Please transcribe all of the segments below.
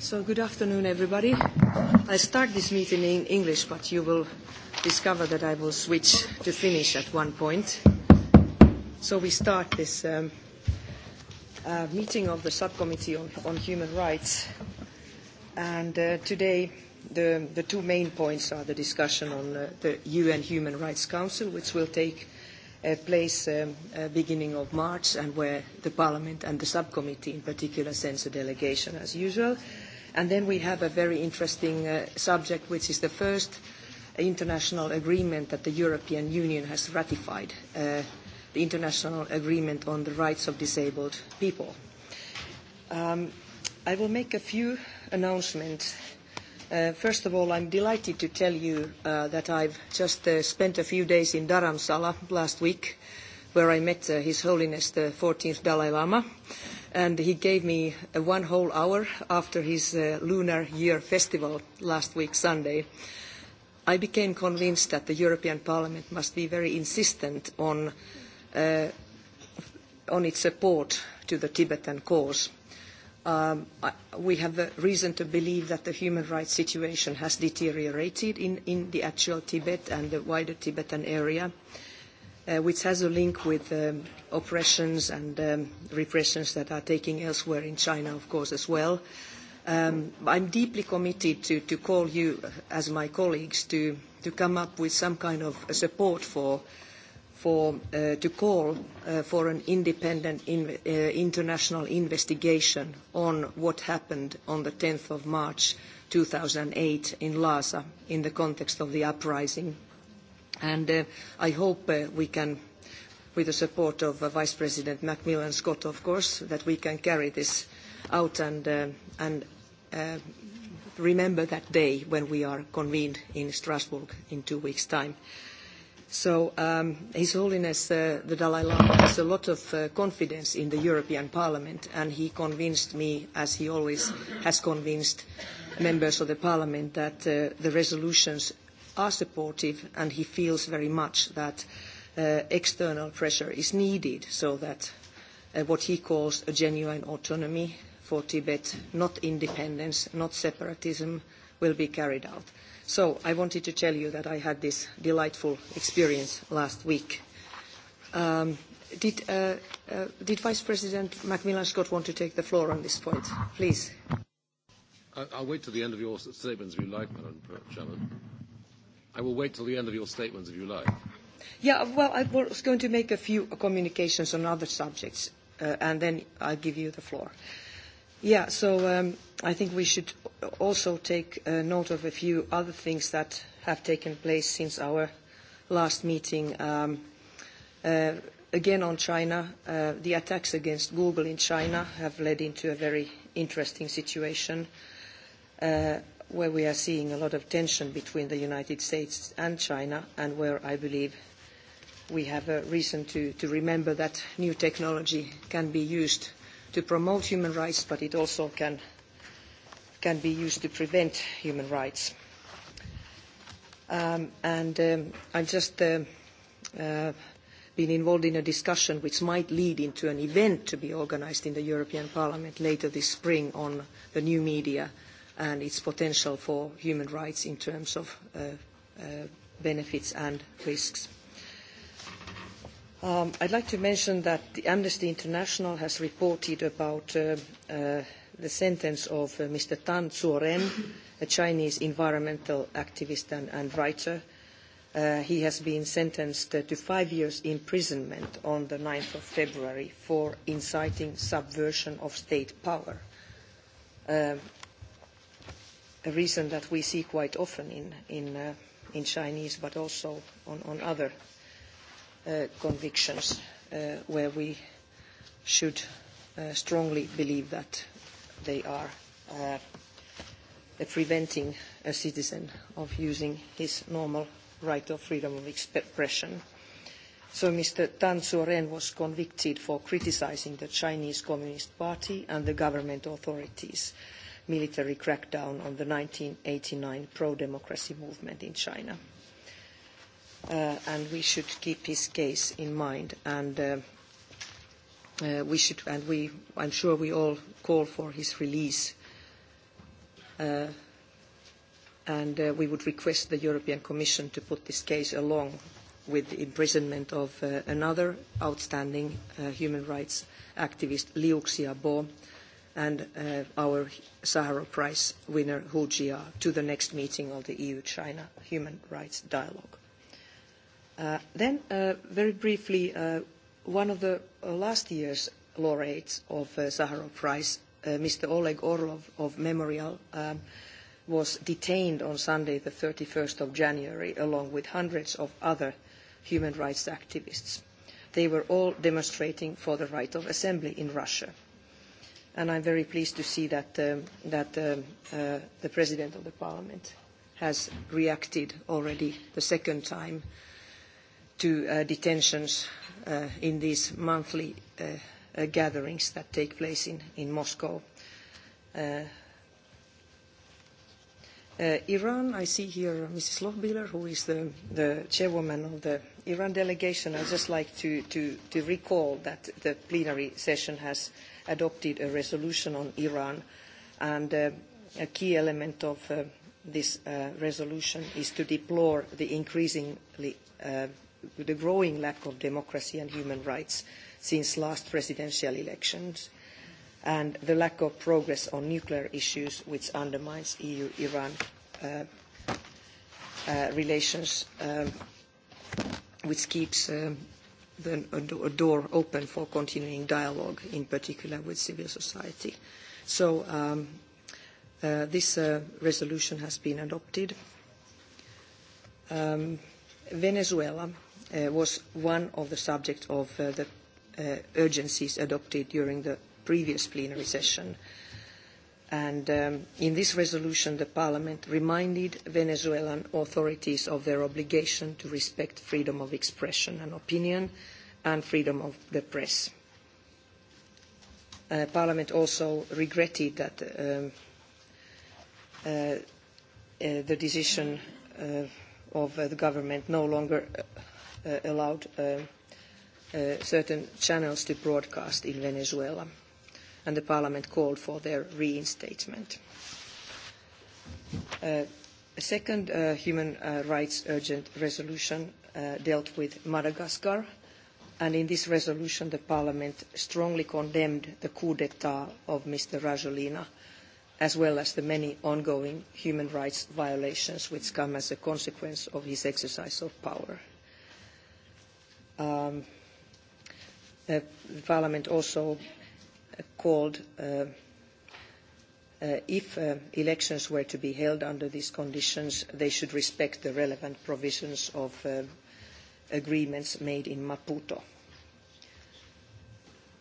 So good afternoon, everybody. I start this meeting in English, but you will discover that I will switch to Finnish at one point. So we start this um, uh, meeting of the subcommittee on, on human rights. And uh, today, the, the two main points are the discussion on uh, the UN Human Rights Council, which will take place beginning of March and where the Parliament and the subcommittee in particular sends a delegation as usual. And then we have a very interesting uh, subject, which is the first international agreement that the European Union has ratified, uh, the International Agreement on the Rights of Disabled People. Um, I will make a few announcements. Uh, first of all, I'm delighted to tell you uh, that I've just uh, spent a few days in Dharamsala last week, where I met uh, His Holiness the 14th Dalai Lama. Uh, and he gave me one whole hour after his Lunar Year Festival last week, Sunday. I became convinced that the European Parliament must be very insistent on, its support to the Tibetan cause. we have reason to believe that the human rights situation has deteriorated in, the actual Tibet and the wider Tibetan area. Uh, which has a link with oppressions and repressions that are taking elsewhere in China, of course, as well. I'm deeply committed to, to call you, as my colleagues, to, to come up with some kind of support for, for to call for an independent international investigation on what happened on the 10th of March eight in Lhasa in the context of the uprising And I hope we can, with the support of Vice President Macmillan Scott, of course, that we can carry this out and, remember that day when we are convened in Strasbourg in two weeks' time. So His Holiness the Dalai Lama has a lot of confidence in the European Parliament, and he convinced me, as he always has convinced members of the Parliament, that the resolutions are supportive, and he feels very much that external pressure is needed so that what he calls a genuine autonomy for Tibet, not independence, not separatism, will be carried out. So I wanted to tell you that I had this delightful experience last week. did, Vice President Macmillan Scott want to take the floor on this point? Please. I'll wait to the end of your statements if you like, Madam Chairman. I will wait till the end of your statements if you like. Yeah, well, I was going to make a few communications on other subjects, uh, and then I'll give you the floor. Yeah, so um, I think we should also take uh, note of a few other things that have taken place since our last meeting. Um, uh, again, on China, uh, the attacks against Google in China have led into a very interesting situation. Uh, where we are seeing a lot of tension between the United States and China, and where I believe we have a reason to, to remember that new technology can be used to promote human rights, but it also can, can be used to prevent human rights. Um, and um, I've just uh, uh, been involved in a discussion which might lead into an event to be organised in the European Parliament later this spring on the new media – and its potential for human rights in terms of benefits and risks. Um, I'd like to mention that Amnesty International has reported about the sentence of Mr. Tan Zuoren, a Chinese environmental activist and, writer. he has been sentenced to five years imprisonment on the 9th of February for inciting subversion of state power a reason that we see quite often in, in, uh, in Chinese, but also on, on other uh, convictions uh, where we should uh, strongly believe that they are uh, preventing a citizen of using his normal right of freedom of expression. So Mr. Tan Suoren was convicted for criticising the Chinese Communist Party and the government authorities. Uh, military crackdown on the 1989 pro-democracy movement in China. and we should keep his case in mind. And we should, and we, I'm sure we all call for his release. and we would request the European Commission to put this case along with the imprisonment of another outstanding human rights activist, Liu Xiaobo, and our Sahara Prize winner, Hu Jia, to the next meeting of the EU-China Human Rights Dialogue. then, very briefly, one of the last year's laureates of the Sahara Prize, Mr. Oleg Orlov of Memorial, was detained on Sunday, the 31st of January, along with hundreds of other human rights activists. They were all demonstrating for the right of assembly in Russia and I'm very pleased to see that, the President of the Parliament has reacted already the second time to detentions in these monthly gatherings that take place in, Moscow Iran, I see here Mrs. Lochbihler, who is the, chairwoman of the Iran delegation. I'd just like to, to, recall that the plenary session has adopted a resolution on Iran, and a key element of this resolution is to deplore the increasingly uh, the growing lack of democracy and human rights since last presidential elections and the lack of progress on nuclear issues, which undermines EU-Iran relations, which keeps the door open for continuing dialogue, in particular with civil society. So this resolution has been adopted. Venezuela was one of the subjects of the urgencies adopted during the previous plenary session. And in this resolution, the Parliament reminded Venezuelan authorities of their obligation to respect freedom of expression and opinion and freedom of the press. Parliament also regretted that the decision of the government no longer allowed certain channels to broadcast in Venezuela and the Parliament called for their reinstatement. A second human rights urgent resolution dealt with Madagascar, and in this resolution the Parliament strongly condemned the coup d'etat of Mr. Rajolina, as well as the many ongoing human rights violations which come as a consequence of his exercise of power. the Parliament also called if elections were to be held under these conditions, they should respect the relevant provisions of agreements made in Maputo.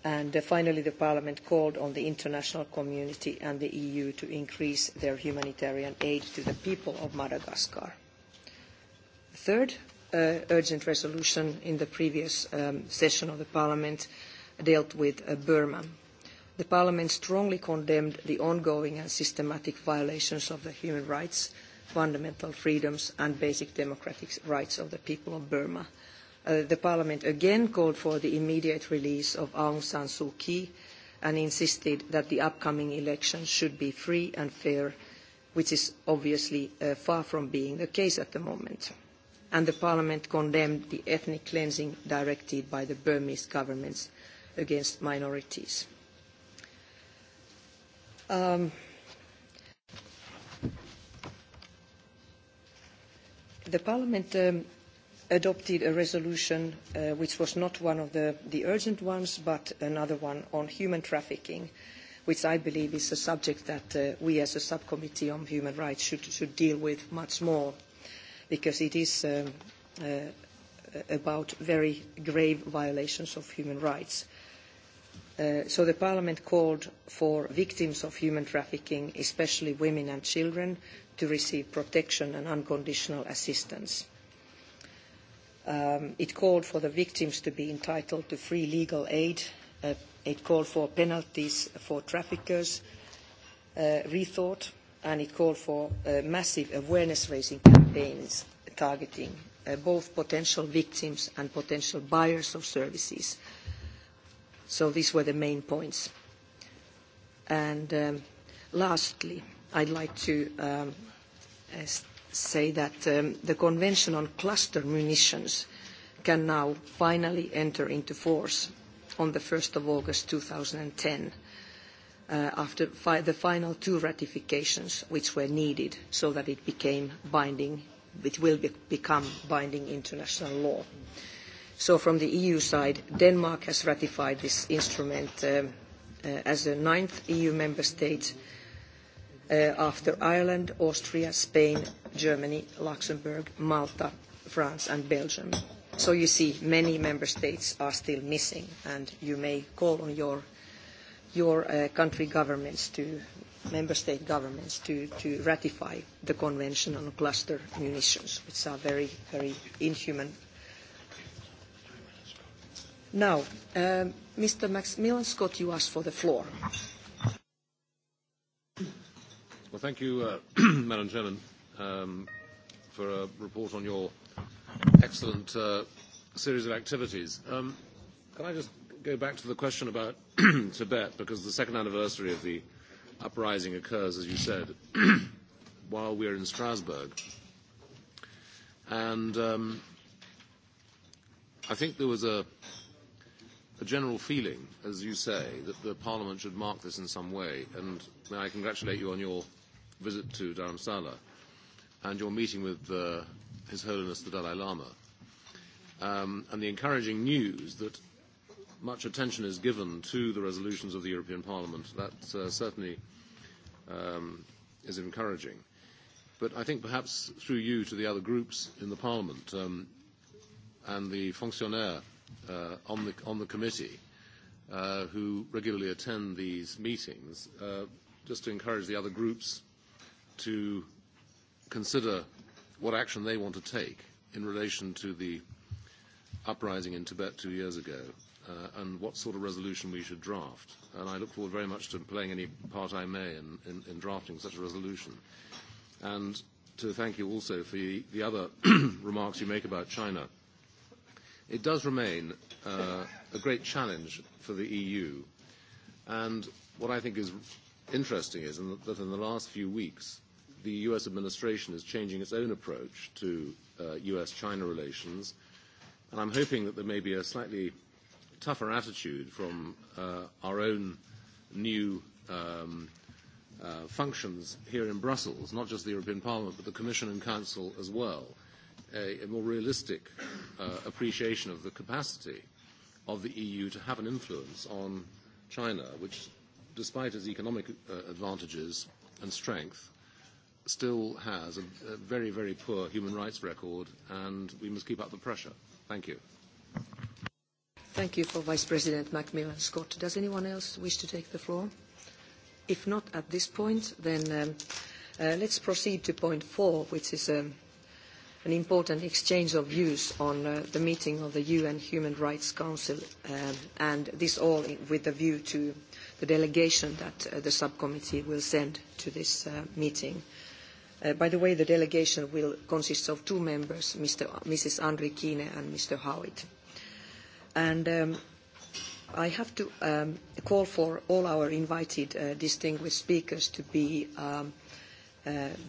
And finally, the Parliament called on the international community and the EU to increase their humanitarian aid to the people of Madagascar. Third urgent resolution in the previous session of the Parliament dealt with Burma Parliament strongly condemned the ongoing and systematic violations of the human rights, fundamental freedoms and basic democratic rights of the people of Burma. the Parliament again called for the immediate release of Aung San Suu Kyi and insisted that the upcoming elections should be free and fair, which is obviously far from being the case at the moment and the parliament condemned the ethnic cleansing directed by the Burmese government against minorities. Um, the Parliament um, adopted a resolution uh, which was not one of the, the urgent ones, but another one on human trafficking, which I believe is a subject that uh, we as a subcommittee on human rights should, should deal with much more, because it is um, uh, about very grave violations of human rights. Uh, so the Parliament called for victims of human trafficking, especially women and children, to receive protection and unconditional assistance. it called for the victims to be entitled to free legal aid. it called for penalties for traffickers, rethought, and it called for massive awareness-raising campaigns targeting both potential victims and potential buyers of services – So these were the main points. And lastly, I'd like to say that the Convention on Cluster Munitions can now finally enter into force on the 1st of August 2010 after the final two ratifications which were needed so that it became binding, it will become binding international law. So from the EU side, Denmark has ratified this instrument as the ninth EU member state after Ireland, Austria, Spain, Germany, Luxembourg, Malta, France and Belgium. So you see, many member states are still missing, and you may call on your, country governments to member state governments to, to ratify the Convention on Cluster Munitions, which are very, very inhuman Now, Mr. Macmillan Scott, you asked for the floor. Well, thank you, Madam Chairman, for a report on your excellent series of activities. Can I just go back to the question about Tibet, because the second anniversary of the uprising occurs, as you said, while we are in Strasbourg. And I think there was a a general feeling, as you say, that the Parliament should mark this in some way. And may I congratulate you on your visit to Dharamsala and your meeting with uh, His Holiness the Dalai Lama. Um, and the encouraging news that much attention is given to the resolutions of the European Parliament. That uh, certainly um, is encouraging. But I think perhaps through you to the other groups in the Parliament um, and the fonctionnaire uh, on, the, on the committee uh, who regularly attend these meetings, uh, just to encourage the other groups to consider what action they want to take in relation to the uprising in Tibet two years ago uh, and what sort of resolution we should draft. And I look forward very much to playing any part I may in, in, in drafting such a resolution. And to thank you also for the other remarks you make about China it does remain uh, a great challenge for the EU. And what I think is interesting is that in the last few weeks, the US administration is changing its own approach to uh, US-China relations. And I'm hoping that there may be a slightly tougher attitude from uh, our own new um, uh, functions here in Brussels, not just the European Parliament, but the Commission and Council as well, a more realistic uh appreciation of the capacity of the EU to have an influence on China, which, despite its economic uh advantages and strength, still has a very, very poor human rights record, and we must keep up the pressure. Thank you. Thank you for Vice President Macmillan Scott. Does anyone else wish to take the floor? If not at this point, then let's proceed to point four, which is an important exchange of views on the meeting of the UN Human Rights Council, and this all with a view to the delegation that the subcommittee will send to this meeting. by the way, the delegation will consist of two members, Mr. Mrs. Andri Kine and Mr. Howitt. And I have to call for all our invited distinguished speakers to be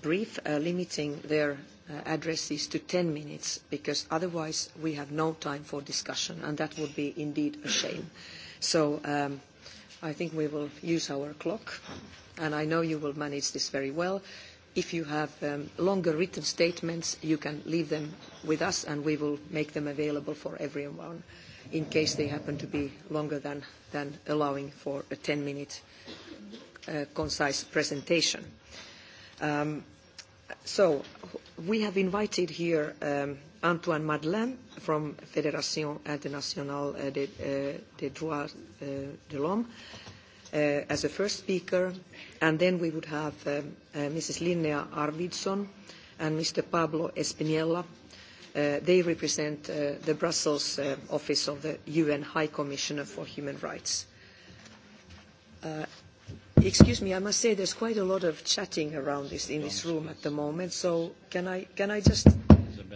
brief, limiting their address this to 10 minutes because otherwise we have no time for discussion and that would be indeed a shame. So um, I think we will use our clock and I know you will manage this very well. If you have um, longer written statements, you can leave them with us and we will make them available for everyone in case they happen to be longer than, than allowing for a 10-minute uh, concise presentation. Um, So we have invited here um, Antoine Madeleine from Fédération Internationale des, uh, Droits uh, de l'Homme uh, as the first speaker, and then we would have um, uh, Mrs. Linnea Arvidsson and Mr. Pablo Espinella. Uh, they represent uh, the Brussels uh, office of the UN High Commissioner for Human Rights. Uh, Excuse me, I must say there's quite a lot of chatting around this in this room at the moment. So can I can I just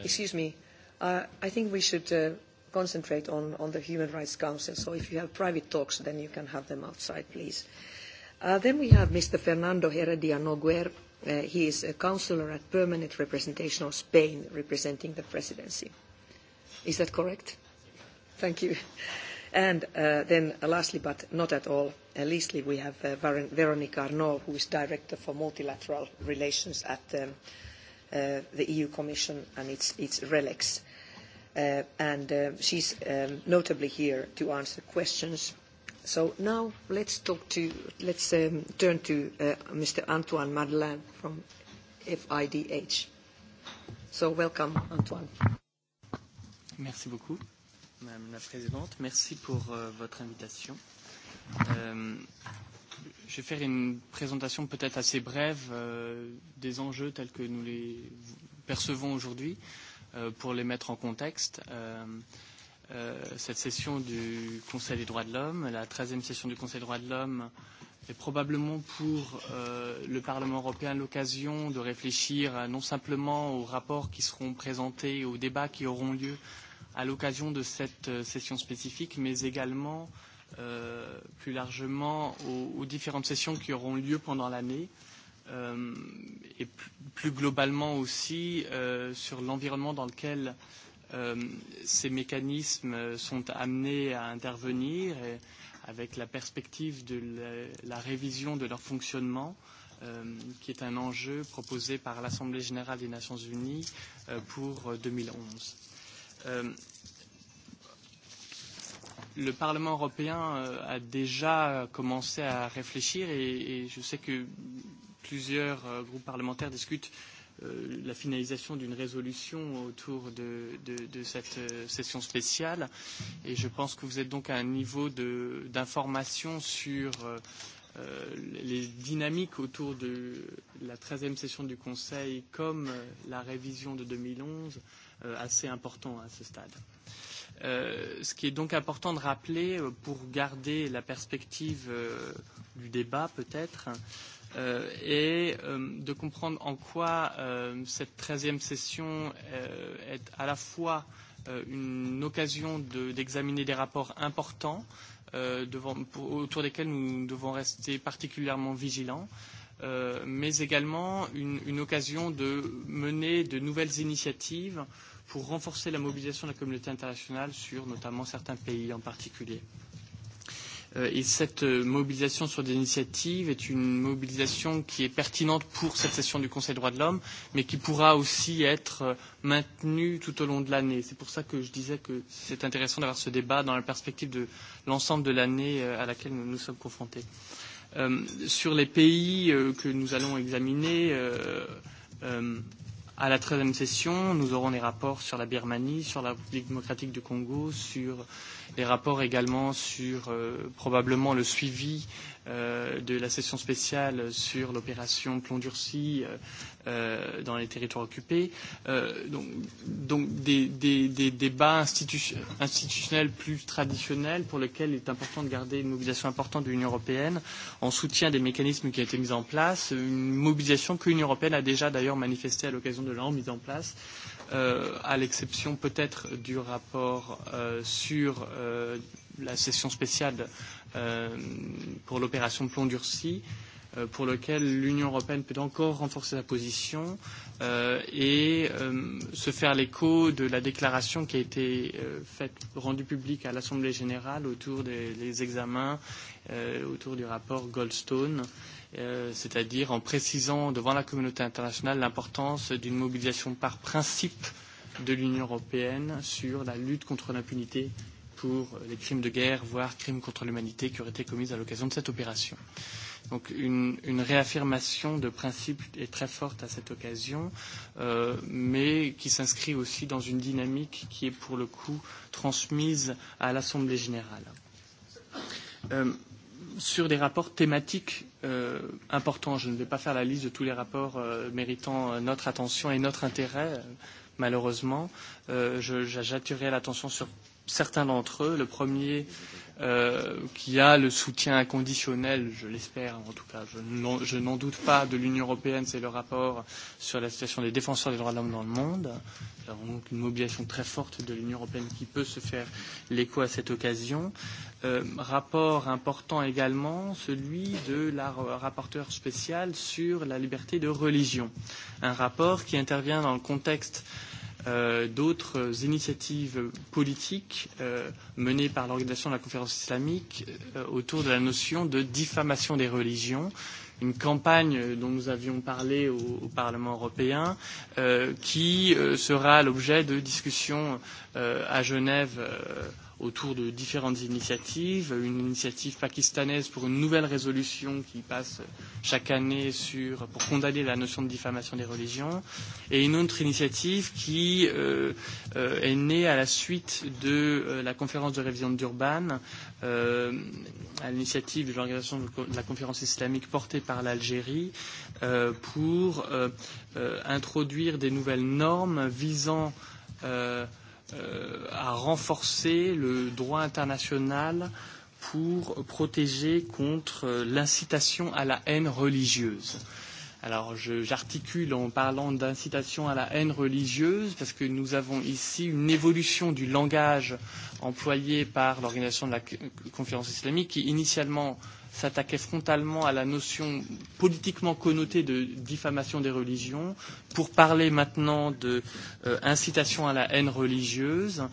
excuse me? Uh, I think we should uh, concentrate on on the Human Rights Council. So if you have private talks, then you can have them outside, please. Uh, then we have Mr. Fernando Heredia Noguer. Uh, he is a councillor at Permanent Representation of Spain, representing the presidency. Is that correct? Thank you. And uh, then, lastly, but not at all Leastly, we have Véronique Arnault, who is Director for Multilateral Relations at the EU Commission and its RELEX. And she's notably here to answer questions. So now let's talk to, let's turn to Mr. Antoine Madeleine from FIDH. So welcome, Antoine. Merci beaucoup, Madame la Présidente. Merci pour votre invitation. Je vais faire une présentation peut-être assez brève euh, des enjeux tels que nous les percevons aujourd'hui euh, pour les mettre en contexte. Euh, euh, cette session du Conseil des droits de l'homme, la 13e session du Conseil des droits de l'homme, est probablement pour euh, le Parlement européen l'occasion de réfléchir à, non simplement aux rapports qui seront présentés, aux débats qui auront lieu à l'occasion de cette session spécifique, mais également euh, euh, plus largement aux, aux différentes sessions qui auront lieu pendant l'année euh, et plus globalement aussi euh, sur l'environnement dans lequel euh, ces mécanismes sont amenés à intervenir et avec la perspective de la, la révision de leur fonctionnement euh, qui est un enjeu proposé par l'Assemblée générale des Nations unies euh, pour 2011. Euh, le Parlement européen a déjà commencé à réfléchir et, je sais que plusieurs groupes parlementaires discutent la finalisation d'une résolution autour de, de, de cette session spéciale. Et je pense que vous êtes donc à un niveau d'information sur les dynamiques autour de la 13e session du Conseil comme la révision de 2011 assez important à ce stade. Euh, ce qui est donc important de rappeler, pour garder la perspective du débat peut-être, euh, et euh, de comprendre en quoi euh, cette treizième session euh, est à la fois euh, une occasion d'examiner de, des rapports importants euh, devant, pour, autour desquels nous devons rester particulièrement vigilants, euh, mais également une, une occasion de mener de nouvelles initiatives euh, pour renforcer la mobilisation de la communauté internationale sur notamment certains pays en particulier. Et cette mobilisation sur des initiatives est une mobilisation qui est pertinente pour cette session du Conseil des droits de l'homme, mais qui pourra aussi être maintenue tout au long de l'année. C'est pour ça que je disais que c'est intéressant d'avoir ce débat dans la perspective de l'ensemble de l'année à laquelle nous nous sommes confrontés. sur les pays que nous allons examiner, À la 13e session, nous aurons des rapports sur la Birmanie, sur la République démocratique du Congo, sur les rapports également sur euh, probablement le suivi euh, de la session spéciale sur l'opération Plomb durci, euh, euh, dans les territoires occupés, euh, donc, donc des, des, des débats institutionnels plus traditionnels pour lesquels il est important de garder une mobilisation importante de l'Union européenne en soutien des mécanismes qui ont été mis en place, une mobilisation que l'Union européenne a déjà d'ailleurs manifestée à l'occasion de leur mise en place, euh, à l'exception peut-être du rapport euh, sur euh, la session spéciale euh, pour l'opération Plomb durci. Euh, pour lequel l'Union européenne peut encore renforcer sa position et se faire l'écho de la déclaration qui a été faite, rendue publique à l'Assemblée générale autour des examens, autour du rapport Goldstone c'est-à-dire en précisant devant la communauté internationale l'importance d'une mobilisation par principe de l'Union européenne sur la lutte contre l'impunité pour les crimes de guerre, voire crimes contre l'humanité qui auraient été commis à l'occasion de cette opération. Donc une, une réaffirmation de principe est très forte à cette occasion, euh, mais qui s'inscrit aussi dans une dynamique qui est pour le coup transmise à l'Assemblée générale. Euh, sur des rapports thématiques euh, importants, je ne vais pas faire la liste de tous les rapports euh, méritant euh, notre attention et notre intérêt. Euh, malheureusement. Euh, J'attirerai l'attention sur certains d'entre eux. Le premier euh, qui a le soutien inconditionnel, je l'espère en tout cas, je n'en doute pas, de l'Union européenne, c'est le rapport sur la situation des défenseurs des droits de l'homme dans le monde. Nous avons donc une mobilisation très forte de l'Union européenne qui peut se faire l'écho à cette occasion. Euh, rapport important également, celui de la rapporteure spéciale sur la liberté de religion. Un rapport qui intervient dans le contexte euh, d'autres initiatives politiques menées par l'organisation de la conférence islamique autour de la notion de diffamation des religions, une campagne dont nous avions parlé au, au Parlement européen, euh, qui sera l'objet de discussions euh, à Genève euh, autour de différentes initiatives, une initiative pakistanaise pour une nouvelle résolution qui passe chaque année sur, pour condamner la notion de diffamation des religions, et une autre initiative qui euh, euh, est née à la suite de euh, la conférence de révision de d'Urban, euh, à l'initiative de l'organisation de la conférence islamique portée par l'Algérie, euh, pour euh, euh, introduire des nouvelles normes visant euh, à renforcer le droit international pour protéger contre l'incitation à la haine religieuse. Alors j'articule en parlant d'incitation à la haine religieuse parce que nous avons ici une évolution du langage employé par l'organisation de la conférence islamique qui initialement euh, s'attaquait frontalement à la notion politiquement connotée de diffamation des religions, pour parler maintenant d'incitation à la haine religieuse,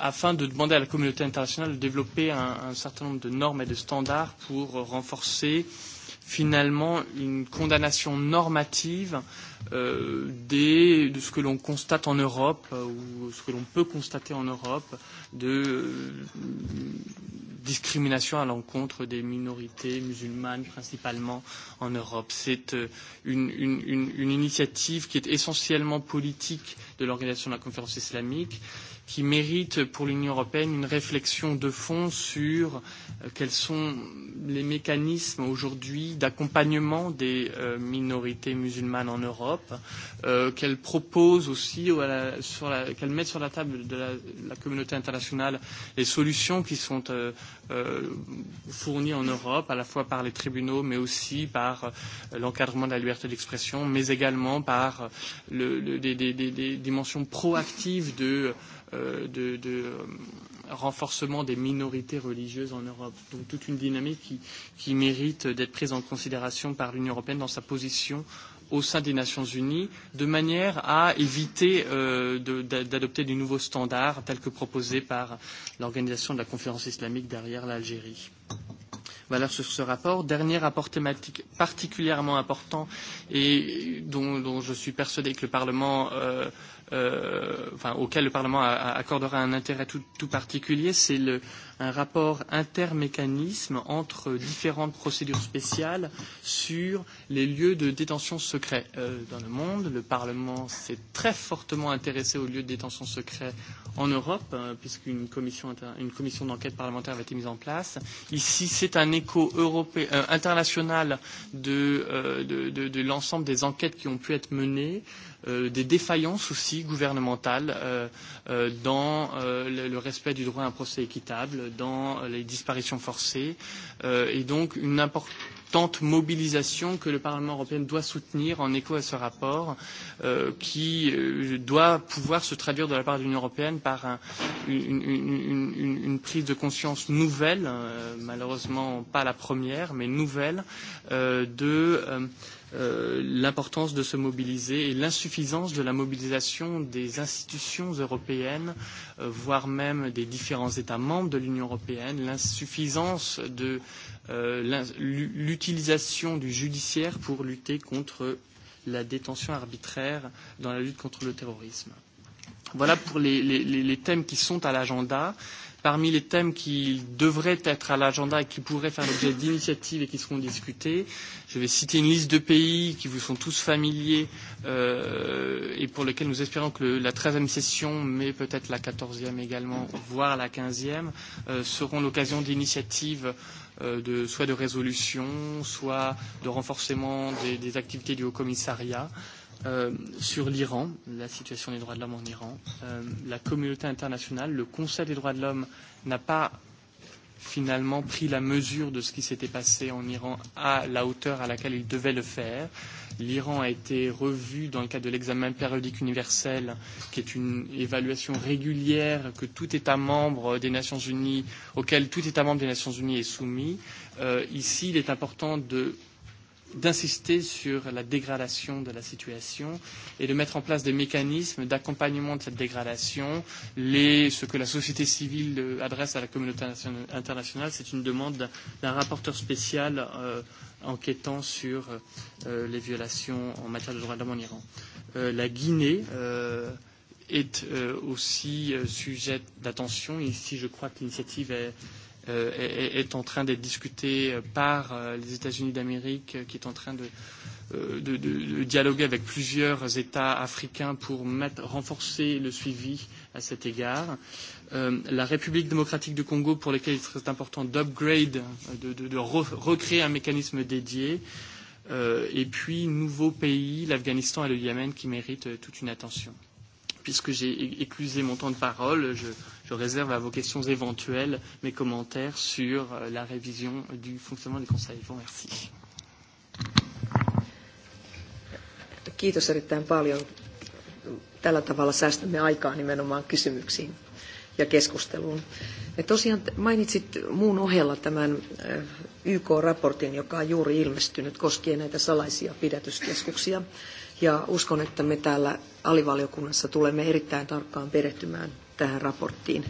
afin de demander à la communauté internationale de développer un, certain nombre de normes et de standards pour renforcer finalement une condamnation normative euh, des, de ce que l'on constate en Europe ou ce que l'on peut constater en Europe de, discrimination à l'encontre des minorités musulmanes, principalement en Europe. C'est une, une, une, une initiative qui est essentiellement politique de l'organisation de la conférence islamique, qui mérite pour l'Union européenne une réflexion de fond sur euh, quels sont les mécanismes aujourd'hui d'accompagnement des minorités musulmanes en Europe, qu'elles proposent aussi, qu'elles mettent sur la table de la, la communauté internationale les solutions qui sont fournies en Europe, à la fois par les tribunaux, mais aussi par l'encadrement de la liberté d'expression, mais également par le, le, des, des, des, des dimensions proactives de, de, de renforcement des minorités religieuses en Europe. Donc toute une dynamique qui, qui mérite d'être prise en considération par l'Union européenne dans sa position au sein des Nations Unies, de manière à éviter euh, d'adopter de, de nouveaux standards tels que proposés par l'organisation de la conférence islamique derrière l'Algérie Voilà sur ce rapport. Dernier rapport thématique particulièrement important et dont, dont je suis persuadé que le Parlement euh, enfin, auquel le Parlement accordera un intérêt tout, particulier, c'est un rapport intermécanisme entre différentes procédures spéciales sur les lieux de détention secret dans le monde. Le Parlement s'est très fortement intéressé aux lieux de détention secret en Europe, puisqu'une commission, une commission d'enquête parlementaire avait été mise en place. Ici, c'est un écho européen, international de, de, de, de l'ensemble des enquêtes qui ont pu être menées des défaillances aussi gouvernementales dans le respect du droit à un procès équitable, dans les disparitions forcées, et donc une importante mobilisation que le Parlement européen doit soutenir en écho à ce rapport, qui doit pouvoir se traduire de la part de l'Union européenne par une, prise de conscience nouvelle, malheureusement pas la première, mais nouvelle, de l'importance de se mobiliser et l'insuffisance de la mobilisation des institutions européennes, voire même des différents États membres de l'Union européenne, l'insuffisance de l'utilisation du judiciaire pour lutter contre la détention arbitraire dans la lutte contre le terrorisme. Voilà pour les, les, les thèmes qui sont à l'agenda. Euh, Parmi les thèmes qui devraient être à l'agenda et qui pourraient faire l'objet d'initiatives et qui seront discutés, je vais citer une liste de pays qui vous sont tous familiers euh, et pour lesquels nous espérons que le, la 13e session, mais peut-être la 14e également, voire la 15e, euh, seront l'occasion d'initiatives euh, de, soit de résolution, soit de renforcement des, des activités du Haut Commissariat. Euh, sur l'Iran, la situation des droits de l'homme en Iran. Euh, la communauté internationale, le Conseil des droits de l'homme n'a pas finalement pris la mesure de ce qui s'était passé en Iran à la hauteur à laquelle il devait le faire. L'Iran a été revu dans le cadre de l'examen périodique universel, qui est une évaluation régulière que tout État membre des Nations Unies, auquel tout État membre des Nations Unies est soumis. Euh, ici, il est important de d'insister sur la dégradation de la situation et de mettre en place des mécanismes d'accompagnement de cette dégradation. Les, ce que la société civile adresse à la communauté internationale, c'est une demande d'un rapporteur spécial euh, enquêtant sur euh, les violations en matière de droits de l'homme en Iran. Euh, la Guinée euh, est euh, aussi euh, sujet d'attention. Ici, je crois que l'initiative est euh, est, est en train d'être discuté par euh, les États-Unis d'Amérique, qui est en train de, euh, de, de, de dialoguer avec plusieurs États africains pour mettre, renforcer le suivi à cet égard. Euh, la République démocratique du Congo, pour laquelle il serait important d'upgrade, de, de, de re, recréer un mécanisme dédié. Euh, et puis, nouveaux pays, l'Afghanistan et le Yémen, qui méritent toute une attention. Puisque j'ai éclusé mon temps de parole, je, Je réserve à vos questions éventuelles mes commentaires sur la révision du fonctionnement du Conseil. Je vous remercie. Kiitos erittäin paljon. Tällä tavalla säästämme aikaa nimenomaan kysymyksiin ja keskusteluun. Ja tosiaan mainitsit muun ohella tämän YK-raportin, joka on juuri ilmestynyt koskien näitä salaisia pidätyskeskuksia. Ja uskon, että me täällä alivaliokunnassa tulemme erittäin tarkkaan perehtymään tähän raporttiin.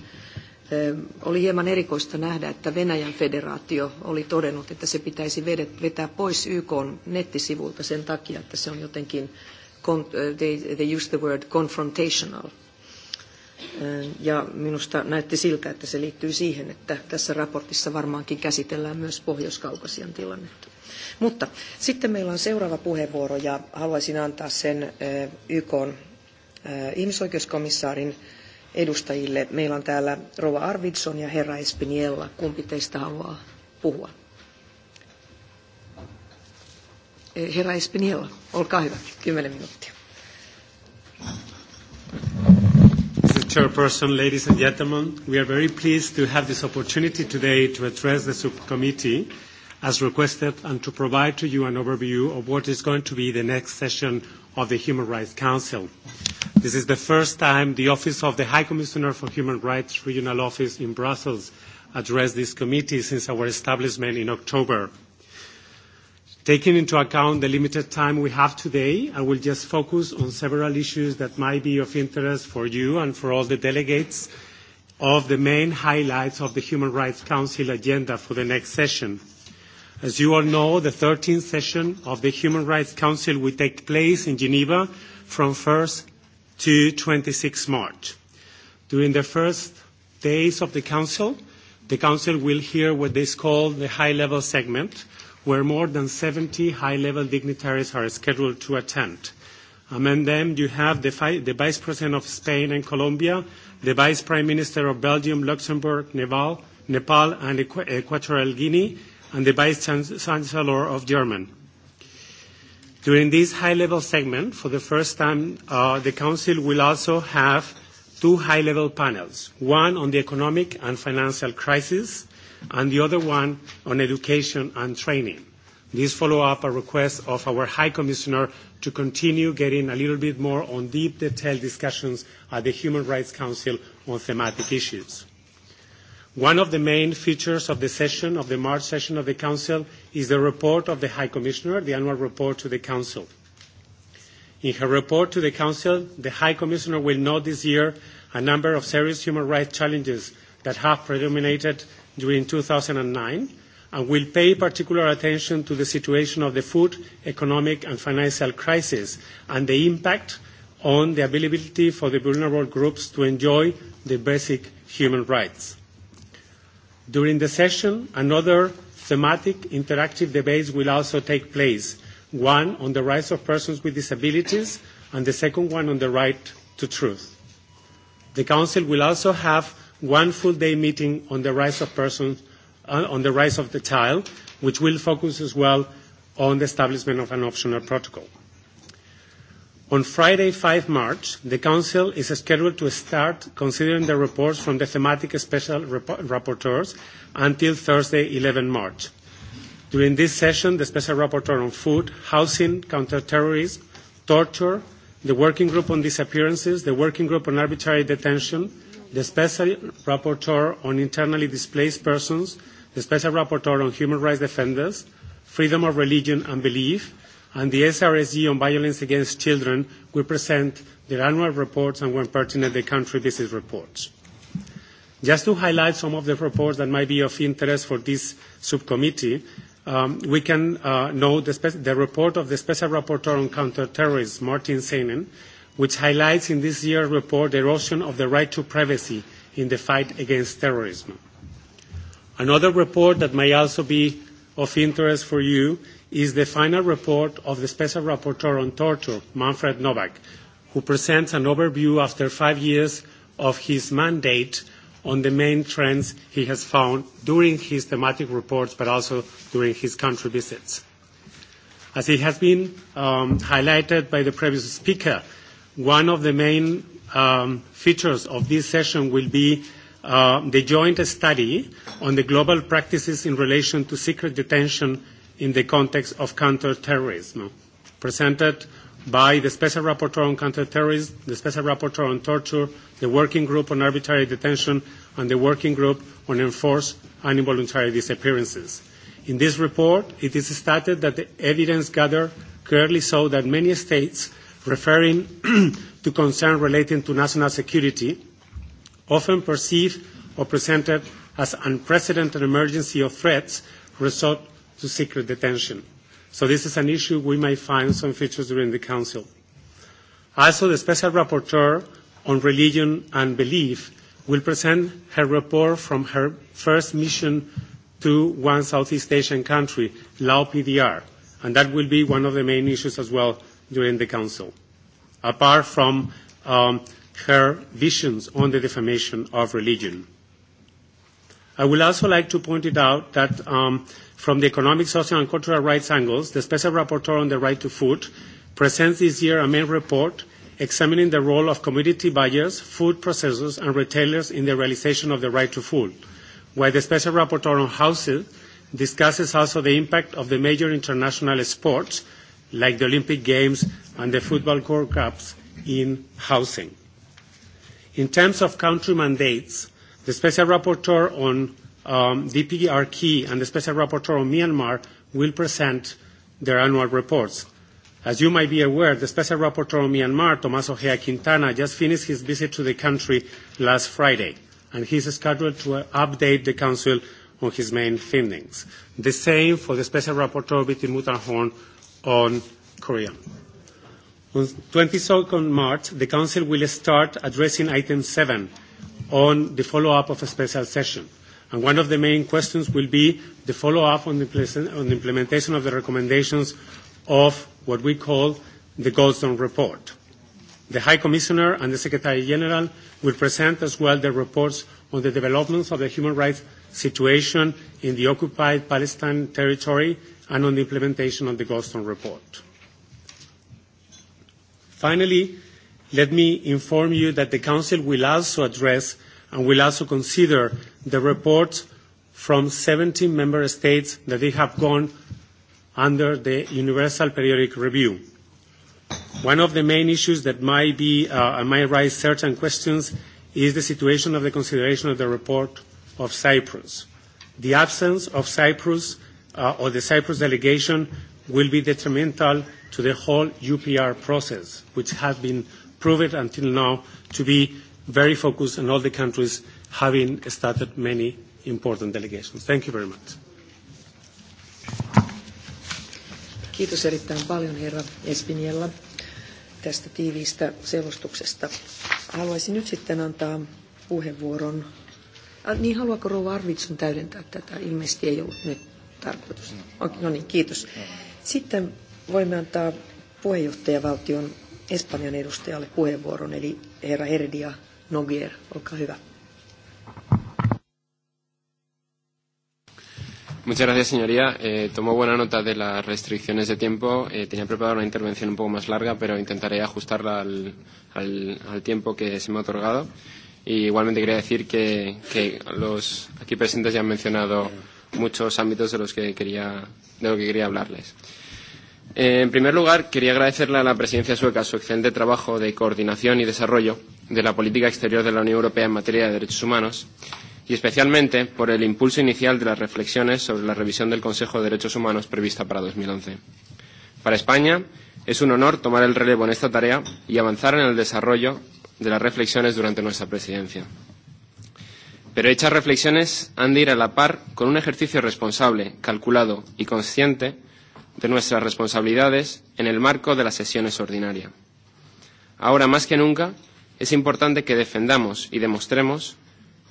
Oli hieman erikoista nähdä, että Venäjän federaatio oli todennut, että se pitäisi vetää pois YK nettisivuilta sen takia, että se on jotenkin, they use the word confrontational. Ja minusta näytti siltä, että se liittyy siihen, että tässä raportissa varmaankin käsitellään myös Pohjois-Kaukasian tilannetta. Mutta sitten meillä on seuraava puheenvuoro ja haluaisin antaa sen YK ihmisoikeuskomissaarin edustajille. Meillä on täällä Rova Arvidsson ja herra Espiniella. Kumpi teistä haluaa puhua? Herra Espiniella, olkaa hyvä. Kymmenen minuuttia. Chairperson, ladies and gentlemen, we are very pleased to have this opportunity today to address the subcommittee as requested, and to provide to you an overview of what is going to be the next session of the Human Rights Council. This is the first time the Office of the High Commissioner for Human Rights Regional Office in Brussels addressed this committee since our establishment in October. Taking into account the limited time we have today, I will just focus on several issues that might be of interest for you and for all the delegates of the main highlights of the Human Rights Council agenda for the next session. As you all know, the 13th session of the Human Rights Council will take place in Geneva from 1st to 26 March. During the first days of the Council, the Council will hear what is called the high-level segment, where more than 70 high-level dignitaries are scheduled to attend. Among them, you have the, the Vice President of Spain and Colombia, the Vice Prime Minister of Belgium, Luxembourg, Nepal, Nepal and Equatorial Guinea, and the Vice Chancellor of Germany. During this high-level segment, for the first time, uh, the Council will also have two high-level panels, one on the economic and financial crisis, and the other one on education and training. This follow up a request of our High Commissioner to continue getting a little bit more on deep, detailed discussions at the Human Rights Council on thematic issues. One of the main features of the session, of the March session of the Council, is the report of the High Commissioner, the annual report to the Council. In her report to the Council, the High Commissioner will note this year a number of serious human rights challenges that have predominated during 2009 and will pay particular attention to the situation of the food, economic and financial crisis and the impact on the availability for the vulnerable groups to enjoy the basic human rights. During the session, another thematic interactive debates will also take place, one on the rights of persons with disabilities and the second one on the right to truth. The Council will also have one full day meeting on the rights of persons on the rights of the child, which will focus as well on the establishment of an optional protocol. On Friday, 5 March, the Council is scheduled to start considering the reports from the thematic special rapporteurs until Thursday, 11 March. During this session, the special rapporteur on food, housing, counterterrorism, torture, the working group on disappearances, the working group on arbitrary detention, the special rapporteur on internally displaced persons, the special rapporteur on human rights defenders, freedom of religion and belief, and the SRSG on violence against children will present their annual reports and, when pertinent, the country visit reports. Just to highlight some of the reports that might be of interest for this subcommittee, we can note the report of the Special Rapporteur on Counterterrorism, Martin Seinen, which highlights in this year's report the erosion of the right to privacy in the fight against terrorism. Another report that may also be of interest for you is the final report of the Special Rapporteur on Torture, Manfred Novak, who presents an overview after five years of his mandate on the main trends he has found during his thematic reports, but also during his country visits. As it has been highlighted by the previous speaker, one of the main features of this session will be the joint study on the global practices in relation to secret detention in the context of counterterrorism, presented by the Special Rapporteur on Counterterrorism, the Special Rapporteur on Torture, the Working Group on Arbitrary Detention, and the Working Group on Enforced and Involuntary Disappearances. In this report, it is stated that the evidence gathered clearly showed that many states referring to concerns relating to national security often perceived or presented as unprecedented emergency of threats result to secret detention. So this is an issue we may find some features during the Council. Also, the Special Rapporteur on Religion and Belief will present her report from her first mission to one Southeast Asian country, Lao PDR, and that will be one of the main issues as well during the Council, apart from um, her visions on the defamation of religion. I would also like to point it out that um, From the economic, social and cultural rights angles, the Special Rapporteur on the Right to Food presents this year a main report examining the role of commodity buyers, food processors and retailers in the realization of the right to food, while the Special Rapporteur on Housing discusses also the impact of the major international sports like the Olympic Games and the Football World Cups in housing. In terms of country mandates, the Special Rapporteur on DPG Arki and the Special Rapporteur on Myanmar will present their annual reports. As you might be aware, the Special Rapporteur on Myanmar, Tomas Ojea Quintana, just finished his visit to the country last Friday, and he is scheduled to update the Council on his main findings. The same for the Special Rapporteur, Betty Mutanhorn, on Korea. On 22nd March, the Council will start addressing item seven on the follow-up of a special session And one of the main questions will be the follow-up on the implementation of the recommendations of what we call the Goldstone Report. The High Commissioner and the Secretary General will present as well the reports on the developments of the human rights situation in the occupied Palestine territory and on the implementation of the Goldstone Report. Finally, let me inform you that the Council will also address and will also consider the reports from 17 member states that they have gone under the Universal Periodic Review. One of the main issues that might be uh, might raise certain questions is the situation of the consideration of the report of Cyprus. The absence of Cyprus uh, or the Cyprus delegation will be detrimental to the whole UPR process, which has been proven until now to be very focused and all the countries having started many important delegations. Thank you very much. Kiitos erittäin paljon herra Espiniella tästä tiiviistä selostuksesta. Haluaisin nyt sitten antaa puheenvuoron. Niin, haluaako Rouva Arvitsun täydentää tätä? Ilmeisesti ei ollut nyt tarkoitus. No niin, kiitos. Sitten voimme antaa puheenjohtajavaltion Espanjan edustajalle puheenvuoron, eli herra Herdia Nogier, Muchas gracias, señoría. Eh, tomo buena nota de las restricciones de tiempo. Eh, tenía preparada una intervención un poco más larga, pero intentaré ajustarla al, al, al tiempo que se me ha otorgado. Y igualmente quería decir que, que los aquí presentes ya han mencionado muchos ámbitos de los que quería, de lo que quería hablarles en primer lugar, quería agradecerle a la presidencia sueca su excelente trabajo de coordinación y desarrollo de la política exterior de la Unión Europea en materia de derechos humanos y especialmente por el impulso inicial de las reflexiones sobre la revisión del Consejo de Derechos Humanos prevista para 2011. Para España es un honor tomar el relevo en esta tarea y avanzar en el desarrollo de las reflexiones durante nuestra presidencia. Pero hechas reflexiones han de ir a la par con un ejercicio responsable, calculado y consciente de nuestras responsabilidades en el marco de las sesiones ordinarias. Ahora más que nunca es importante que defendamos y demostremos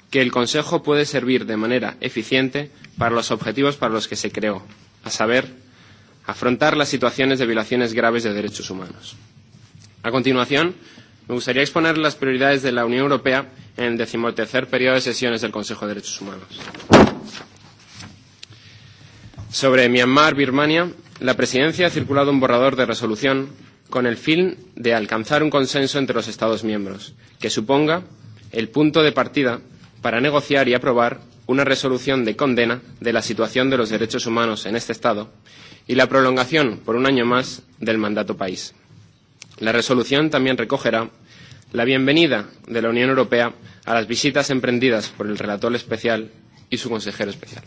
que el Consejo puede servir de manera eficiente para los objetivos para los que se creó, a saber, afrontar las situaciones de violaciones graves de derechos humanos. A continuación, me gustaría exponer las prioridades de la Unión Europea en el decimotercer periodo de sesiones del Consejo de Derechos Humanos. Sobre Myanmar, Birmania, La Presidencia ha circulado un borrador de resolución con el fin de alcanzar un consenso entre los Estados miembros, que suponga el punto de partida para negociar y aprobar una resolución de condena de la situación de los derechos humanos en este Estado y la prolongación por un año más del mandato país. La resolución también recogerá la bienvenida de la Unión Europea a las visitas emprendidas por el relator especial y su consejero especial.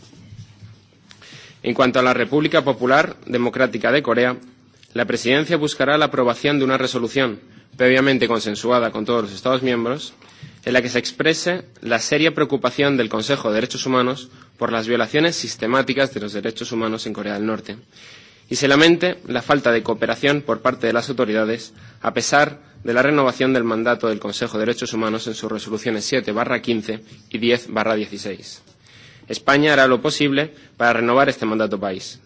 En cuanto a la República Popular Democrática de Corea, la Presidencia buscará la aprobación de una resolución previamente consensuada con todos los Estados miembros en la que se exprese la seria preocupación del Consejo de Derechos Humanos por las violaciones sistemáticas de los derechos humanos en Corea del Norte y se lamente la falta de cooperación por parte de las autoridades a pesar de la renovación del mandato del Consejo de Derechos Humanos en sus resoluciones 7 15 y 10 16. España hará lo posible para renovar este mandato país.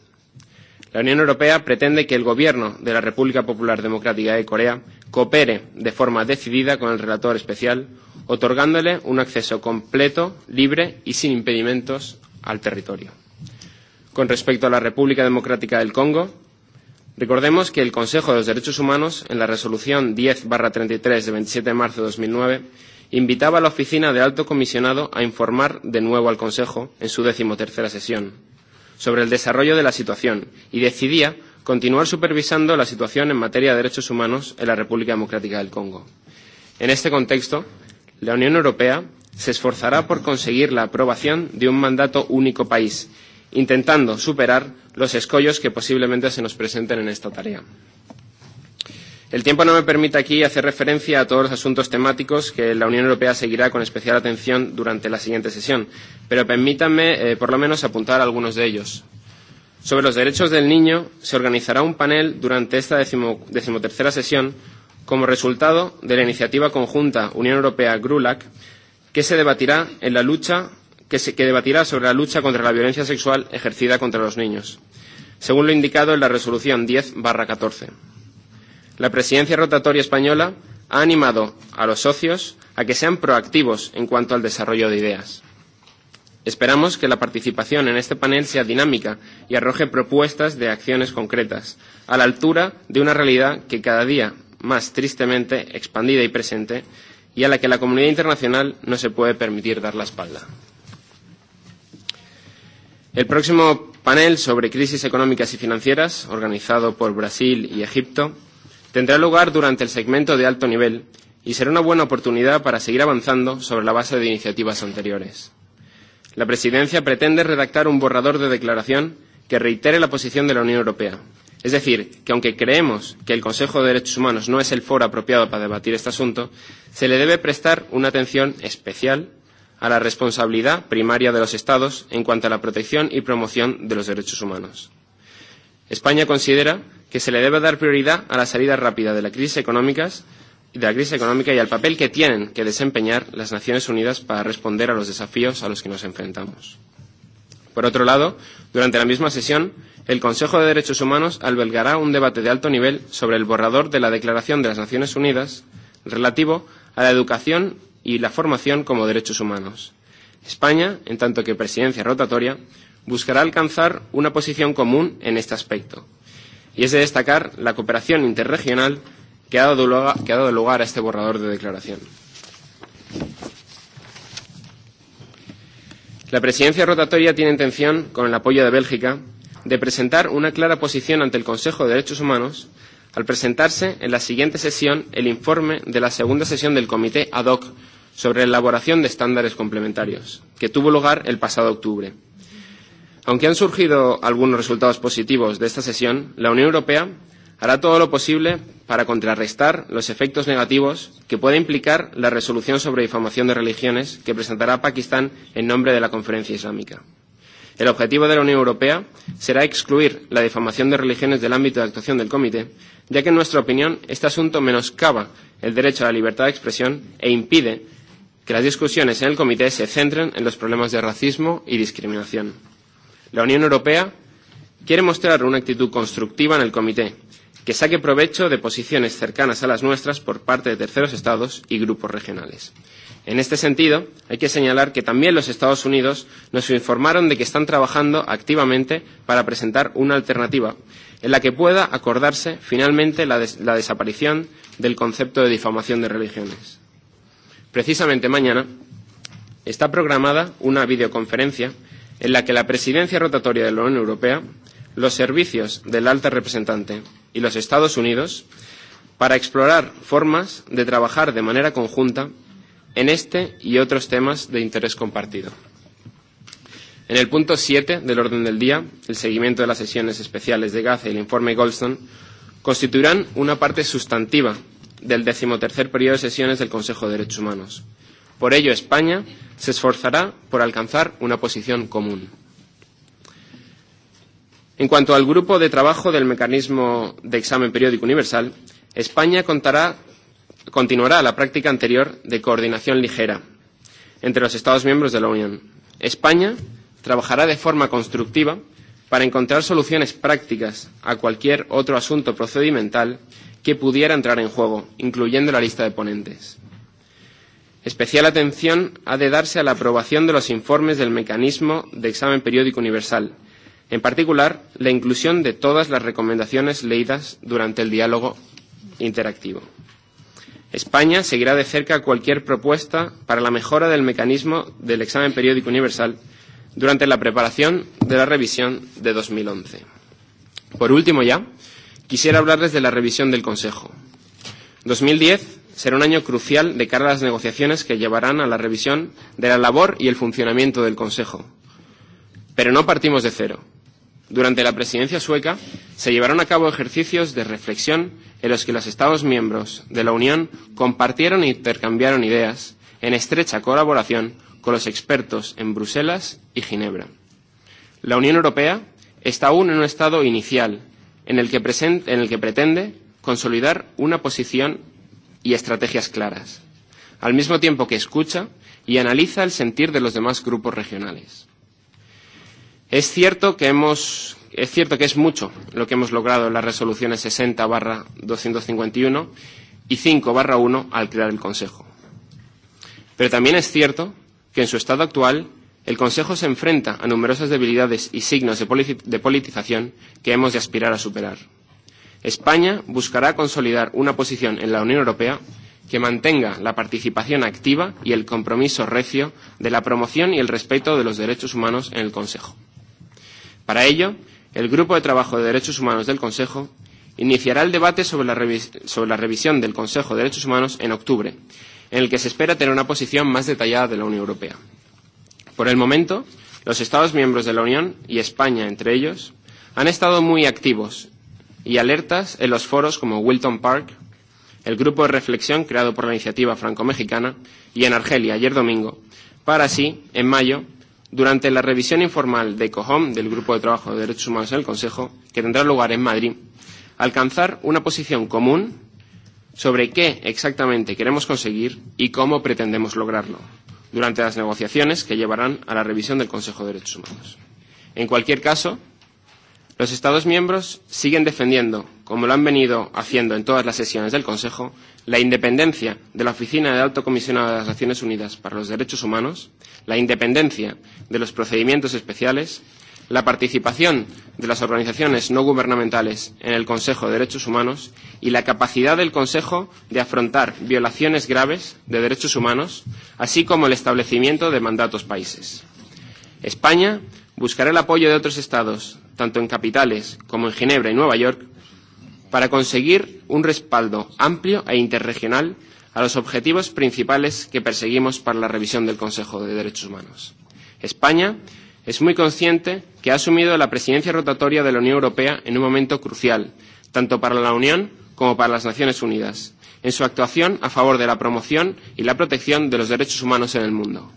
La Unión Europea pretende que el Gobierno de la República Popular Democrática de Corea coopere de forma decidida con el relator especial, otorgándole un acceso completo, libre y sin impedimentos al territorio. Con respecto a la República Democrática del Congo, recordemos que el Consejo de los Derechos Humanos, en la resolución 10-33 de 27 de marzo de 2009, invitaba a la Oficina de Alto Comisionado a informar de nuevo al Consejo en su decimotercera sesión sobre el desarrollo de la situación y decidía continuar supervisando la situación en materia de derechos humanos en la República Democrática del Congo. En este contexto, la Unión Europea se esforzará por conseguir la aprobación de un mandato único país, intentando superar los escollos que posiblemente se nos presenten en esta tarea. El tiempo no me permite aquí hacer referencia a todos los asuntos temáticos que la Unión Europea seguirá con especial atención durante la siguiente sesión, pero permítanme, eh, por lo menos, apuntar algunos de ellos. Sobre los derechos del niño, se organizará un panel durante esta decimotercera sesión como resultado de la iniciativa conjunta Unión Europea-GRULAC, que se debatirá en la lucha que, se, que debatirá sobre la lucha contra la violencia sexual ejercida contra los niños, según lo indicado en la resolución 10 barra 14. La presidencia rotatoria española ha animado a los socios a que sean proactivos en cuanto al desarrollo de ideas. Esperamos que la participación en este panel sea dinámica y arroje propuestas de acciones concretas, a la altura de una realidad que cada día más tristemente expandida y presente y a la que la comunidad internacional no se puede permitir dar la espalda. El próximo panel sobre crisis económicas y financieras, organizado por Brasil y Egipto, tendrá lugar durante el segmento de alto nivel y será una buena oportunidad para seguir avanzando sobre la base de iniciativas anteriores. La Presidencia pretende redactar un borrador de declaración que reitere la posición de la Unión Europea. Es decir, que aunque creemos que el Consejo de Derechos Humanos no es el foro apropiado para debatir este asunto, se le debe prestar una atención especial a la responsabilidad primaria de los Estados en cuanto a la protección y promoción de los derechos humanos. España considera que se le debe dar prioridad a la salida rápida de la crisis económica y de la crisis económica y al papel que tienen que desempeñar las Naciones Unidas para responder a los desafíos a los que nos enfrentamos. Por otro lado, durante la misma sesión, el Consejo de Derechos Humanos albergará un debate de alto nivel sobre el borrador de la Declaración de las Naciones Unidas relativo a la educación y la formación como derechos humanos. España, en tanto que presidencia rotatoria, buscará alcanzar una posición común en este aspecto, y es de destacar la cooperación interregional que ha dado lugar, que ha dado lugar a este borrador de declaración. La presidencia rotatoria tiene intención, con el apoyo de Bélgica, de presentar una clara posición ante el Consejo de Derechos Humanos al presentarse en la siguiente sesión el informe de la segunda sesión del Comité ad hoc sobre la elaboración de estándares complementarios, que tuvo lugar el pasado octubre. Aunque han surgido algunos resultados positivos de esta sesión, la Unión Europea hará todo lo posible para contrarrestar los efectos negativos que puede implicar la resolución sobre difamación de religiones que presentará Pakistán en nombre de la Conferencia Islámica. El objetivo de la Unión Europea será excluir la difamación de religiones del ámbito de actuación del Comité, ya que, en nuestra opinión, este asunto menoscaba el derecho a la libertad de expresión e impide que las discusiones en el Comité se centren en los problemas de racismo y discriminación. La Unión Europea quiere mostrar una actitud constructiva en el Comité, que saque provecho de posiciones cercanas a las nuestras por parte de terceros estados y grupos regionales. En este sentido, hay que señalar que también los Estados Unidos nos informaron de que están trabajando activamente para presentar una alternativa en la que pueda acordarse finalmente la, des la desaparición del concepto de difamación de religiones. Precisamente mañana está programada una videoconferencia en la que la presidencia rotatoria de la Unión Europea, los servicios del alta representante y los Estados Unidos para explorar formas de trabajar de manera conjunta en este y otros temas de interés compartido. En el punto 7 del orden del día, el seguimiento de las sesiones especiales de Gaza y el informe Goldstone constituirán una parte sustantiva del decimotercer periodo de sesiones del Consejo de Derechos Humanos Por ello, España se esforzará por alcanzar una posición común. En cuanto al grupo de trabajo del mecanismo de examen periódico universal, España contará, continuará la práctica anterior de coordinación ligera entre los Estados miembros de la Unión. España trabajará de forma constructiva para encontrar soluciones prácticas a cualquier otro asunto procedimental que pudiera entrar en juego, incluyendo la lista de ponentes. Especial atención ha de darse a la aprobación de los informes del mecanismo de examen periódico universal, en particular la inclusión de todas las recomendaciones leídas durante el diálogo interactivo. España seguirá de cerca cualquier propuesta para la mejora del mecanismo del examen periódico universal durante la preparación de la revisión de 2011. Por último ya, quisiera hablarles de la revisión del Consejo. 2010 será un año crucial de cara a las negociaciones que llevarán a la revisión de la labor y el funcionamiento del Consejo. Pero no partimos de cero. Durante la presidencia sueca se llevaron a cabo ejercicios de reflexión en los que los Estados miembros de la Unión compartieron e intercambiaron ideas en estrecha colaboración con los expertos en Bruselas y Ginebra. La Unión Europea está aún en un estado inicial en el que, pretende consolidar una posición y estrategias claras, al mismo tiempo que escucha y analiza el sentir de los demás grupos regionales. Es cierto que hemos es cierto que es mucho lo que hemos logrado en las resoluciones 60 barra 251 y 5 barra 1 al crear el Consejo. Pero también es cierto que en su estado actual el Consejo se enfrenta a numerosas debilidades y signos de, de politización que hemos de aspirar a superar. España buscará consolidar una posición en la Unión Europea que mantenga la participación activa y el compromiso recio de la promoción y el respeto de los derechos humanos en el Consejo. Para ello, el Grupo de Trabajo de Derechos Humanos del Consejo iniciará el debate sobre la, sobre la revisión del Consejo de Derechos Humanos en octubre, en el que se espera tener una posición más detallada de la Unión Europea. Por el momento, los Estados miembros de la Unión, y España entre ellos, han estado muy activos y alertas en los foros como Wilton Park, el grupo de reflexión creado por la iniciativa franco-mexicana y en Argelia ayer domingo, para así, en mayo, durante la revisión informal de COHOM, del Grupo de Trabajo de Derechos Humanos en el Consejo, que tendrá lugar en Madrid, alcanzar una posición común sobre qué exactamente queremos conseguir y cómo pretendemos lograrlo durante las negociaciones que llevarán a la revisión del Consejo de Derechos Humanos. En cualquier caso, Los Estados miembros siguen defendiendo, como lo han venido haciendo en todas las sesiones del Consejo, la independencia de la Oficina del Alto Comisionado de las Naciones Unidas para los Derechos Humanos, la independencia de los procedimientos especiales, la participación de las organizaciones no gubernamentales en el Consejo de Derechos Humanos y la capacidad del Consejo de afrontar violaciones graves de derechos humanos, así como el establecimiento de mandatos países. España buscará el apoyo de otros Estados tanto en capitales como en Ginebra y Nueva York, para conseguir un respaldo amplio e interregional a los objetivos principales que perseguimos para la revisión del Consejo de Derechos Humanos. España es muy consciente que ha asumido la presidencia rotatoria de la Unión Europea en un momento crucial, tanto para la Unión como para las Naciones Unidas, en su actuación a favor de la promoción y la protección de los derechos humanos en el mundo.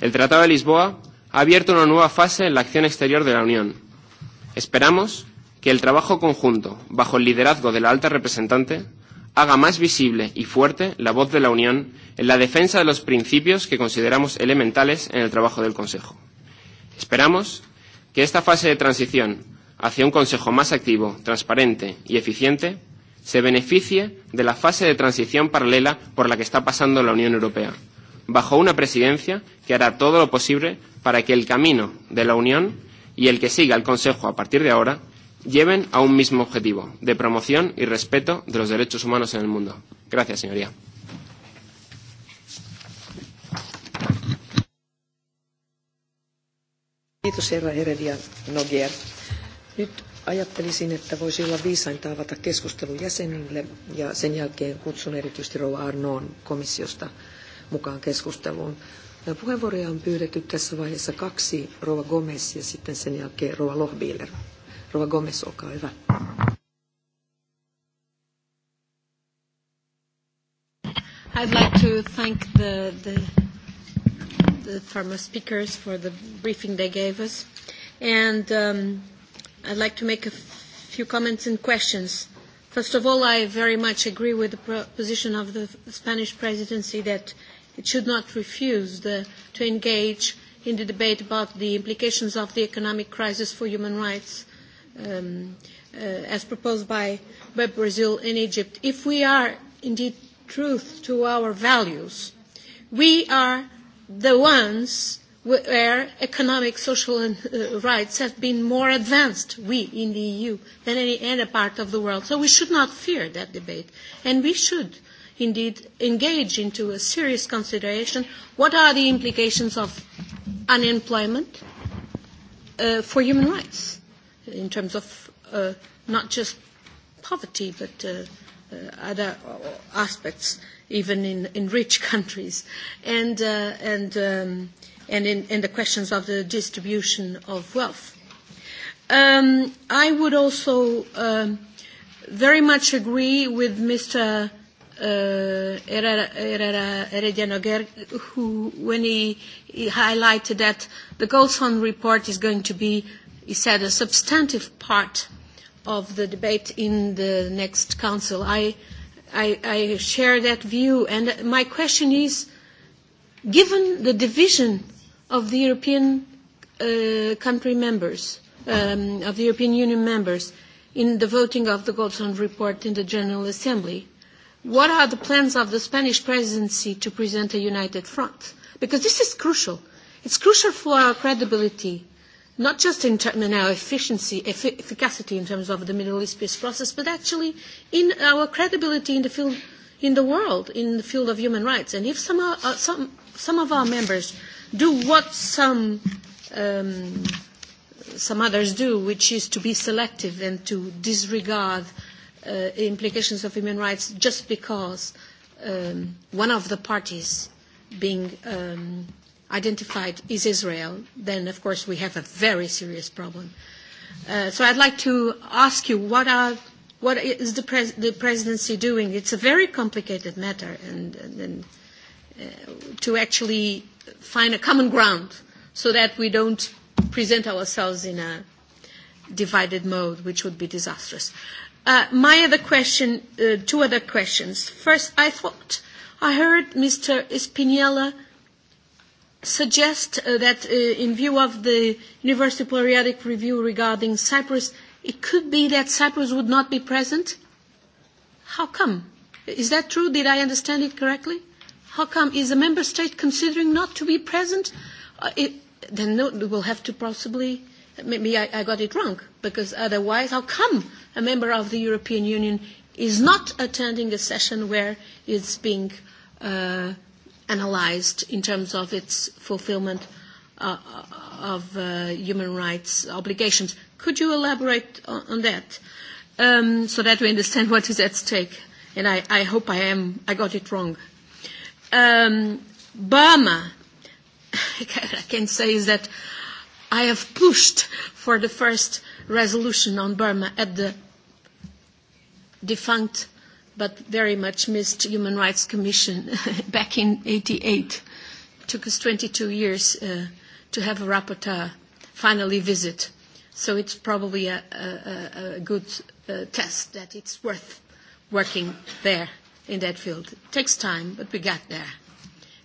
El Tratado de Lisboa ha abierto una nueva fase en la acción exterior de la Unión, Esperamos que el trabajo conjunto, bajo el liderazgo de la alta representante, haga más visible y fuerte la voz de la Unión en la defensa de los principios que consideramos elementales en el trabajo del Consejo. Esperamos que esta fase de transición hacia un Consejo más activo, transparente y eficiente se beneficie de la fase de transición paralela por la que está pasando la Unión Europea, bajo una presidencia que hará todo lo posible para que el camino de la Unión y el que siga el Consejo a partir de ahora lleven a un mismo objetivo de promoción y respeto de los derechos humanos en el mundo. Gracias, señoría. Kiitos herra Heredia Nogier. Nyt ajattelisin, että voisi olla viisainta avata keskustelu jäsenille ja sen jälkeen kutsun erityisesti Rouva Arnoon komissiosta mukaan keskusteluun. Puheenvuoroja on pyydetty tässä vaiheessa kaksi, Rova Gomez ja sitten sen jälkeen Rova Rova Gomez, olkaa hyvä. I'd like to thank the, the, the former speakers for the briefing they gave us. And um, I'd like to make a few comments and questions. First of all, I very much agree with the position of the Spanish presidency that it should not refuse the, to engage in the debate about the implications of the economic crisis for human rights um, uh, as proposed by, by Brazil and Egypt. If we are indeed truth to our values, we are the ones where economic, social and uh, rights have been more advanced, we in the EU, than any other part of the world. So we should not fear that debate. And we should indeed engage into a serious consideration what are the implications of unemployment uh, for human rights in terms of uh, not just poverty but uh, uh, other aspects even in, in rich countries and, uh, and, um, and in, in the questions of the distribution of wealth. Um, I would also um, very much agree with Mr uh, Herrera Herediano who, when he, he highlighted that the Goldson report is going to be, he said, a substantive part of the debate in the next council. I, I, I share that view, and my question is, given the division of the European uh, country members, um, of the European Union members, in the voting of the Goldson report in the General Assembly, What are the plans of the Spanish presidency to present a united front? Because this is crucial. It's crucial for our credibility, not just in terms of our efficiency, efficacy in terms of the Middle East peace process, but actually in our credibility in the field, in the world, in the field of human rights. And if some, uh, some, some of our members do what some um, some others do, which is to be selective and to disregard uh, implications of human rights just because um, one of the parties being um, identified is Israel, then of course we have a very serious problem. Uh, so I'd like to ask you what are what is the, pres- the presidency doing? It's a very complicated matter, and, and, and uh, to actually find a common ground so that we don't present ourselves in a divided mode, which would be disastrous. Uh, my other question, uh, two other questions. First, I thought I heard Mr. Spinella suggest uh, that uh, in view of the University Periodic Review regarding Cyprus, it could be that Cyprus would not be present. How come? Is that true? Did I understand it correctly? How come? Is a member state considering not to be present? Uh, it, then no, will have to possibly uh, maybe I, I got it wrong, because otherwise, how come a member of the European Union is not attending a session where it's being uh, analyzed in terms of its fulfillment uh, of uh, human rights obligations? Could you elaborate on, on that um, so that we understand what is at stake? And I, I hope I am I got it wrong. Um, Burma, I can say is that I have pushed for the first resolution on Burma at the defunct but very much missed Human Rights Commission back in 88. It took us 22 years uh, to have a rapporteur finally visit. So it's probably a, a, a good uh, test that it's worth working there in that field. It takes time, but we got there.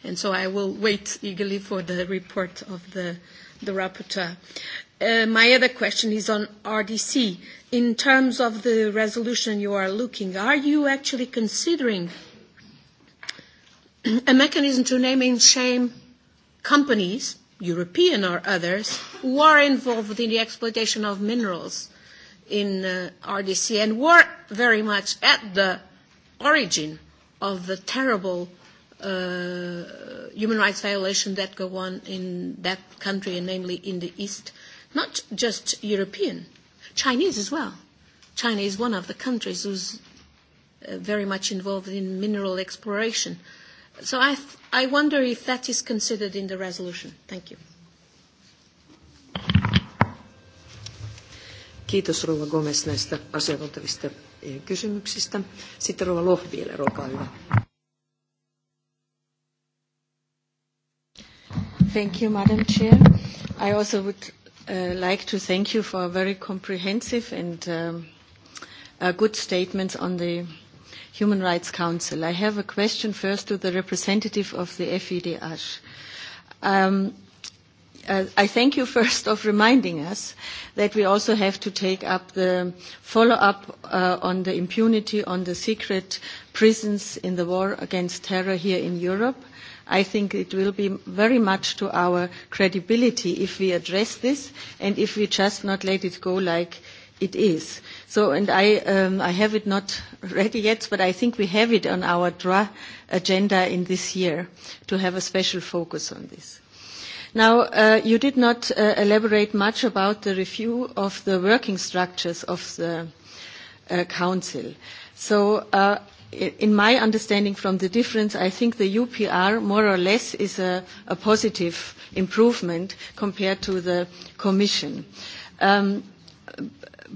And so I will wait eagerly for the report of the the rapporteur. Uh, my other question is on RDC. In terms of the resolution you are looking, are you actually considering a mechanism to name and shame companies, European or others, who are involved in the exploitation of minerals in uh, RDC and were very much at the origin of the terrible uh, human rights violations that go on in that country, and namely in the East, not just European, Chinese as well. China is one of the countries who's uh, very much involved in mineral exploration. So I, th- I wonder if that is considered in the resolution. Thank you. Kiitos Rova Gomez näistä asiantuntevista kysymyksistä. Sitten Rova Lohbiiler, olkaa hyvä. Thank you, Madam Chair. I also would uh, like to thank you for a very comprehensive and um, uh, good statements on the Human Rights Council. I have a question first to the representative of the FEDH. Um, uh, I thank you first of reminding us that we also have to take up the follow-up uh, on the impunity on the secret prisons in the war against terror here in Europe I think it will be very much to our credibility if we address this and if we just not let it go like it is. So, and I, um, I have it not ready yet, but I think we have it on our DRA agenda in this year to have a special focus on this. Now, uh, you did not uh, elaborate much about the review of the working structures of the uh, Council. So uh, in my understanding from the difference, I think the UPR more or less is a, a positive improvement compared to the Commission. Um,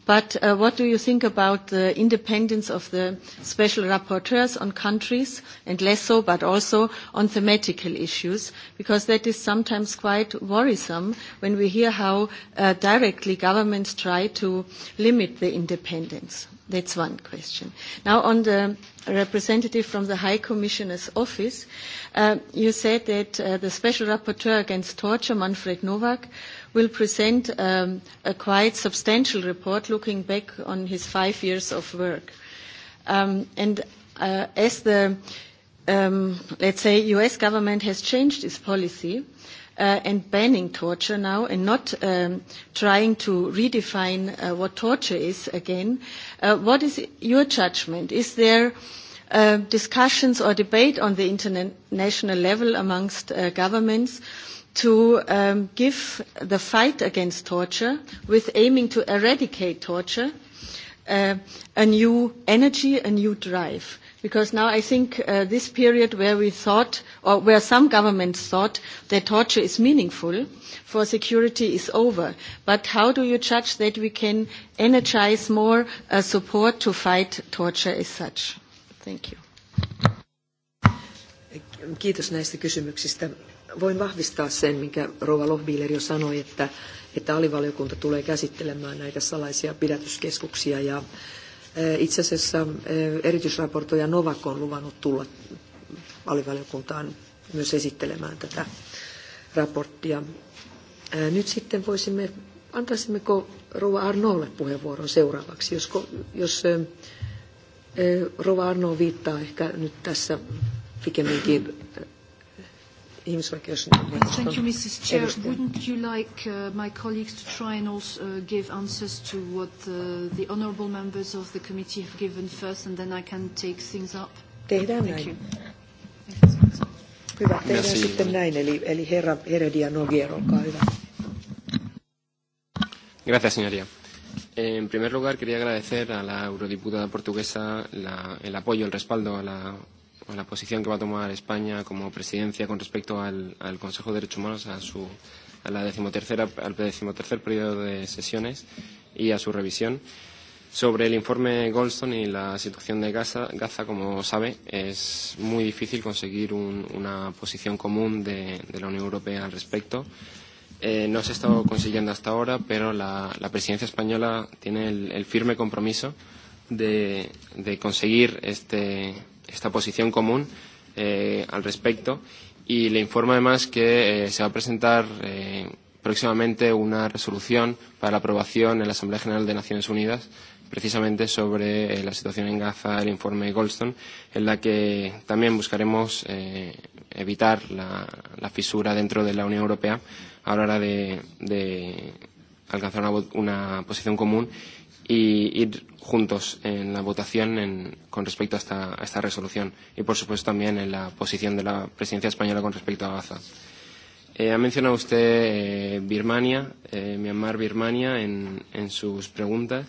but uh, what do you think about the independence of the special rapporteurs on countries, and less so, but also on thematical issues? Because that is sometimes quite worrisome when we hear how uh, directly governments try to limit the independence. That's one question. Now, on the representative from the High Commissioner's Office, uh, you said that uh, the Special Rapporteur Against Torture, Manfred Novak, will present um, a quite substantial report looking back on his five years of work. Um, and uh, as the, um, let's say, US government has changed its policy, and banning torture now and not trying to redefine what torture is again. what is your judgment? Is there discussions or debate on the international level amongst governments to give the fight against torture with aiming to eradicate torture a new energy, a new drive? because now I think uh, this period where we thought, or where some governments thought that torture is meaningful for security is over. But how do you judge that we can energize more uh, support to fight torture as such? Thank you. Kiitos näistä kysymyksistä. Voin vahvistaa sen, minkä Rova Lohbiiler jo sanoi, että, että alivaliokunta tulee käsittelemään näitä salaisia pidätyskeskuksia ja Itse asiassa erityisraportoija Novak on luvannut tulla alivaliokuntaan myös esittelemään tätä raporttia. Nyt sitten voisimme, antaisimmeko Rouva Arnolle puheenvuoron seuraavaksi, josko, jos Rova Arno viittaa ehkä nyt tässä pikemminkin Himsa Kirchner. Thank you, Mrs. Chair. Wouldn't you like uh, my colleagues to try and also uh, give answers to what uh, the honourable members of the committee have given first, and then I can take things up? Tehdään Thank You. Hyvä, tehdään sitten näin. Eli, eli herra Heredia Nogier, olkaa hyvä. Gracias, señoría. En primer lugar, quería agradecer a la eurodiputada portuguesa la, el apoyo, el respaldo a la la posición que va a tomar España como presidencia con respecto al, al Consejo de Derechos Humanos, a, su, a la decimotercera, al decimotercer periodo de sesiones y a su revisión. Sobre el informe Goldstone y la situación de Gaza, Gaza como sabe, es muy difícil conseguir un, una posición común de, de la Unión Europea al respecto. Eh, no se ha estado consiguiendo hasta ahora, pero la, la presidencia española tiene el, el firme compromiso de, de conseguir este, esta posición común eh, al respecto y le informo además que eh, se va a presentar eh, próximamente una resolución para la aprobación en la Asamblea General de Naciones Unidas precisamente sobre eh, la situación en Gaza, el informe Goldstone, en la que también buscaremos eh, evitar la, la fisura dentro de la Unión Europea a la hora de, de alcanzar una, una posición común y ir juntos en la votación en, con respecto a esta, a esta resolución y, por supuesto, también en la posición de la presidencia española con respecto a Gaza. Eh, ha mencionado usted eh, Birmania, eh, Myanmar, Birmania en, en sus preguntas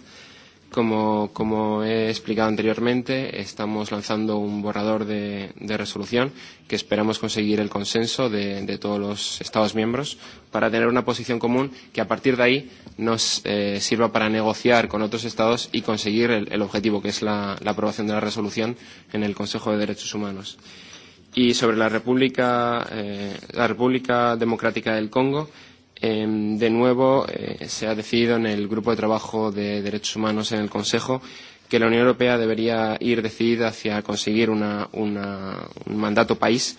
como, como he explicado anteriormente, estamos lanzando un borrador de, de resolución que esperamos conseguir el consenso de, de todos los Estados miembros para tener una posición común que a partir de ahí nos eh, sirva para negociar con otros Estados y conseguir el, el objetivo que es la, la aprobación de la resolución en el Consejo de Derechos Humanos. Y sobre la República, eh, la República Democrática del Congo, eh, Eh, de nuevo, eh, se ha decidido en el Grupo de Trabajo de Derechos Humanos en el Consejo que la Unión Europea debería ir decidida hacia conseguir una, una, un mandato país,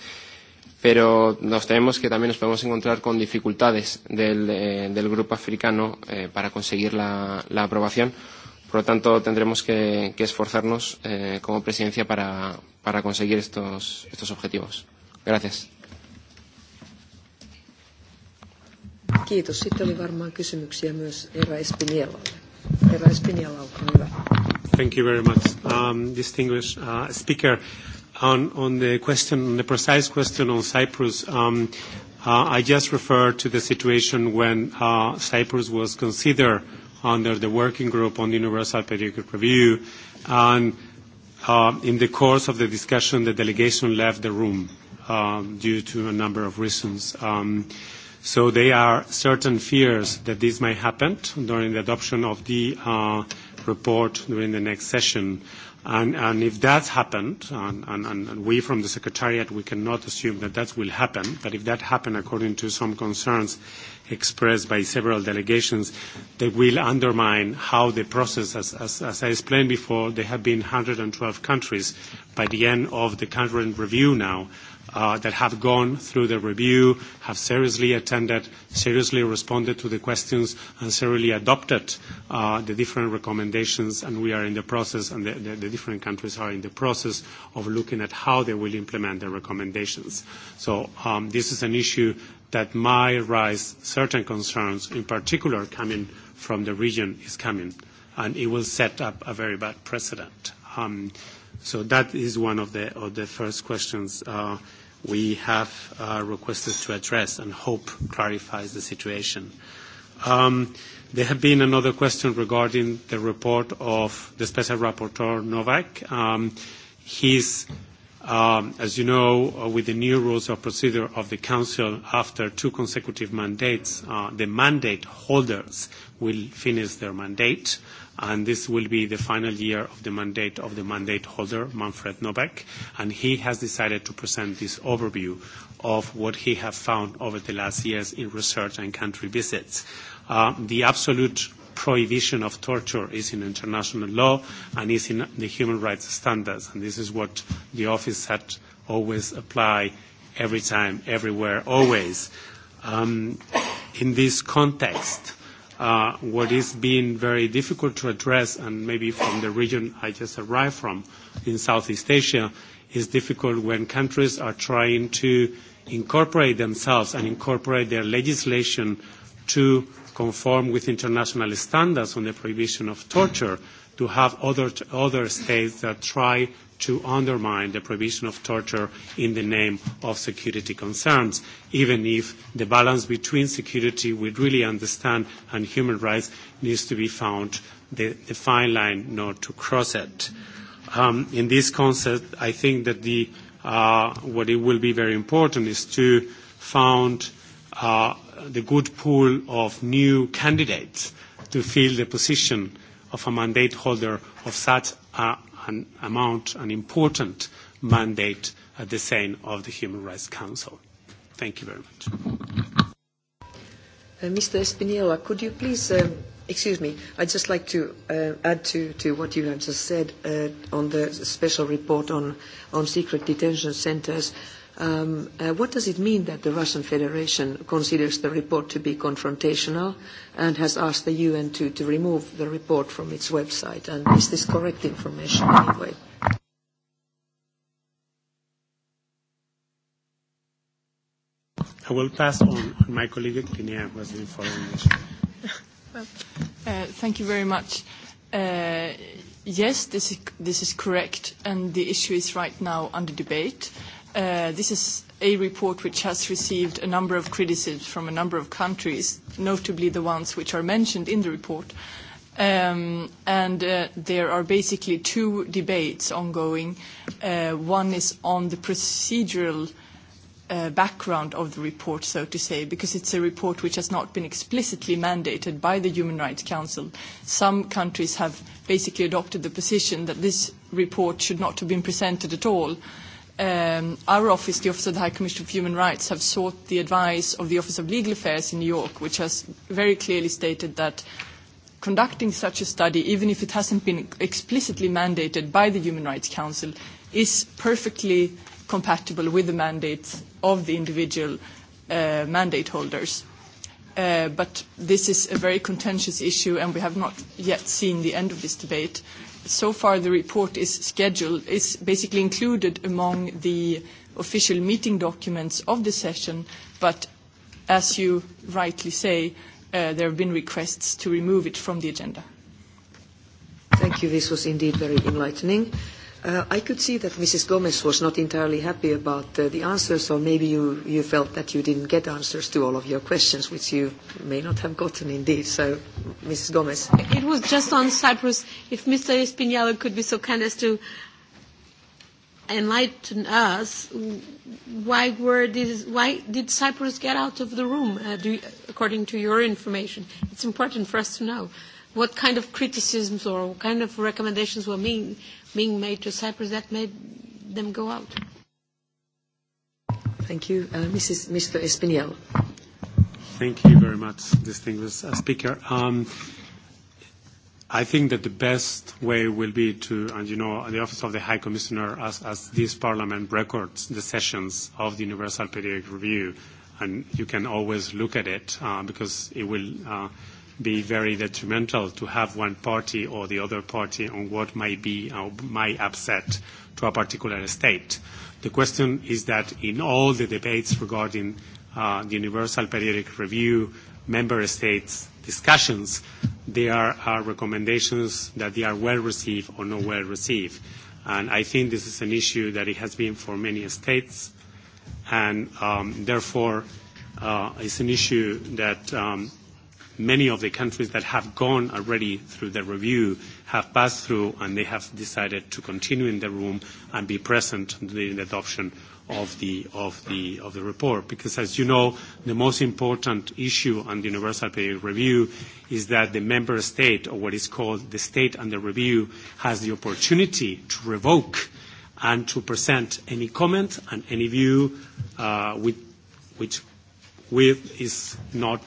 pero nos tememos que también nos podemos encontrar con dificultades del, eh, del Grupo Africano eh, para conseguir la, la aprobación. Por lo tanto, tendremos que, que esforzarnos eh, como presidencia para, para conseguir estos, estos objetivos. Gracias. Kiitos. Sitten oli varmaan kysymyksiä myös Eera Espinielalle. Eera Espiniela, olkaa hyvä. Thank you very much, um, distinguished uh, speaker. On, on the question, on the precise question on Cyprus, um, uh, I just referred to the situation when uh, Cyprus was considered under the working group on the Universal Periodic Review, and uh, in the course of the discussion, the delegation left the room uh, due to a number of reasons. Um, So there are certain fears that this may happen during the adoption of the report during the next session. And, if that's happened, and, we from the Secretariat, we cannot assume that that will happen, but if that happened according to some concerns expressed by several delegations, they will undermine how the process, as, as, as I explained before, there have been 112 countries by the end of the current review now that have gone through the review, have seriously attended, seriously responded to the questions, and seriously adopted the different recommendations. And we are in the process, and the, the, the different countries are in the process of looking at how they will implement the recommendations. So this is an issue that might raise certain concerns, in particular coming from the region, is coming. And it will set up a very bad precedent. so that is one of the, of the first questions. Uh, we have uh, requested to address and hope clarifies the situation. Um, there have been another question regarding the report of the Special Rapporteur Novak. Um, he's, um, as you know, uh, with the new rules of procedure of the Council, after two consecutive mandates, uh, the mandate holders will finish their mandate and this will be the final year of the mandate of the mandate holder, Manfred Nowak, and he has decided to present this overview of what he has found over the last years in research and country visits. The absolute prohibition of torture is in international law and is in the human rights standards, and this is what the office had always applied every time, everywhere, always. In this context, what is being very difficult to address, and maybe from the region I just arrived from in Southeast Asia, is difficult when countries are trying to incorporate themselves and incorporate their legislation to conform with international standards on the prohibition of torture, to have other, other states that try to undermine the prohibition of torture in the name of security concerns, even if the balance between security we really understand and human rights needs to be found, the, the fine line not to cross it. Um, in this concept, I think that the, uh, what it will be very important is to found uh, the good pool of new candidates to fill the position of a mandate holder of such a an amount, an important mandate at the same of the Human Rights Council. Thank you very much. Mr. Espinola, could you please, excuse me, I'd just like to uh, add to, to what you have just said uh, on the special report on, on secret detention centres. Um, uh, what does it mean that the Russian Federation considers the report to be confrontational and has asked the UN to, to remove the report from its website? And is this correct information anyway? I will pass on. My colleague Linnea was informing us. Well, uh, thank you very much. Uh, yes, this is, this is correct, and the issue is right now under debate. Uh, this is a report which has received a number of criticisms from a number of countries, notably the ones which are mentioned in the report. and there are basically two debates ongoing. one is on the procedural background of the report, so to say, because it's a report which has not been explicitly mandated by the Human Rights Council. Some countries have basically adopted the position that this report should not have been presented at all, uh, um, our office, the Office of the High Commissioner for Human Rights, have sought the advice of the Office of Legal Affairs in New York, which has very clearly stated that conducting such a study, even if it hasn't been explicitly mandated by the Human Rights Council, is perfectly compatible with the mandates of the individual uh, mandate holders. Uh, but this is a very contentious issue, and we have not yet seen the end of this debate so far the report is scheduled, is basically included among the official meeting documents of the session, but as you rightly say, uh, there have been requests to remove it from the agenda. Thank you. This was indeed very enlightening. I could see that Mrs. Gomez was not entirely happy about the answers, or maybe you, you felt that you didn't get answers to all of your questions, which you may not have gotten indeed. So, Mrs. Gomez. It was just on Cyprus. If Mr. Espinala could be so kind as to enlighten us, why, were these, why did Cyprus get out of the room, uh, do, according to your information? It's important for us to know what kind of criticisms or what kind of recommendations were made being made to Cyprus that made them go out. Thank you. Uh, Mrs. Mr. Espinel. Thank you very much, distinguished speaker. Um, I think that the best way will be to, and you know, the Office of the High Commissioner, as, as this Parliament records the sessions of the Universal Periodic Review, and you can always look at it uh, because it will. Uh, be very detrimental to have one party or the other party on what might be or might upset to a particular state. The question is that in all the debates regarding uh, the Universal Periodic Review, member states' discussions, there are recommendations that they are well received or not well received. And I think this is an issue that it has been for many states, and um, therefore uh, it's an issue that um, many of the countries that have gone already through the review have passed through and they have decided to continue in the room and be present during the adoption of the, of the, of the report. Because as you know, the most important issue on the Universal Periodic Review is that the member state, or what is called the state under review, has the opportunity to revoke and to present any comment and any view which with is not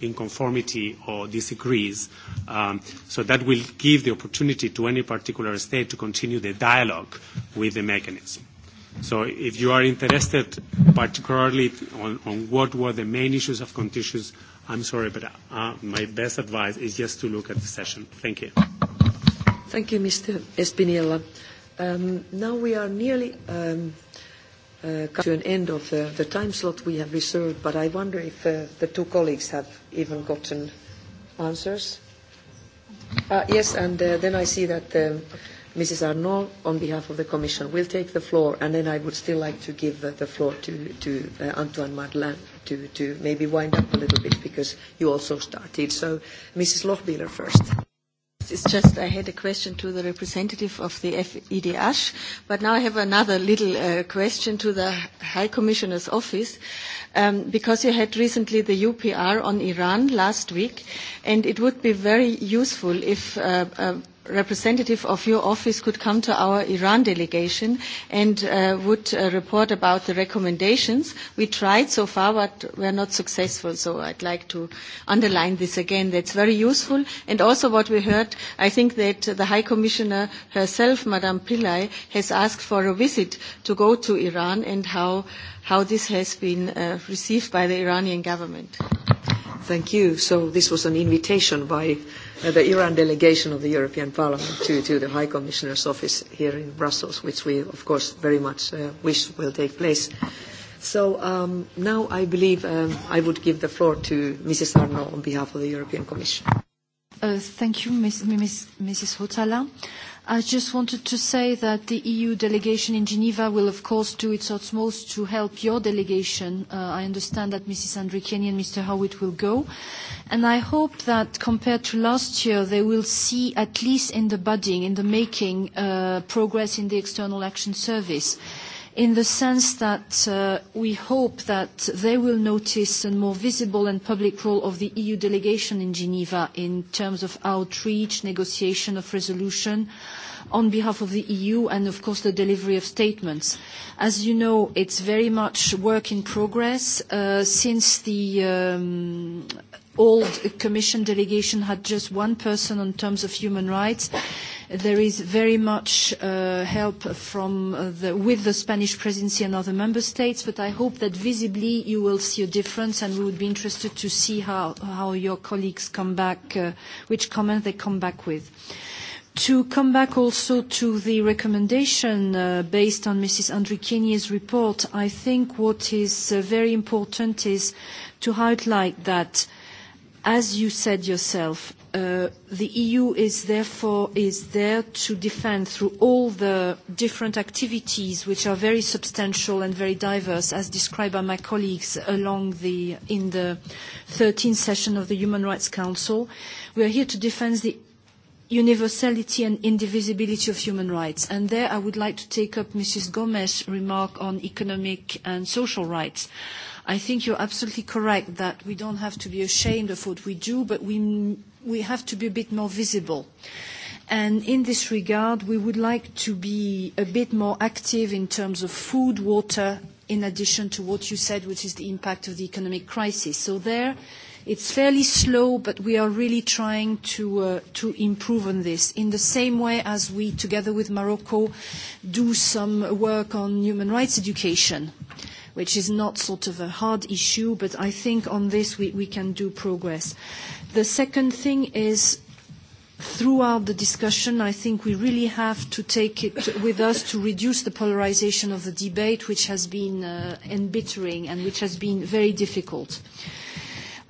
in conformity or disagrees. Um, so that will give the opportunity to any particular state to continue the dialogue with the mechanism. So if you are interested particularly on, on what were the main issues of conditions, I'm sorry, but uh, my best advice is just to look at the session. Thank you. Thank you, Mr. Espinella. Um, now we are nearly um, come to an end of the, the time slot we have reserved, but I wonder if uh, the two colleagues have even gotten answers. Uh, yes, and uh, then I see that Mrs. Arnault, on behalf of the Commission, will take the floor, and then I would still like to give uh, the floor to, to uh, Antoine Madeleine to, to maybe wind up a little bit, because you also started. So Mrs. Lochbieler first. It's just I had a question to the representative of the FEDH, but now I have another little uh, question to the High Commissioner's office, um, because you had recently the UPR on Iran last week, and it would be very useful if uh, uh, representative of your office could come to our Iran delegation and uh, would uh, report about the recommendations. We tried so far, but were not successful. So I'd like to underline this again. That's very useful. And also what we heard, I think that the High Commissioner herself, Madame Pillay, has asked for a visit to go to Iran and how, how this has been uh, received by the Iranian government. Thank you. So this was an invitation by uh, the Iran delegation of the European Parliament to, to the High Commissioner's office here in Brussels, which we, of course, very much uh, wish will take place. So um, now I believe um, I would give the floor to Mrs. Arnaud on behalf of the European Commission. Uh, thank you, Ms. Mrs. Hotala. I just wanted to say that the EU delegation in Geneva will, of course, do its utmost to help your delegation. I understand that Mrs. Andrikeni and Mr. Howitt will go. And I hope that compared to last year, they will see, at least in the budding, in the making, progress in the External Action Service in the sense that we hope that they will notice a more visible and public role of the EU delegation in Geneva in terms of outreach, negotiation of resolution on behalf of the EU and, of course, the delivery of statements. As you know, it's very much work in progress since the old Commission delegation had just one person on terms of human rights There is very much help from the, with the Spanish presidency and other member states, but I hope that visibly you will see a difference and we would be interested to see how, how your colleagues come back, uh, which comment they come back with. To come back also to the recommendation uh, based on Mrs. Andrikini's report, I think what is uh, very important is to highlight that, as you said yourself, the EU is therefore is there to defend through all the different activities which are very substantial and very diverse as described by my colleagues along the in the 13th session of the Human Rights Council we are here to defend the universality and indivisibility of human rights and there I would like to take up Mrs Gomes' remark on economic and social rights I think you're absolutely correct that we don't have to be ashamed of what we do, but we we have to be a bit more visible. And in this regard, we would like to be a bit more active in terms of food, water, in addition to what you said, which is the impact of the economic crisis. So there, it's fairly slow, but we are really trying to, improve on this. In the same way as we, together with Morocco, do some work on human rights education, which is not sort of a hard issue, but I think on this we, we can do progress. The second thing is throughout the discussion, I think we really have to take it with us to reduce the polarisation of the debate, which has been uh, embittering and which has been very difficult. Uh,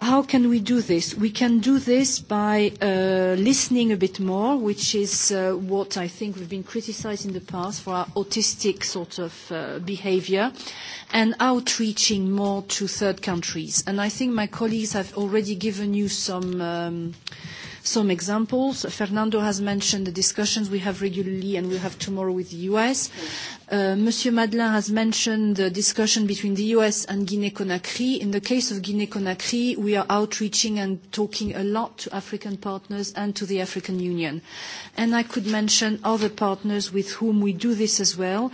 How can we do this? We can do this by listening a bit more, which is what I think we've been criticized in the past for our autistic sort of behavior, and outreaching more to third countries. And I think my colleagues have already given you some Some examples, Fernando has mentioned the discussions we have regularly and we have tomorrow with the U.S. Monsieur Madelin has mentioned the discussion between the U.S. and Guinea-Conakry. In the case of Guinea-Conakry, we are outreaching and talking a lot to African partners and to the African Union. And I could mention other partners with whom we do this as well,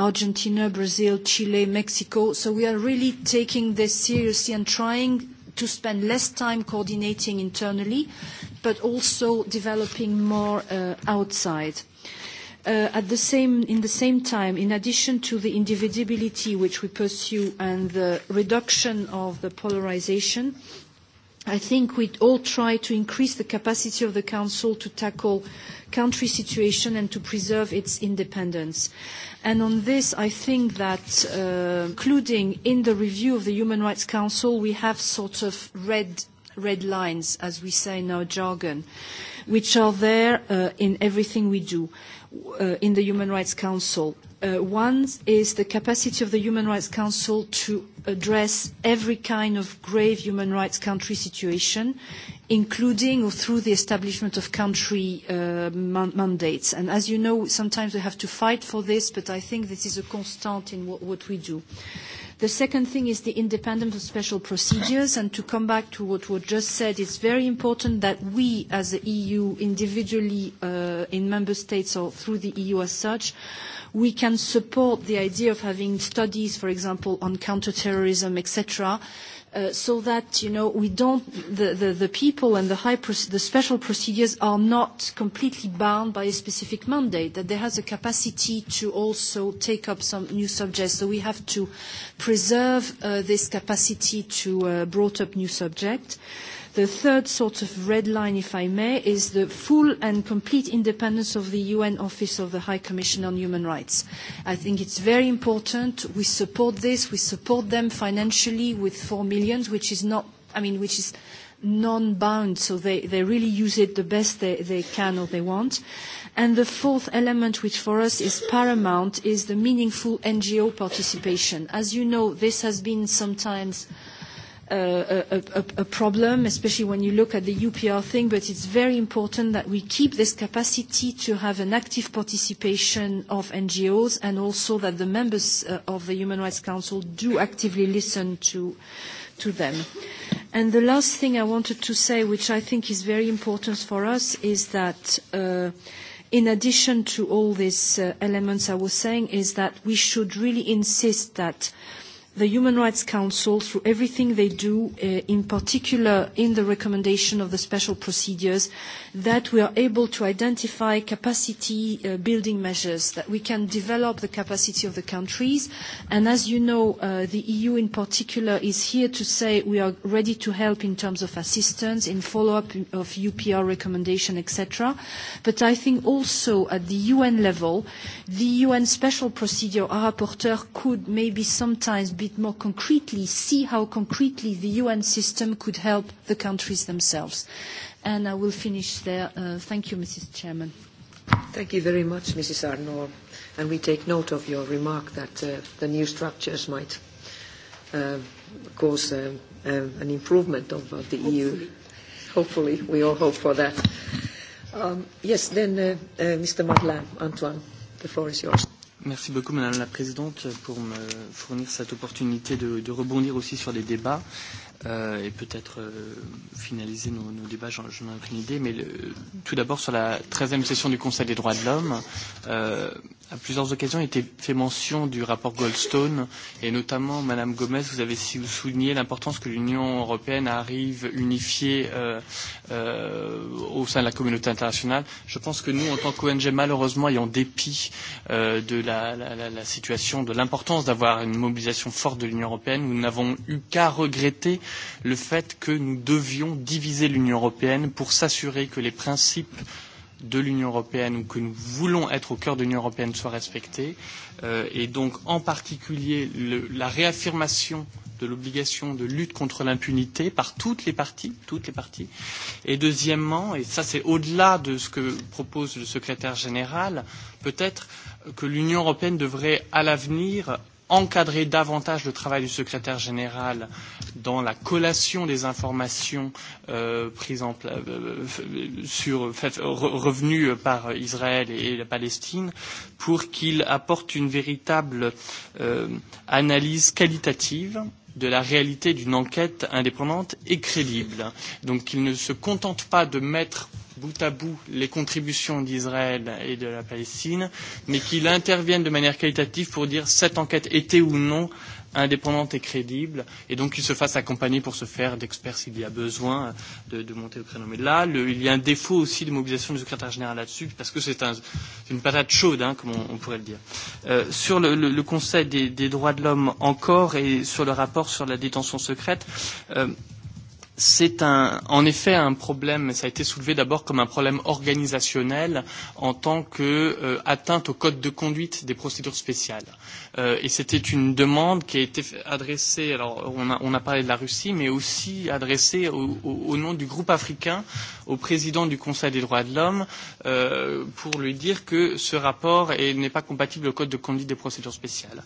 Argentina, Brazil, Chile, Mexico. So we are really taking this seriously and trying to spend less time coordinating internally, but also developing more uh, outside. Uh, at the same, in the same time, in addition to the indivisibility which we pursue and the reduction of the polarization, uh, I think we all try to increase the capacity of the Council to tackle country situation and to preserve its independence. And on this, I think that, including in the review of the Human Rights Council, we have sort of red, red lines, as we say in our jargon, which are there in everything we do in the Human Rights Council. one is the capacity of the Human Rights Council to address every kind of grave human rights country situation, including or through the establishment of country mandates. And as you know, sometimes we have to fight for this, but I think this is a constant in what, we do. Uh, The second thing is the independence of special procedures. And to come back to what was just said, it's very important that we as the EU individually in member states or through the EU as such, we can support the idea of having studies, for example, on counterterrorism, etc., so that you know we don't the, the, the people and the high the special procedures are not completely bound by a specific mandate that there has a capacity to also take up some new subjects so we have to preserve uh, this capacity to uh, brought up new subjects The third sort of red line, if I may, is the full and complete independence of the UN Office of the High Commission on Human Rights. I think it's very important. We support this. We support them financially with four million, which is not, I mean, which is non-bound, so they, they really use it the best they, they can or they want. And the fourth element, which for us is paramount, is the meaningful NGO participation. As you know, this has been sometimes – a problem, especially when you look at the UPR thing, but it's very important that we keep this capacity to have an active participation of NGOs and also that the members of the Human Rights Council do actively listen to them. And the last thing I wanted to say, which I think is very important for us, is that in addition to all these elements I was saying, is that we should really insist that the Human Rights Council, through everything they do, in particular in the recommendation of the special procedures, that we are able to identify capacity building measures, that we can develop the capacity of the countries. And as you know, the EU in particular is here to say we are ready to help in terms of assistance, in follow-up of UPR recommendation, etc. But I think also at the UN level, the UN special procedure, our rapporteur could maybe sometimes be bit more concretely, see how concretely the UN system could help the countries themselves. And I will finish there. Uh, thank you, Mrs. Chairman. Thank you very much, Mrs. Arnor. And we take note of your remark that uh, the new structures might uh, cause uh, uh, an improvement of uh, the Hopefully. EU. Hopefully. We all hope for that. Um, yes, then uh, uh, Mr. Madeleine, Antoine, the floor is yours. Merci beaucoup, Madame la Présidente, pour me fournir cette opportunité de, de rebondir aussi sur les débats euh, et peut-être euh, finaliser nos, nos débats, j'en ai aucune idée, mais le, tout d'abord sur la 13e session du Conseil des droits de l'homme, euh, à plusieurs occasions il était fait mention du rapport Goldstone, et notamment, Madame Gomez, vous avez souligné l'importance que l'Union européenne arrive unifiée euh, euh, au sein de la communauté internationale. Je pense que nous, en tant qu'ONG, malheureusement, ayant dépit euh, de la, la, la, la situation, de l'importance d'avoir une mobilisation forte de l'Union européenne, nous n'avons eu qu'à regretter euh, le fait que nous devions diviser l'Union européenne pour s'assurer que les principes de l'Union européenne ou que nous voulons être au cœur de l'Union européenne soient respectés. Euh, et donc, en particulier, le, la réaffirmation de l'obligation de lutte contre l'impunité par toutes les parties, toutes les parties. Et deuxièmement, et ça c'est au-delà de ce que propose le secrétaire général, peut-être que l'Union européenne devrait à l'avenir encadrer davantage le travail du secrétaire général dans la collation des informations euh, prises en, euh, sur, fait, re, revenues par Israël et la Palestine pour qu'il apporte une véritable euh, analyse qualitative de la réalité d'une enquête indépendante et crédible. Donc qu'il ne se contente pas de mettre bout à bout les contributions d'Israël et de la Palestine, mais qu'il intervienne de manière qualitative pour dire cette enquête était ou non indépendante et crédible, et donc qu'il se fasse accompagner pour se faire d'experts s'il y a besoin de, de monter au créneau. Mais là, le, il y a un défaut aussi de mobilisation du secrétaire général là-dessus, parce que c'est un, une patate chaude, hein, comme on, on pourrait le dire. Euh, sur le, le, le Conseil des, des droits de l'homme encore, et sur le rapport sur la détention secrète, euh, C'est un, en effet un problème, ça a été soulevé d'abord comme un problème organisationnel en tant qu'atteinte euh, au code de conduite des procédures spéciales et c'était une demande qui a été adressée, alors on a, on a parlé de la Russie, mais aussi adressée au, au, au nom du groupe africain, au président du Conseil des droits de l'homme, euh, pour lui dire que ce rapport n'est pas compatible au Code de conduite des procédures spéciales.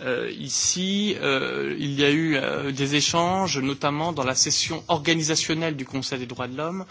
Euh, ici, euh, il y a eu euh, des échanges, notamment dans la session organisationnelle du Conseil des droits de l'homme,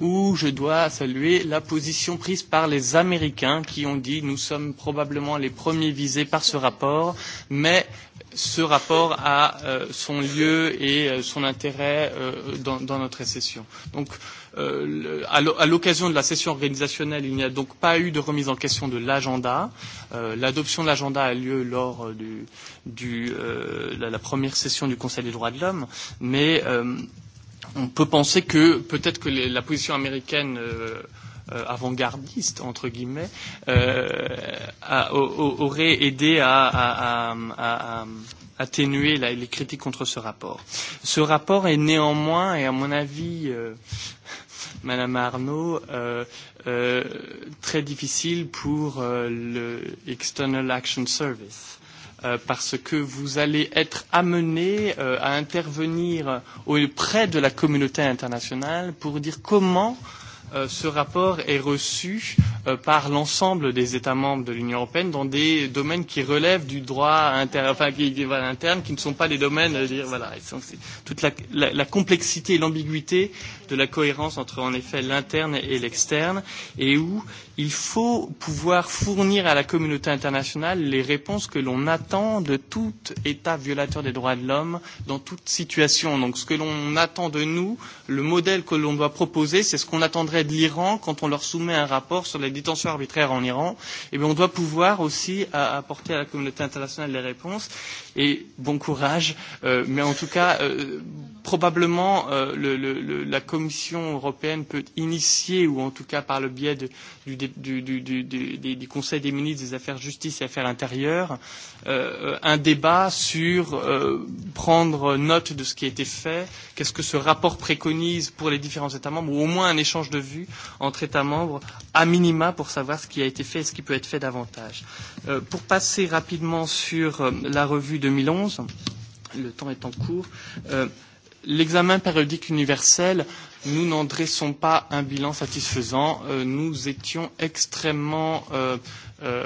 où je dois saluer la position prise par les Américains qui ont dit nous sommes probablement les premiers visés par ce rapport rapport, mais ce rapport a euh, son lieu et euh, son intérêt euh, dans, dans notre session. Donc, euh, à l'occasion de la session organisationnelle, il n'y a donc pas eu de remise en question de l'agenda. Euh, L'adoption de l'agenda a lieu lors du, du, euh, la, la première session du Conseil des droits de l'homme, mais euh, on peut penser que peut-être que les, la position américaine euh, euh, avant-gardiste entre guillemets euh, a, a, aurait aidé à, à, à, à atténuer la, les critiques contre ce rapport. Ce rapport est néanmoins, et à mon avis, euh, Madame Arnaud, euh, euh, très difficile pour euh, le External Action Service parce que vous allez être amené euh, à intervenir auprès de la communauté internationale pour dire comment euh, ce rapport est reçu par l'ensemble des États membres de l'Union européenne dans des domaines qui relèvent du droit interne, enfin, qui, voilà, interne, qui ne sont pas des domaines, dire, voilà, toute la, la, la complexité et l'ambiguïté de la cohérence entre en effet l'interne et l'externe et où il faut pouvoir fournir à la communauté internationale les réponses que l'on attend de tout État violateur des droits de l'homme dans toute situation. Donc ce que l'on attend de nous, le modèle que l'on doit proposer, c'est ce qu'on attendrait de l'Iran quand on leur soumet un rapport sur les détentions arbitraires en Iran. Et bien on doit pouvoir aussi apporter à la communauté internationale les réponses. Et bon courage, euh, mais en tout cas, euh, probablement euh, le, le, le, la communauté Commission européenne peut initier, ou en tout cas par le biais de, du, du, du, du, du, du Conseil des ministres des Affaires Justice et Affaires Intérieures, euh, un débat sur euh, prendre note de ce qui a été fait, qu'est-ce que ce rapport préconise pour les différents États membres, ou au moins un échange de vues entre États membres, à minima pour savoir ce qui a été fait et ce qui peut être fait davantage. Euh, pour passer rapidement sur euh, la revue 2011, le temps est en cours. Euh, L'examen périodique universel nous n'en dressons pas un bilan satisfaisant. Euh, nous étions extrêmement euh, euh,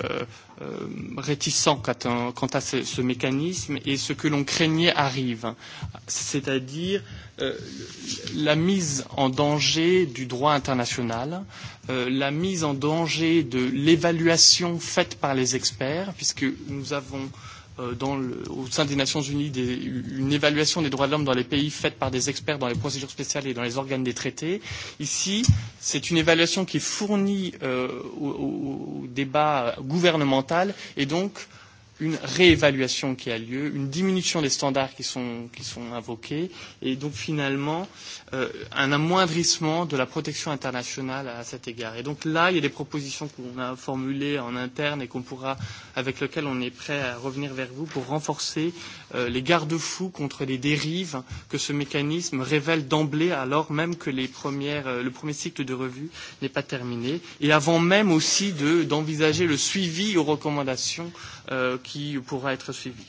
réticents quant à, quant à ce, ce mécanisme et ce que l'on craignait arrive, c'est-à-dire euh, la mise en danger du droit international, euh, la mise en danger de l'évaluation faite par les experts, puisque nous avons euh, dans le, au sein des Nations Unies des, une évaluation des droits de l'homme dans les pays faite par des experts dans les procédures spéciales et dans les organes des traités. Ici, c'est une évaluation qui est fournie euh, au, au débat gouvernemental et donc une réévaluation qui a lieu, une diminution des standards qui sont, qui sont invoqués, et donc finalement euh, un amoindrissement de la protection internationale à cet égard. Et donc là, il y a des propositions qu'on a formulées en interne et qu'on pourra, avec lesquelles on est prêt à revenir vers vous pour renforcer les garde-fous contre les dérives que ce mécanisme révèle d'emblée alors même que les premières, le premier cycle de revue n'est pas terminé et avant même aussi d'envisager le suivi aux recommandations euh, qui pourra être suivi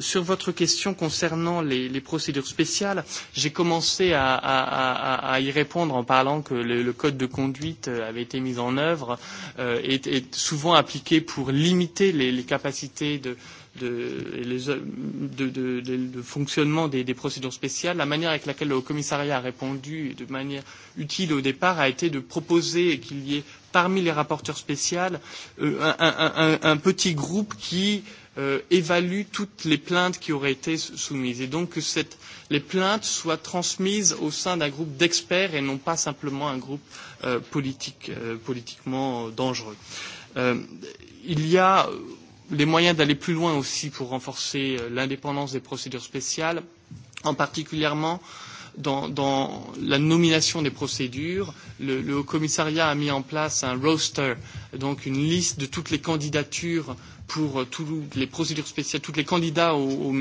sur votre question concernant les, les procédures spéciales, j'ai commencé à, à, à, à y répondre en parlant que le, le code de conduite avait été mis en œuvre euh, et, est souvent appliqué pour limiter les, les capacités de, de, fonctionnement des, procédures spéciales, la manière avec laquelle le commissariat a répondu de manière utile au départ a été de proposer qu'il y ait parmi les rapporteurs spéciaux un, petit groupe qui évalue toutes les plaintes qui auraient été soumises et donc que cette, les plaintes soient transmises au sein d'un groupe d'experts et non pas simplement un groupe euh, politique, euh, politiquement dangereux. Euh, il y a les moyens d'aller plus loin aussi pour renforcer l'indépendance des procédures spéciales, en particulièrement dans, dans la nomination des procédures. Le, le Haut Commissariat a mis en place un roster, donc une liste de toutes les candidatures pour toutes les procédures spéciales, tous les candidats au, au,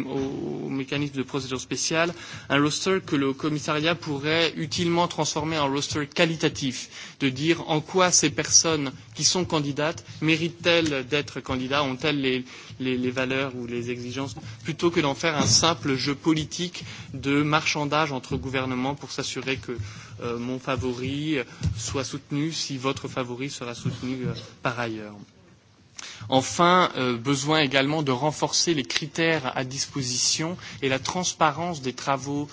au mécanisme de procédure spéciale, un roster que le commissariat pourrait utilement transformer en roster qualitatif, de dire en quoi ces personnes qui sont candidates méritent-elles d'être candidats, ont-elles les, les, les valeurs ou les exigences, plutôt que d'en faire un simple jeu politique de marchandage entre gouvernements pour s'assurer que euh, mon favori soit soutenu si votre favori sera soutenu euh, par ailleurs. Enfin, euh, besoin également de renforcer les critères à disposition et la transparence des travaux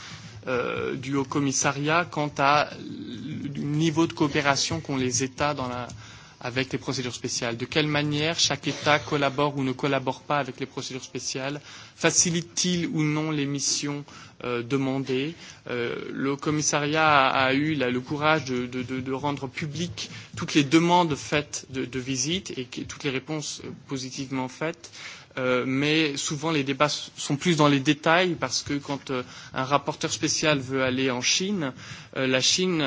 euh, du Haut Commissariat quant au niveau de coopération qu'ont les États dans la, euh, avec les procédures spéciales De quelle manière chaque État collabore ou ne collabore pas avec les procédures spéciales Facilite-t-il ou non les missions euh, demandées euh, Le commissariat a, a eu là, le courage de, de, de, de rendre publiques toutes les demandes faites de, de visite et toutes les réponses positivement faites mais souvent les débats sont plus dans les détails parce que quand un rapporteur spécial veut aller en Chine, la Chine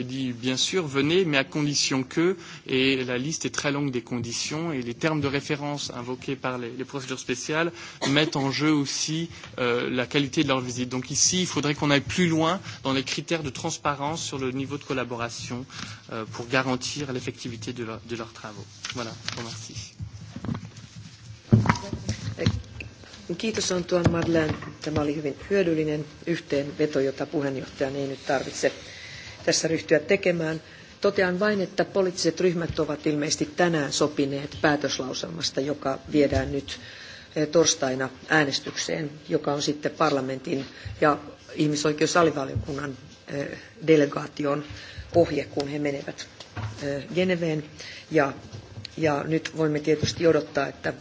dit bien sûr venez, mais à condition que, et la liste est très longue des conditions, et les termes de référence invoqués par les, procédures spéciales mettent en jeu aussi la qualité de leur visite. Donc ici, il faudrait qu'on aille plus loin dans les critères de transparence sur le niveau de collaboration pour garantir l'effectivité de, leurs travaux. Voilà, je vous remercie. Kiitos Antoine Madeleine. Tämä oli hyvin hyödyllinen yhteenveto, jota puheenjohtajan ei nyt tarvitse tässä ryhtyä tekemään. Totean vain, että poliittiset ryhmät ovat ilmeisesti tänään sopineet päätöslauselmasta, joka viedään nyt torstaina äänestykseen, joka on sitten parlamentin ja ihmisoikeusalivaliokunnan delegaation ohje, kun he menevät Geneveen. Ja, ja nyt voimme tietysti odottaa, että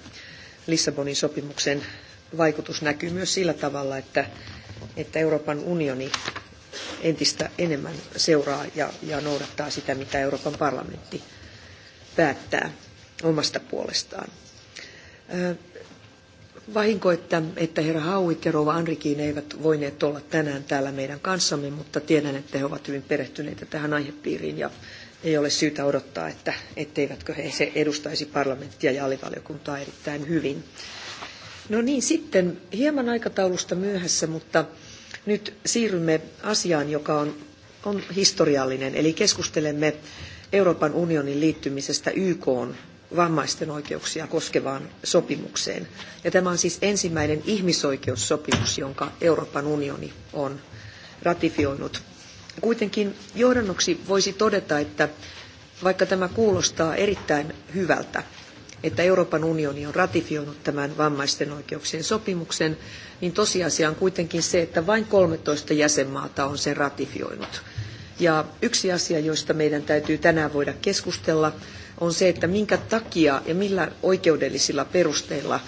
Lissabonin sopimuksen vaikutus näkyy myös sillä tavalla, että, että Euroopan unioni entistä enemmän seuraa ja, ja noudattaa sitä, mitä Euroopan parlamentti päättää omasta puolestaan. Vahinko, että, että herra Hauit ja rouva Anrikiin eivät voineet olla tänään täällä meidän kanssamme, mutta tiedän, että he ovat hyvin perehtyneitä tähän aihepiiriin ja ei ole syytä odottaa, että etteivätkö he se edustaisi parlamenttia ja alivaliokuntaa erittäin hyvin. No niin, sitten hieman aikataulusta myöhässä, mutta nyt siirrymme asiaan, joka on, on historiallinen, eli keskustelemme Euroopan unionin liittymisestä YK vammaisten oikeuksia koskevaan sopimukseen. Ja tämä on siis ensimmäinen ihmisoikeussopimus, jonka Euroopan unioni on ratifioinut. Kuitenkin johdannoksi voisi todeta, että vaikka tämä kuulostaa erittäin hyvältä, että Euroopan unioni on ratifioinut tämän vammaisten oikeuksien sopimuksen, niin tosiasia on kuitenkin se, että vain 13 jäsenmaata on sen ratifioinut. Ja yksi asia, josta meidän täytyy tänään voida keskustella, on se, että minkä takia ja millä oikeudellisilla perusteilla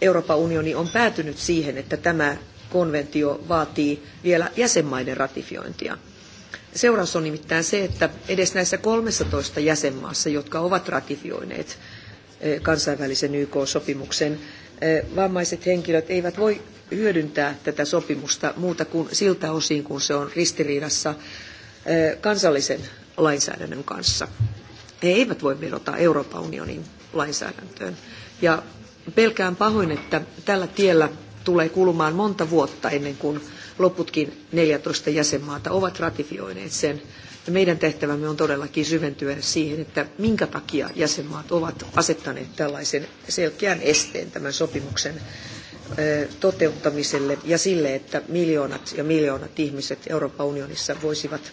Euroopan unioni on päätynyt siihen, että tämä konventio vaatii vielä jäsenmaiden ratifiointia. Seuraus on nimittäin se, että edes näissä 13 jäsenmaassa, jotka ovat ratifioineet kansainvälisen YK-sopimuksen, vammaiset henkilöt eivät voi hyödyntää tätä sopimusta muuta kuin siltä osin, kun se on ristiriidassa kansallisen lainsäädännön kanssa. He eivät voi vedota Euroopan unionin lainsäädäntöön. Ja pelkään pahoin, että tällä tiellä tulee kulumaan monta vuotta ennen kuin loputkin 14 jäsenmaata ovat ratifioineet sen. Ja meidän tehtävämme on todellakin syventyä siihen, että minkä takia jäsenmaat ovat asettaneet tällaisen selkeän esteen tämän sopimuksen toteuttamiselle ja sille, että miljoonat ja miljoonat ihmiset Euroopan unionissa voisivat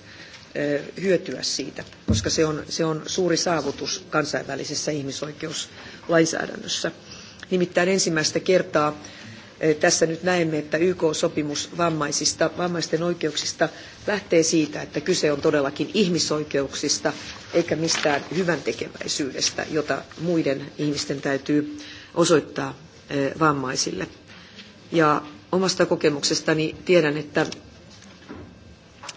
hyötyä siitä, koska se on, suuri saavutus kansainvälisessä ihmisoikeuslainsäädännössä. Nimittäin ensimmäistä kertaa tässä nyt näemme, että YK-sopimus vammaisista, vammaisten oikeuksista lähtee siitä, että kyse on todellakin ihmisoikeuksista eikä mistään hyväntekeväisyydestä, jota muiden ihmisten täytyy osoittaa vammaisille. Ja omasta kokemuksestani tiedän, että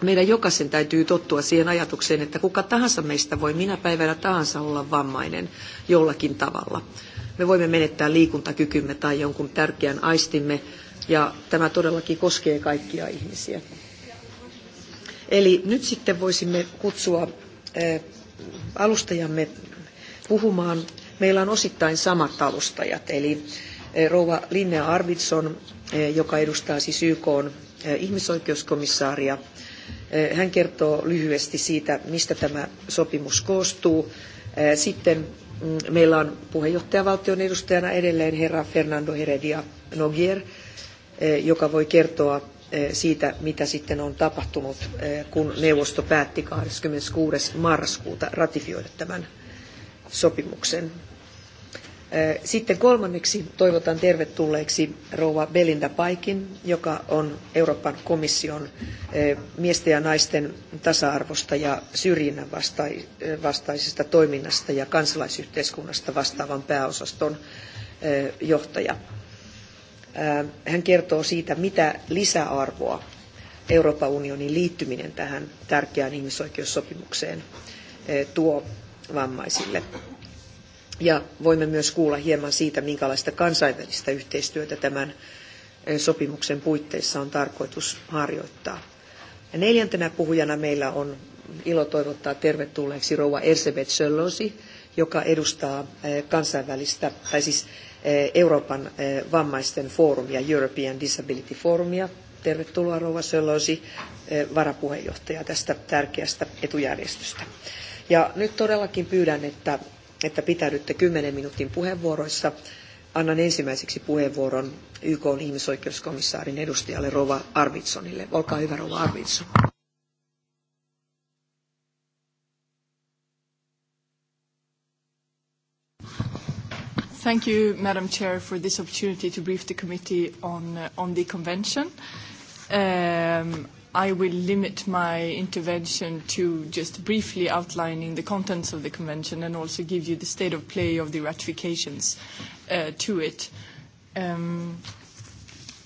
meidän jokaisen täytyy tottua siihen ajatukseen, että kuka tahansa meistä voi minä päivänä tahansa olla vammainen jollakin tavalla me voimme menettää liikuntakykymme tai jonkun tärkeän aistimme, ja tämä todellakin koskee kaikkia ihmisiä. Eli nyt sitten voisimme kutsua alustajamme puhumaan. Meillä on osittain samat alustajat, eli rouva Linnea Arvidsson, joka edustaa siis YK ihmisoikeuskomissaaria. Hän kertoo lyhyesti siitä, mistä tämä sopimus koostuu. Sitten Meillä on puheenjohtajavaltion edustajana edelleen herra Fernando Heredia Nogier, joka voi kertoa siitä, mitä sitten on tapahtunut, kun neuvosto päätti 26. marraskuuta ratifioida tämän sopimuksen. Sitten kolmanneksi toivotan tervetulleeksi rouva Belinda Paikin, joka on Euroopan komission miesten ja naisten tasa-arvosta ja syrjinnän vastaisesta toiminnasta ja kansalaisyhteiskunnasta vastaavan pääosaston johtaja. Hän kertoo siitä, mitä lisäarvoa Euroopan unionin liittyminen tähän tärkeään ihmisoikeussopimukseen tuo vammaisille. Ja voimme myös kuulla hieman siitä, minkälaista kansainvälistä yhteistyötä tämän sopimuksen puitteissa on tarkoitus harjoittaa. Ja neljäntenä puhujana meillä on ilo toivottaa tervetulleeksi rouva Ersebet Söllosi, joka edustaa kansainvälistä, tai siis Euroopan vammaisten foorumia, European Disability Forumia. Tervetuloa rouva Söllosi, varapuheenjohtaja tästä tärkeästä etujärjestöstä. Ja nyt todellakin pyydän, että että pitäydytte kymmenen minuutin puheenvuoroissa. Annan ensimmäiseksi puheenvuoron YK ihmisoikeuskomissaarin edustajalle Rova Arvitsonille. Olkaa hyvä Rova Arvitson. Thank you, Madam Chair, for this opportunity to brief the committee on, on the convention. Um, I will limit my intervention to just briefly outlining the contents of the convention and also give you the state of play of the ratifications to it.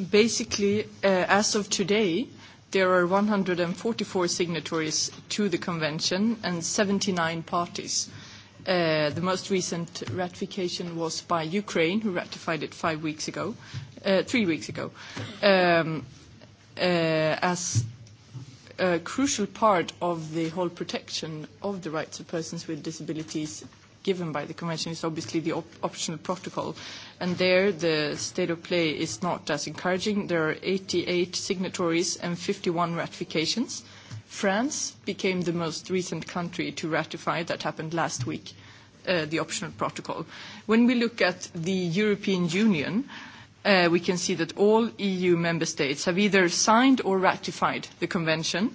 basically, as of today, there are one hundred and forty four signatories to the convention and seventy nine parties. the most recent ratification was by Ukraine, who ratified it five weeks ago, three weeks ago. as a crucial part of the whole protection of the rights of persons with disabilities given by the convention is obviously the op optional protocol. And there, the state of play is not as encouraging. There are 88 signatories and 51 ratifications. France became the most recent country to ratify, that happened last week, uh, the optional protocol. When we look at the European Union, we can see that all EU member states have either signed or ratified the convention,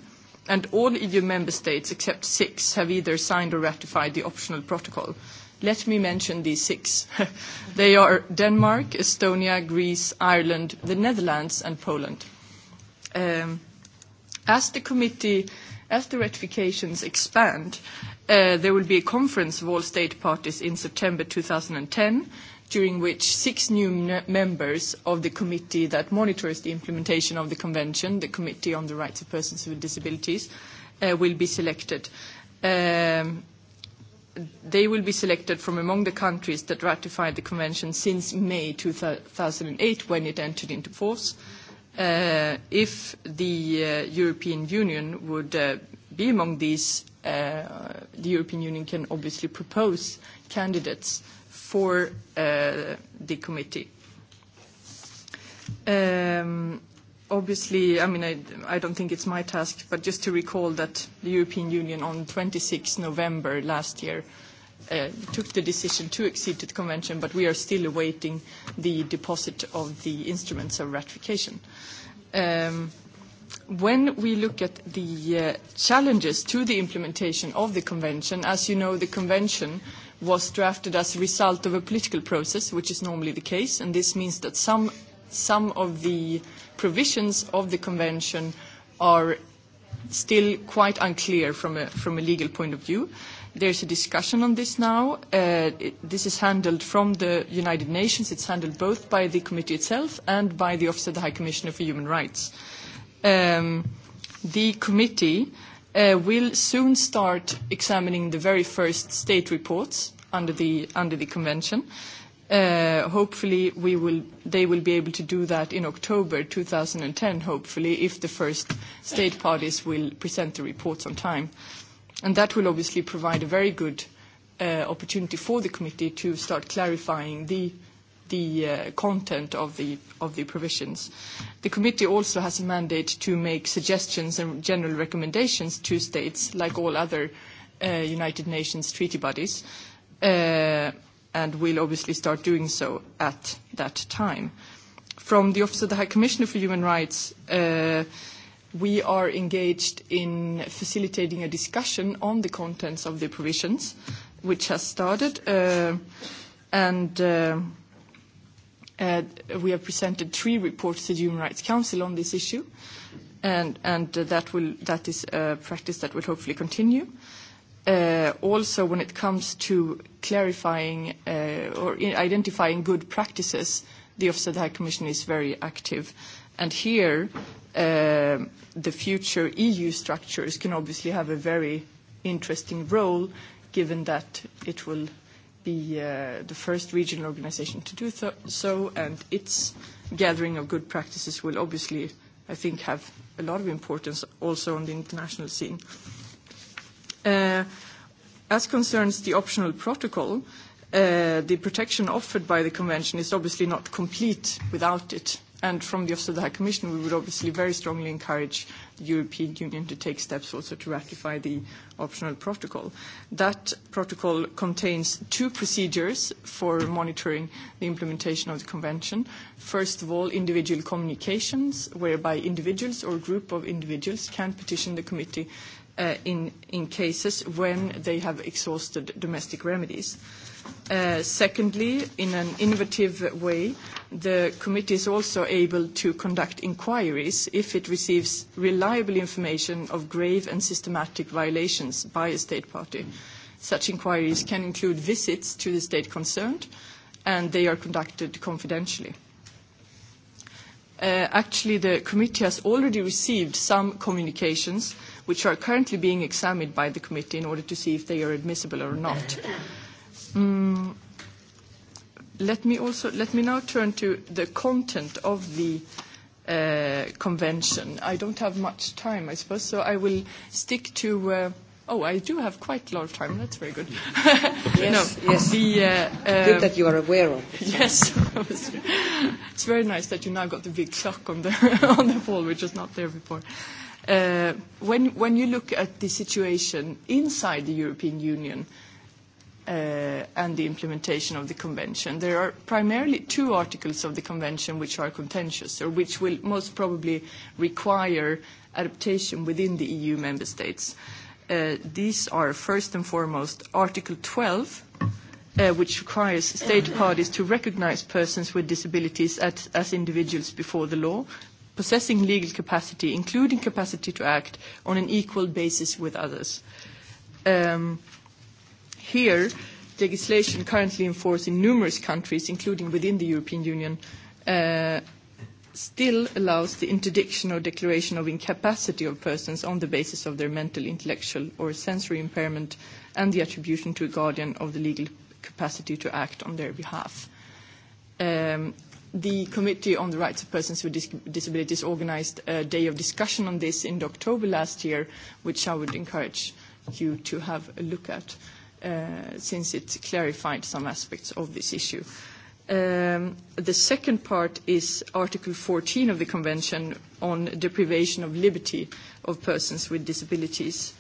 and all EU member states except six have either signed or ratified the optional protocol. Let me mention these six. they are Denmark, Estonia, Greece, Ireland, the Netherlands, and Poland. as the committee, as the ratifications expand, there will be a conference of all state parties in September 2010, during which six new members of the committee that monitors the implementation of the convention, the Committee on the Rights of Persons with Disabilities, will be selected. they will be selected from among the countries that ratified the convention since May two thousand eight when it entered into force. if the European Union would be among these, the European Union can obviously propose candidates for the committee. Obviously, I mean, I I don't think it's my task, but just to recall that the European Union on 26 November last year took the decision to accede to the convention, but we are still awaiting the deposit of the instruments of ratification. When we look at the challenges to the implementation of the convention, as you know, the convention was drafted as a result of a political process, which is normally the case, and this means that some, some of the provisions of the convention are still quite unclear from a, from a legal point of view. There's a discussion on this now. Uh, it, this is handled from the United Nations. It's handled both by the committee itself and by the Office of the High Commissioner for Human Rights. Um, the committee will soon start examining the very first state reports under the, under the convention. Uh, hopefully we will, they will be able to do that in October 2010, hopefully, if the first state parties will present the reports on time. And that will obviously provide a very good uh, opportunity for the committee to start clarifying the the uh, content of the, of the provisions. The committee also has a mandate to make suggestions and general recommendations to states, like all other uh, United Nations treaty bodies, uh, and will obviously start doing so at that time. From the Office of the High Commissioner for Human Rights, uh, we are engaged in facilitating a discussion on the contents of the provisions, which has started. Uh, and... Uh, we have presented three reports to the Human Rights Council on this issue, and, and that, will, that is a practice that will hopefully continue. also, when it comes to clarifying or identifying good practices, the Office of the High Commission is very active. And here, the future EU structures can obviously have a very interesting role, given that it will the, uh, the first regional organization to do so, and its gathering of good practices will obviously, I think, have a lot of importance also on the international scene. Uh, as concerns the optional protocol, uh, the protection offered by the Convention is obviously not complete without it. And from the Office of the High Commission, we would obviously very strongly encourage uh, the European Union to take steps also to ratify the optional protocol. That protocol contains two procedures for monitoring the implementation of the convention. First of all, individual communications, whereby individuals or group of individuals can petition the committee in cases when they have exhausted domestic remedies. Secondly, in an innovative way, the committee is also able to conduct inquiries if it receives reliable information of grave and systematic violations by a state party. Such inquiries can include visits to the state concerned, and they are conducted confidentially. Actually, the committee has already received some communications which are currently being examined by the committee in order to see if they are admissible or not. Let me also let me now turn to the content of the convention. I don't have much time, I suppose, so I will stick to. Uh, oh, I do have quite a lot of time. That's very good. yes, no, yes. The, uh, good that you are aware of. It. Yes, it's very nice that you now got the big clock on the on the wall, which was not there before. Uh, When you look at the situation inside the European Union and the implementation of the convention, there are primarily two articles of the convention which are contentious or which will most probably require adaptation within the EU member states. These are first and foremost Article 12, which requires state parties to recognise persons with disabilities as individuals before the law, possessing legal capacity, including capacity to act, on an equal basis with others. Um, here, legislation currently in force in numerous countries, including within the European Union, uh, still allows the interdiction or declaration of incapacity of persons on the basis of their mental, intellectual, or sensory impairment and the attribution to a guardian of the legal capacity to act on their behalf. Um, The Committee on the Rights of Persons with Disabilities organised a day of discussion on this in October last year, which I would encourage you to have a look at, since it clarified some aspects of this issue. the second part is Article fourteen of the Convention on Deprivation of Liberty of Persons with Disabilities.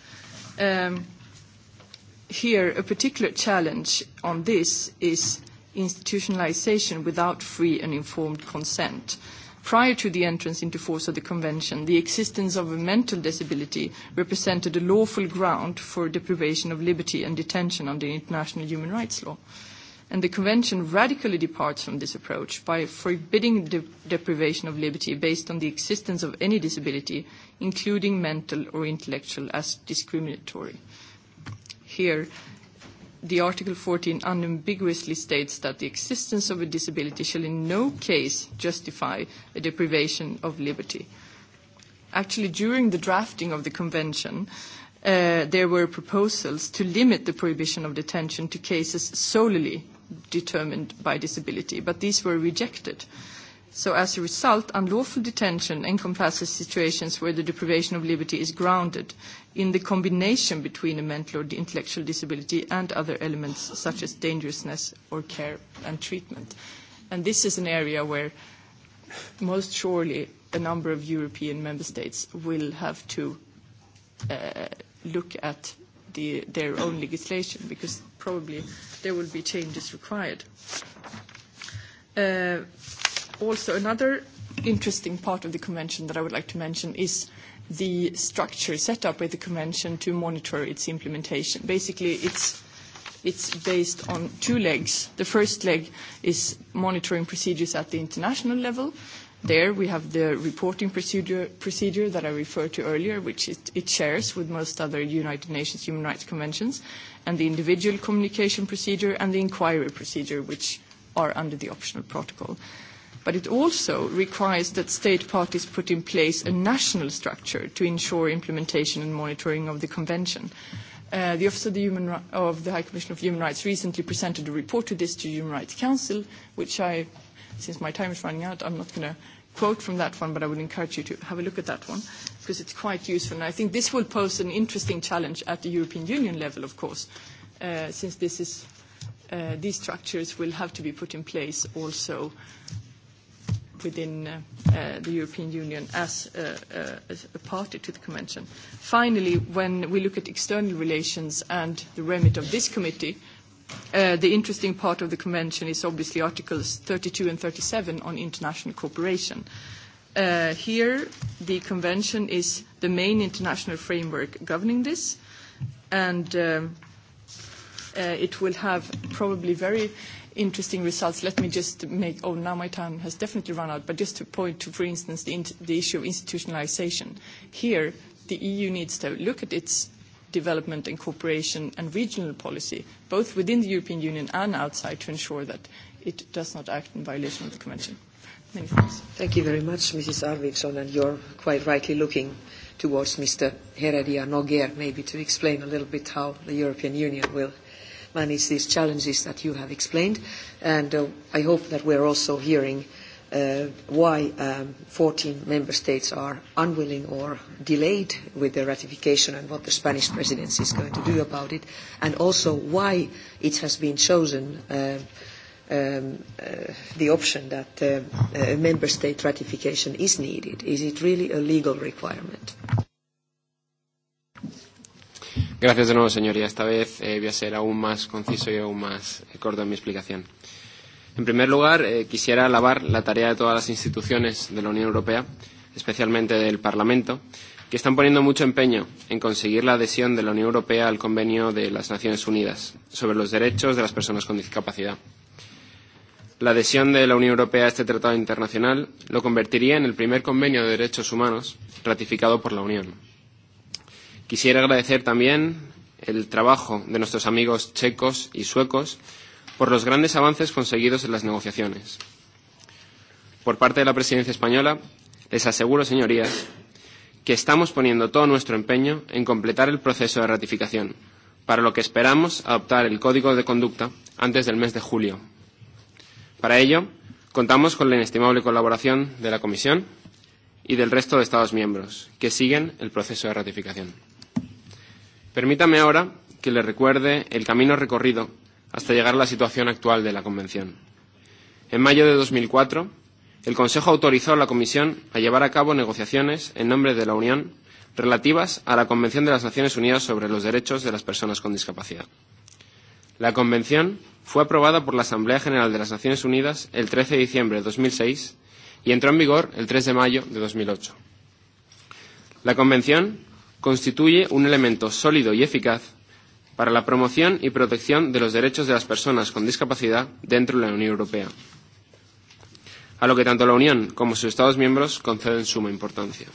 here, a particular challenge on this is institutionalization without free and informed consent. Prior to the entrance into force of the Convention, the existence of a mental disability represented a lawful ground for deprivation of liberty and detention under international human rights law. And the Convention radically departs from this approach by forbidding de- deprivation of liberty based on the existence of any disability, including mental or intellectual, as discriminatory. Here, the Article 14 unambiguously states that the existence of a disability shall in no case justify a deprivation of liberty. Actually, during the drafting of the convention, uh, there were proposals to limit the prohibition of detention to cases solely determined by disability, but these were rejected. Uh, So as a result, unlawful detention encompasses situations where the deprivation of liberty is grounded in the combination between a mental or intellectual disability and other elements such as dangerousness or care and treatment. And this is an area where most surely a number of European member states will have to uh, look at the, their own legislation because probably there will be changes required. Uh, also another interesting part of the convention that I would like to mention is the structure set up by the convention to monitor its implementation. Basically, it's it's based on two legs. The first leg is monitoring procedures at the international level. There we have the reporting procedure, procedure that I referred to earlier, which it, it shares with most other United Nations Human Rights Conventions, and the individual communication procedure and the inquiry procedure, which are under the optional protocol. Uh, But it also requires that state parties put in place a national structure to ensure implementation and monitoring of the convention. the Office of the, Human of the High Commissioner for Human Rights recently presented a report to this to Human Rights Council, which I, since my time is running out, I'm not going to quote from that one, but I would encourage you to have a look at that one because it's quite useful. And I think this will pose an interesting challenge at the European Union level, of course, since this is, uh, these structures will have to be put in place also within the European Union as a party to the Convention. Finally, when we look at external relations and the remit of this committee, the interesting part of the Convention is obviously Articles thirty two and thirty seven on international cooperation. here, the Convention is the main international framework governing this, and it will have probably very interesting results. Let me just make, oh, now my time has definitely run out, but just to point to, for instance, the, the issue of institutionalization. Here, the EU needs to look at its development and cooperation and regional policy, both within the European Union and outside, to ensure that it does not act in violation of the Convention. Many thanks. Thank you very much, Mrs. Arvidsson, and you're quite rightly looking towards Mr. Heredia Noguer, maybe to explain a little bit how the European Union will manage these challenges that you have explained. And uh, I hope that we're also hearing uh, why um, 14 member states are unwilling or delayed with their ratification and what the Spanish presidency is going to do about it, and also why it has been chosen uh, um, uh, the option that uh, member state ratification is needed. Is it really a legal requirement? Gracias de nuevo, señoría. Esta vez eh, voy a ser aún más conciso y aún más eh, corto en mi explicación. En primer lugar, eh, quisiera alabar la tarea de todas las instituciones de la Unión Europea, especialmente del Parlamento, que están poniendo mucho empeño en conseguir la adhesión de la Unión Europea al Convenio de las Naciones Unidas sobre los derechos de las personas con discapacidad. La adhesión de la Unión Europea a este tratado internacional lo convertiría en el primer convenio de derechos humanos ratificado por la Unión Quisiera agradecer también el trabajo de nuestros amigos checos y suecos por los grandes avances conseguidos en las negociaciones. Por parte de la presidencia española, les aseguro, señorías, que estamos poniendo todo nuestro empeño en completar el proceso de ratificación, para lo que esperamos adoptar el Código de Conducta antes del mes de julio. Para ello, contamos con la inestimable colaboración de la Comisión y del resto de Estados miembros, que siguen el proceso de ratificación. Permítame ahora que le recuerde el camino recorrido hasta llegar a la situación actual de la Convención. En mayo de 2004, el Consejo autorizó a la Comisión a llevar a cabo negociaciones en nombre de la Unión relativas a la Convención de las Naciones Unidas sobre los Derechos de las Personas con Discapacidad. La Convención fue aprobada por la Asamblea General de las Naciones Unidas el 13 de diciembre de 2006 y entró en vigor el 3 de mayo de 2008. La Convención constituye un elemento sólido y eficaz para la promoción y protección de los derechos de las personas con discapacidad dentro de la Unión Europea, a lo que tanto la Unión como sus Estados miembros conceden suma importancia.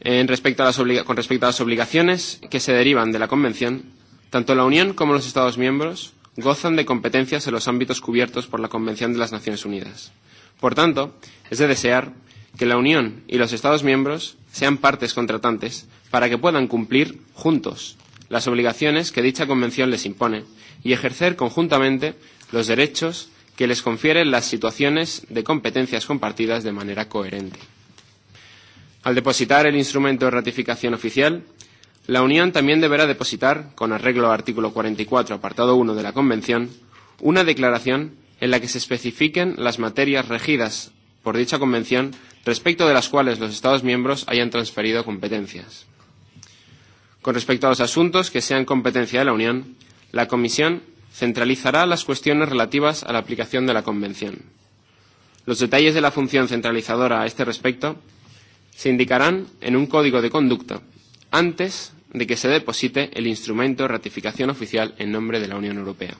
En respecto a las con respecto a las obligaciones que se derivan de la Convención, tanto la Unión como los Estados miembros gozan de competencias en los ámbitos cubiertos por la Convención de las Naciones Unidas. Por tanto, es de desear que la Unión y los Estados miembros sean partes contratantes para que puedan cumplir juntos las obligaciones que dicha Convención les impone y ejercer conjuntamente los derechos que les confieren las situaciones de competencias compartidas de manera coherente. Al depositar el instrumento de ratificación oficial, la Unión también deberá depositar, con arreglo al artículo 44, apartado 1 de la Convención, una declaración en la que se especifiquen las materias regidas por dicha convención respecto de las cuales los Estados miembros hayan transferido competencias. Con respecto a los asuntos que sean competencia de la Unión, la Comisión centralizará las cuestiones relativas a la aplicación de la Convención. Los detalles de la función centralizadora a este respecto se indicarán en un código de conducta antes de que se deposite el instrumento de ratificación oficial en nombre de la Unión Europea.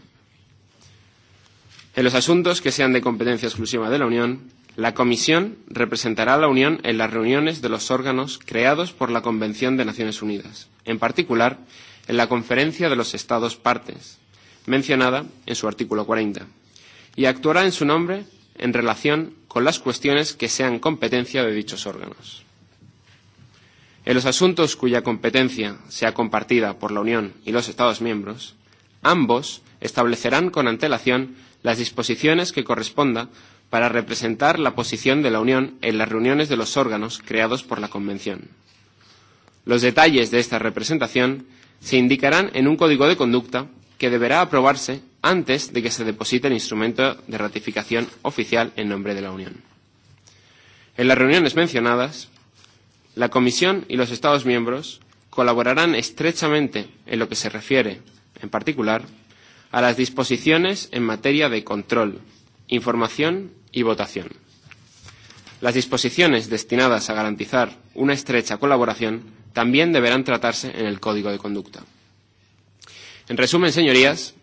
En los asuntos que sean de competencia exclusiva de la Unión, La Comisión representará a la Unión en las reuniones de los órganos creados por la Convención de Naciones Unidas, en particular en la Conferencia de los Estados Partes, mencionada en su artículo 40, y actuará en su nombre en relación con las cuestiones que sean competencia de dichos órganos. En los asuntos cuya competencia sea compartida por la Unión y los Estados miembros, ambos establecerán con antelación las disposiciones que corresponda para representar la posición de la Unión en las reuniones de los órganos creados por la Convención. Los detalles de esta representación se indicarán en un código de conducta que deberá aprobarse antes de que se deposite el instrumento de ratificación oficial en nombre de la Unión. En las reuniones mencionadas, la Comisión y los Estados miembros colaborarán estrechamente en lo que se refiere, en particular, a las disposiciones en materia de control, información y votación. Las disposiciones destinadas a garantizar una estrecha colaboración también deberán tratarse en el Código de Conducta. En resumen, señorías,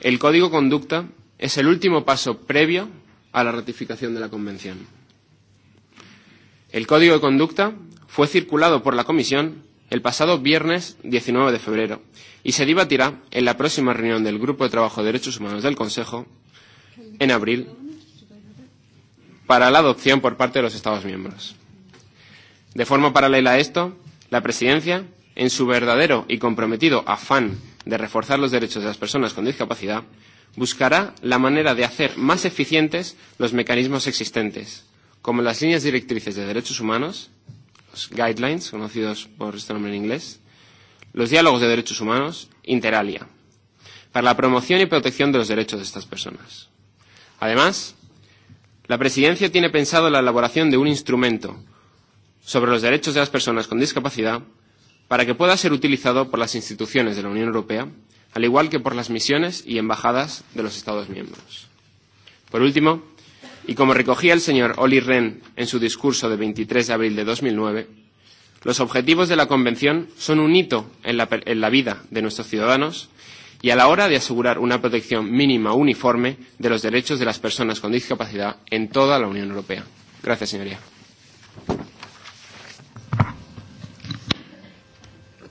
el Código de Conducta es el último paso previo a la ratificación de la Convención. El Código de Conducta fue circulado por la Comisión el pasado viernes 19 de febrero y se debatirá en la próxima reunión del Grupo de Trabajo de Derechos Humanos del Consejo en abril para la adopción por parte de los Estados miembros. De forma paralela a esto, la Presidencia, en su verdadero y comprometido afán de reforzar los derechos de las personas con discapacidad, buscará la manera de hacer más eficientes los mecanismos existentes, como las líneas directrices de derechos humanos, los guidelines, conocidos por este nombre en inglés, los diálogos de derechos humanos, interalia, para la promoción y protección de los derechos de estas personas. Además, La Presidencia tiene pensado la elaboración de un instrumento sobre los derechos de las personas con discapacidad para que pueda ser utilizado por las instituciones de la Unión Europea, al igual que por las misiones y embajadas de los Estados miembros. Por último, y como recogía el señor Olli Rehn en su discurso de 23 de abril de 2009, los objetivos de la Convención son un hito en la, en la vida de nuestros ciudadanos y a la hora de asegurar una protección mínima uniforme de los derechos de las personas con discapacidad en toda la Unión Europea. Gracias, señoría.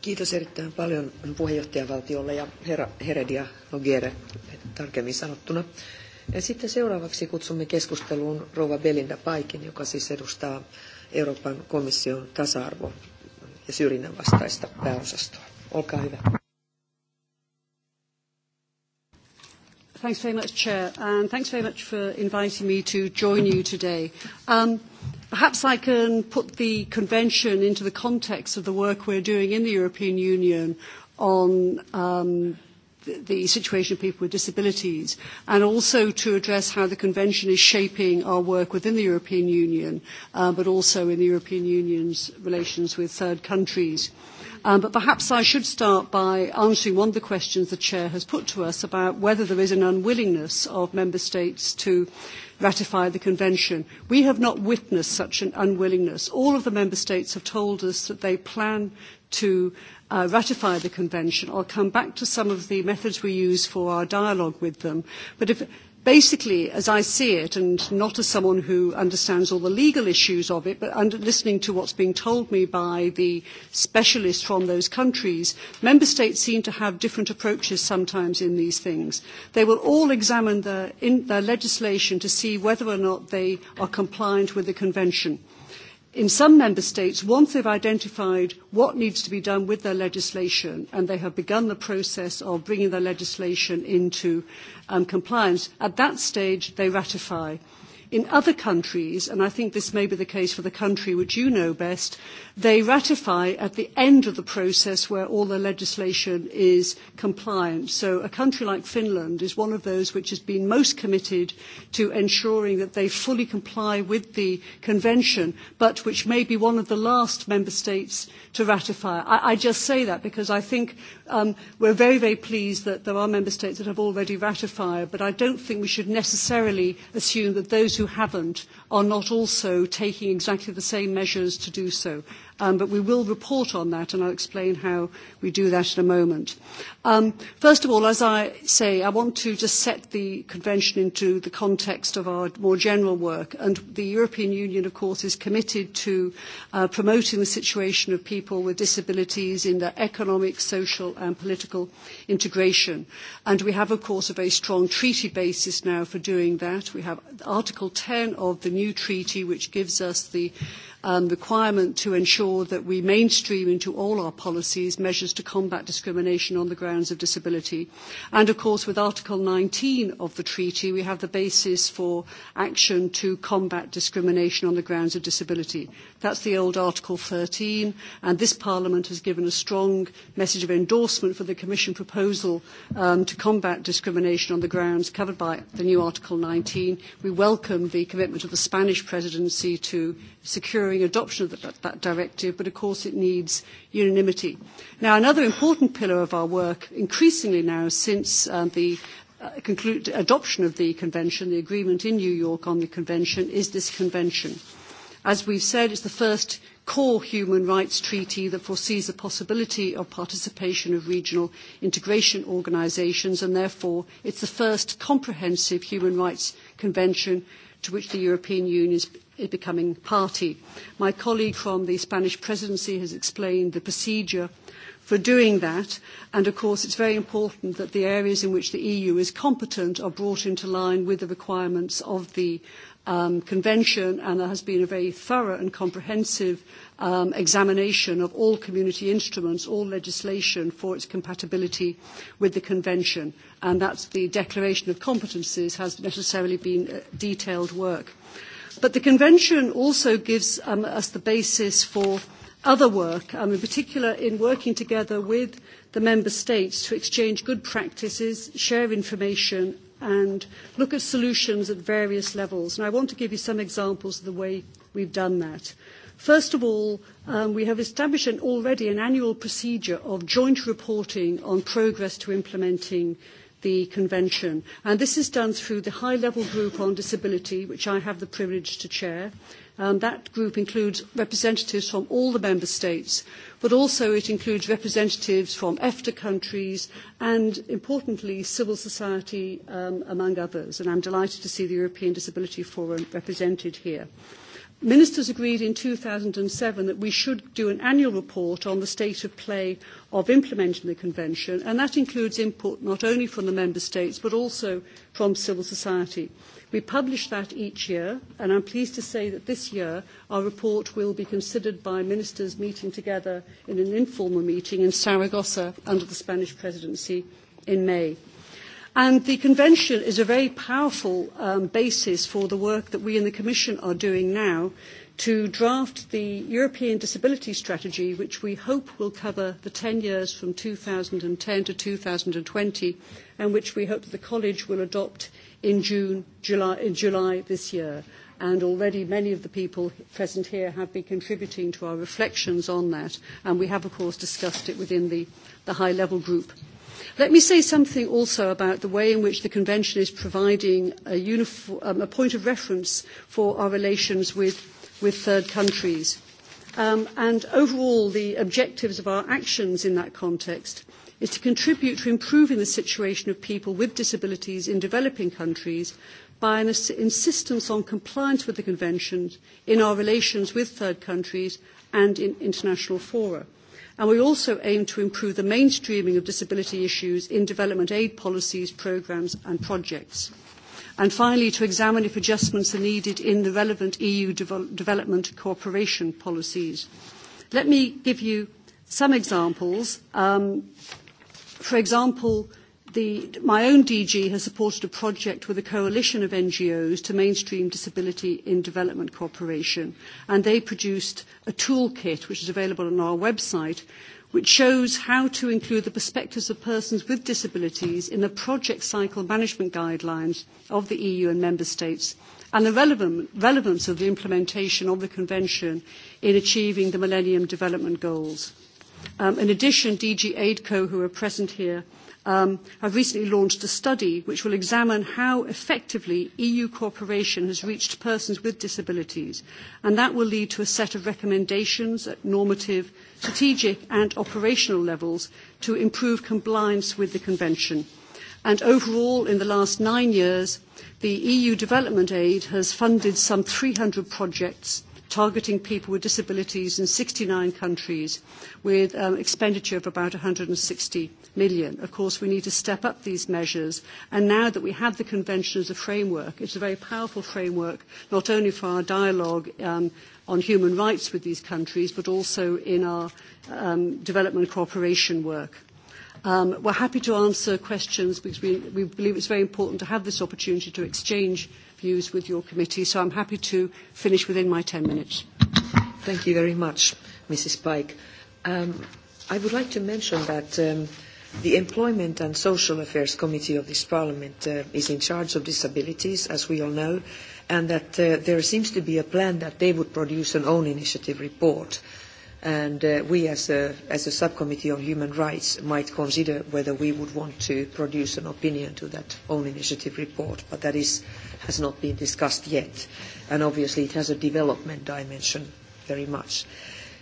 Kiitos erittäin paljon puheenjohtajavaltiolle ja herra Heredia Nogiere tarkemmin sanottuna. Sitten seuraavaksi kutsumme keskusteluun rouva Belinda Paikin, joka siis edustaa Euroopan komission tasa-arvo- ja syrjinnän vastaista pääosastoa. Olkaa hyvä. Thanks very much, Chair, and thanks very much for inviting me to join you today. Um, perhaps I can put the convention into the context of the work we're doing in the European Union on um, the situation of people with disabilities, and also to address how the Convention is shaping our work within the European Union, but also in the European Union's relations with third countries. Um, but perhaps I should start by answering one of the questions the Chair has put to us about whether there is an unwillingness of Member States to ratify the convention. We have not witnessed such an unwillingness. All of the member states have told us that they plan to ratify the convention. I will come back to some of the methods we use for our dialogue with them. But if basically, as I see it, and not as someone who understands all the legal issues of it, but under, listening to what's being told me by the specialists from those countries, member states seem to have different approaches sometimes in these things. They will all examine their, in, their legislation to see whether or not they are compliant with the convention in some member states, once they've identified what needs to be done with their legislation and they have begun the process of bringing their legislation into compliance, at that stage they ratify. In other countries, and I think this may be the case for the country which you know best, they ratify at the end of the process where all the legislation is compliant. So a country like Finland is one of those which has been most committed to ensuring that they fully comply with the convention, but which may be one of the last member states to ratify. I, I just say that because I think um, we're very, very pleased that there are member states that have already ratified, but I don't think we should necessarily assume that those who haven't are not also taking exactly the same measures to do so. but we will report on that, and I'll explain how we do that in a moment. first of all, as I say, I want to just set the convention into the context of our more general work. And the European Union, of course, is committed to promoting the situation of people with disabilities in their economic, social, and political integration. And we have, of course, a very strong treaty basis now for doing that. We have Article Article 10 of the new treaty, which gives us the requirement to ensure that we mainstream into all our policies measures to combat discrimination on the grounds of disability. And of course, with Article nineteen of the treaty, we have the basis for action to combat discrimination on the grounds of disability. That is the old Article thirteen, and this Parliament has given a strong message of endorsement for the Commission proposal to combat discrimination on the grounds covered by the new Article nineteen. We welcome the commitment of the Spanish presidency to secure spurring adoption of the, that directive, but of course it needs unanimity. Now, another important pillar of our work, increasingly now since um, the conclude, adoption of the convention, the agreement in New York on the convention, is this convention. As we've said, it's the first core human rights treaty that foresees the possibility of participation of regional integration organisations, and therefore it's the first comprehensive human rights convention to which the European Union it becoming party. My colleague from the Spanish presidency has explained the procedure for doing that, and of course it's very important that the areas in which the EU is competent are brought into line with the requirements of the convention, and there has been a very thorough and comprehensive examination of all community instruments, all legislation for its compatibility with the convention. And that's the declaration of competences has necessarily been detailed work. But the Convention also gives um, us the basis for other work, um, in particular in working together with the Member States to exchange good practices, share information, and look at solutions at various levels. And I want to give you some examples of the way we've done that. First of all, we have established an already an annual procedure of joint reporting on progress to implementing the convention. And this is done through the high-level group on disability, which I have the privilege to chair. Um, that group includes representatives from all the member states, but also it includes representatives from EFTA countries and, importantly, civil society, um, among others. And I'm delighted to see the European Disability Forum represented here. Ministers agreed in two thousand seven that we should do an annual report on the state of play of implementing the convention, and that includes input not only from the member states but also from civil society. We publish that each year, and I am pleased to say that this year our report will be considered by ministers meeting together in an informal meeting in Saragossa under the Spanish presidency in May. And the convention is a very powerful um, basis for the work that we in the Commission are doing now to draft the European Disability Strategy, which we hope will cover the ten years from 2010 to twenty, and which we hope that the College will adopt in June, July, in July this year. And already many of the people present here have been contributing to our reflections on that, and we have, of course, discussed it within the, the high-level group Let me say something also about the way in which the Convention is providing a, uniform, a point of reference for our relations with, with third countries. and overall, the objectives of our actions in that context is to contribute to improving the situation of people with disabilities in developing countries by an insistence on compliance with the Convention in our relations with third countries and in international fora and we also aim to improve the mainstreaming of disability issues in development aid policies, programmes and projects. And finally, to examine if adjustments are needed in the relevant EU development cooperation policies. Let me give you some examples. for example, my own DG has supported a project with a coalition of NGOs to mainstream disability in development cooperation, and they produced a toolkit which is available on our website, which shows how to include the perspectives of persons with disabilities in the project cycle management guidelines of the EU and member states and the relevance of the implementation of the convention in achieving the millennium development goals. in addition, DG AIDCO, who are present here, um, have recently launched a study which will examine how effectively EU cooperation has reached persons with disabilities, and that will lead to a set of recommendations at normative, strategic and operational levels to improve compliance with the Convention. And overall, in the last nine years, the EU development aid has funded some three hundred projects targeting people with disabilities in 69 countries with um, expenditure of about 160 million. Of course, we need to step up these measures. And now that we have the convention as a framework, it's a very powerful framework, not only for our dialogue um, on human rights with these countries, but also in our um, development cooperation work. Um, we're happy to answer questions because we, we believe it's very important to have this opportunity to exchange views with your committee, so I'm happy to finish within my 10 minutes. Thank you very much, Mrs. Pike. Um, I would like to mention that um, the Employment and Social Affairs Committee of this Parliament uh, is in charge of disabilities, as we all know, and that uh, there seems to be a plan that they would produce an own initiative report and uh, we as a, as a subcommittee on human rights might consider whether we would want to produce an opinion to that own initiative report, but that is, has not been discussed yet. And obviously it has a development dimension very much.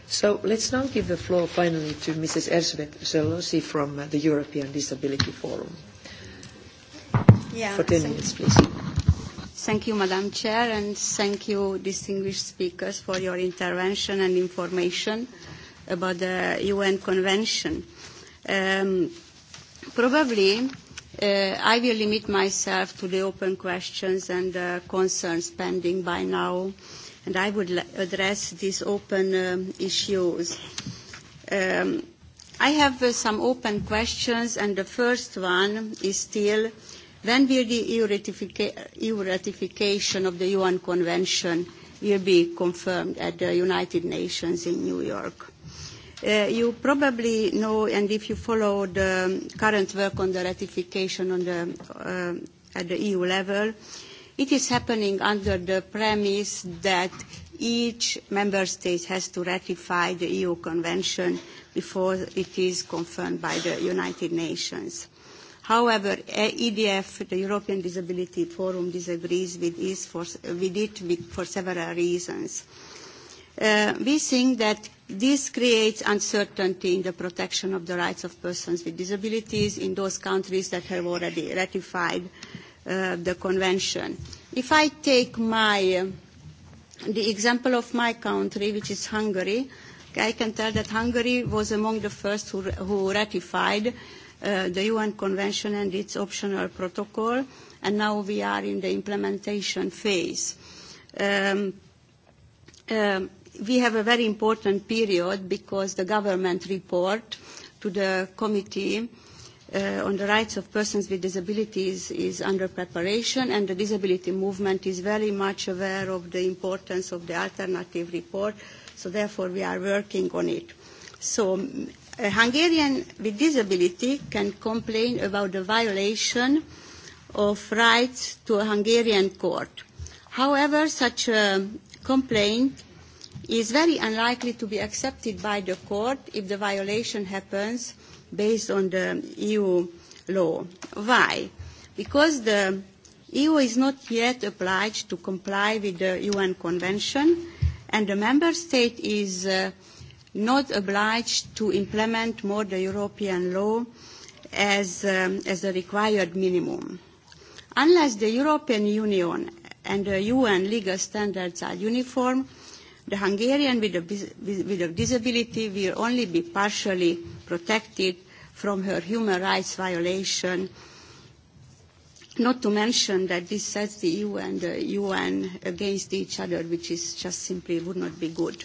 So let's now give the floor finally to Mrs. Erzbeth Zelosi from the European Disability Forum. Yeah, For 10 minutes, please. Thank you, Madam Chair, and thank you, distinguished speakers, for your intervention and information about the UN Convention. Um, probably, uh, I will limit myself to the open questions and uh, concerns pending by now, and I would address these open um, issues. Um, I have uh, some open questions, and the first one is still When will the EU, ratifica- EU ratification of the UN Convention will be confirmed at the United Nations in New York? Uh, you probably know, and if you follow the current work on the ratification on the, uh, at the EU level, it is happening under the premise that each member state has to ratify the EU convention before it is confirmed by the United Nations. However, EDF, the European Disability Forum, disagrees with, for, with it for several reasons. Uh, we think that this creates uncertainty in the protection of the rights of persons with disabilities in those countries that have already ratified uh, the convention. If I take my, uh, the example of my country, which is Hungary, I can tell that Hungary was among the first who, who ratified uh, the UN Convention and its optional protocol, and now we are in the implementation phase. Um, um, we have a very important period because the government report to the committee uh, on the rights of persons with disabilities is under preparation and the disability movement is very much aware of the importance of the alternative report so therefore we are working on it. So A Hungarian with disability can complain about the violation of rights to a Hungarian court. However, such a complaint is very unlikely to be accepted by the court if the violation happens based on the EU law. Why? Because the EU is not yet obliged to comply with the UN Convention, and the member state is uh, not obliged to implement more the European law as, um, as a required minimum. Unless the European Union and the UN legal standards are uniform, the Hungarian with a, with a disability will only be partially protected from her human rights violation, not to mention that this sets the EU and the UN against each other, which is just simply would not be good.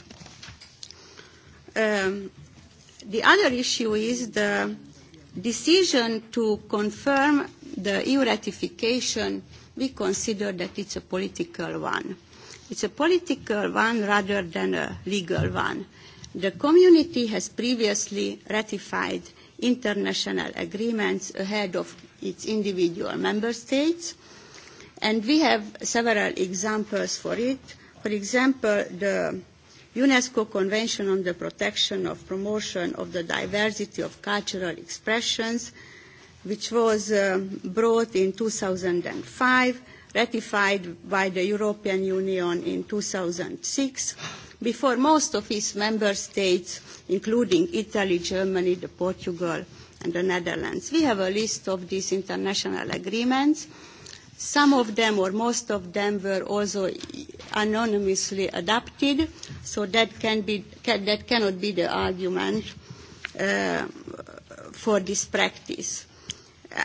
Um, the other issue is the decision to confirm the EU ratification. We consider that it's a political one. It's a political one rather than a legal one. The community has previously ratified international agreements ahead of its individual member states, and we have several examples for it. For example, the UNESCO Convention on the Protection of Promotion of the Diversity of Cultural Expressions, which was brought in 2005, ratified by the European Union in 2006, before most of its member states, including Italy, Germany, the Portugal, and the Netherlands. We have a list of these international agreements Some of them, or most of them, were also anonymously adopted, so that, can be, can, that cannot be the argument uh, for this practice.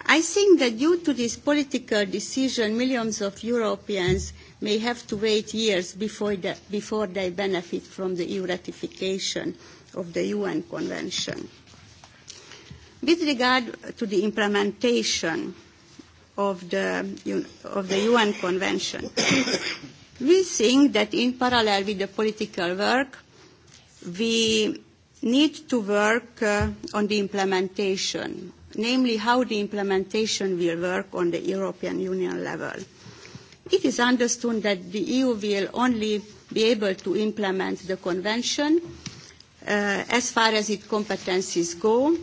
I think that due to this political decision, millions of Europeans may have to wait years before, the, before they benefit from the EU ratification of the UN Convention. With regard to the implementation, of the, of the UN Convention. we think that in parallel with the political work, we need to work uh, on the implementation, namely how the implementation will work on the European Union level. It is understood that the EU will only be able to implement the Convention uh, as far as its competencies go,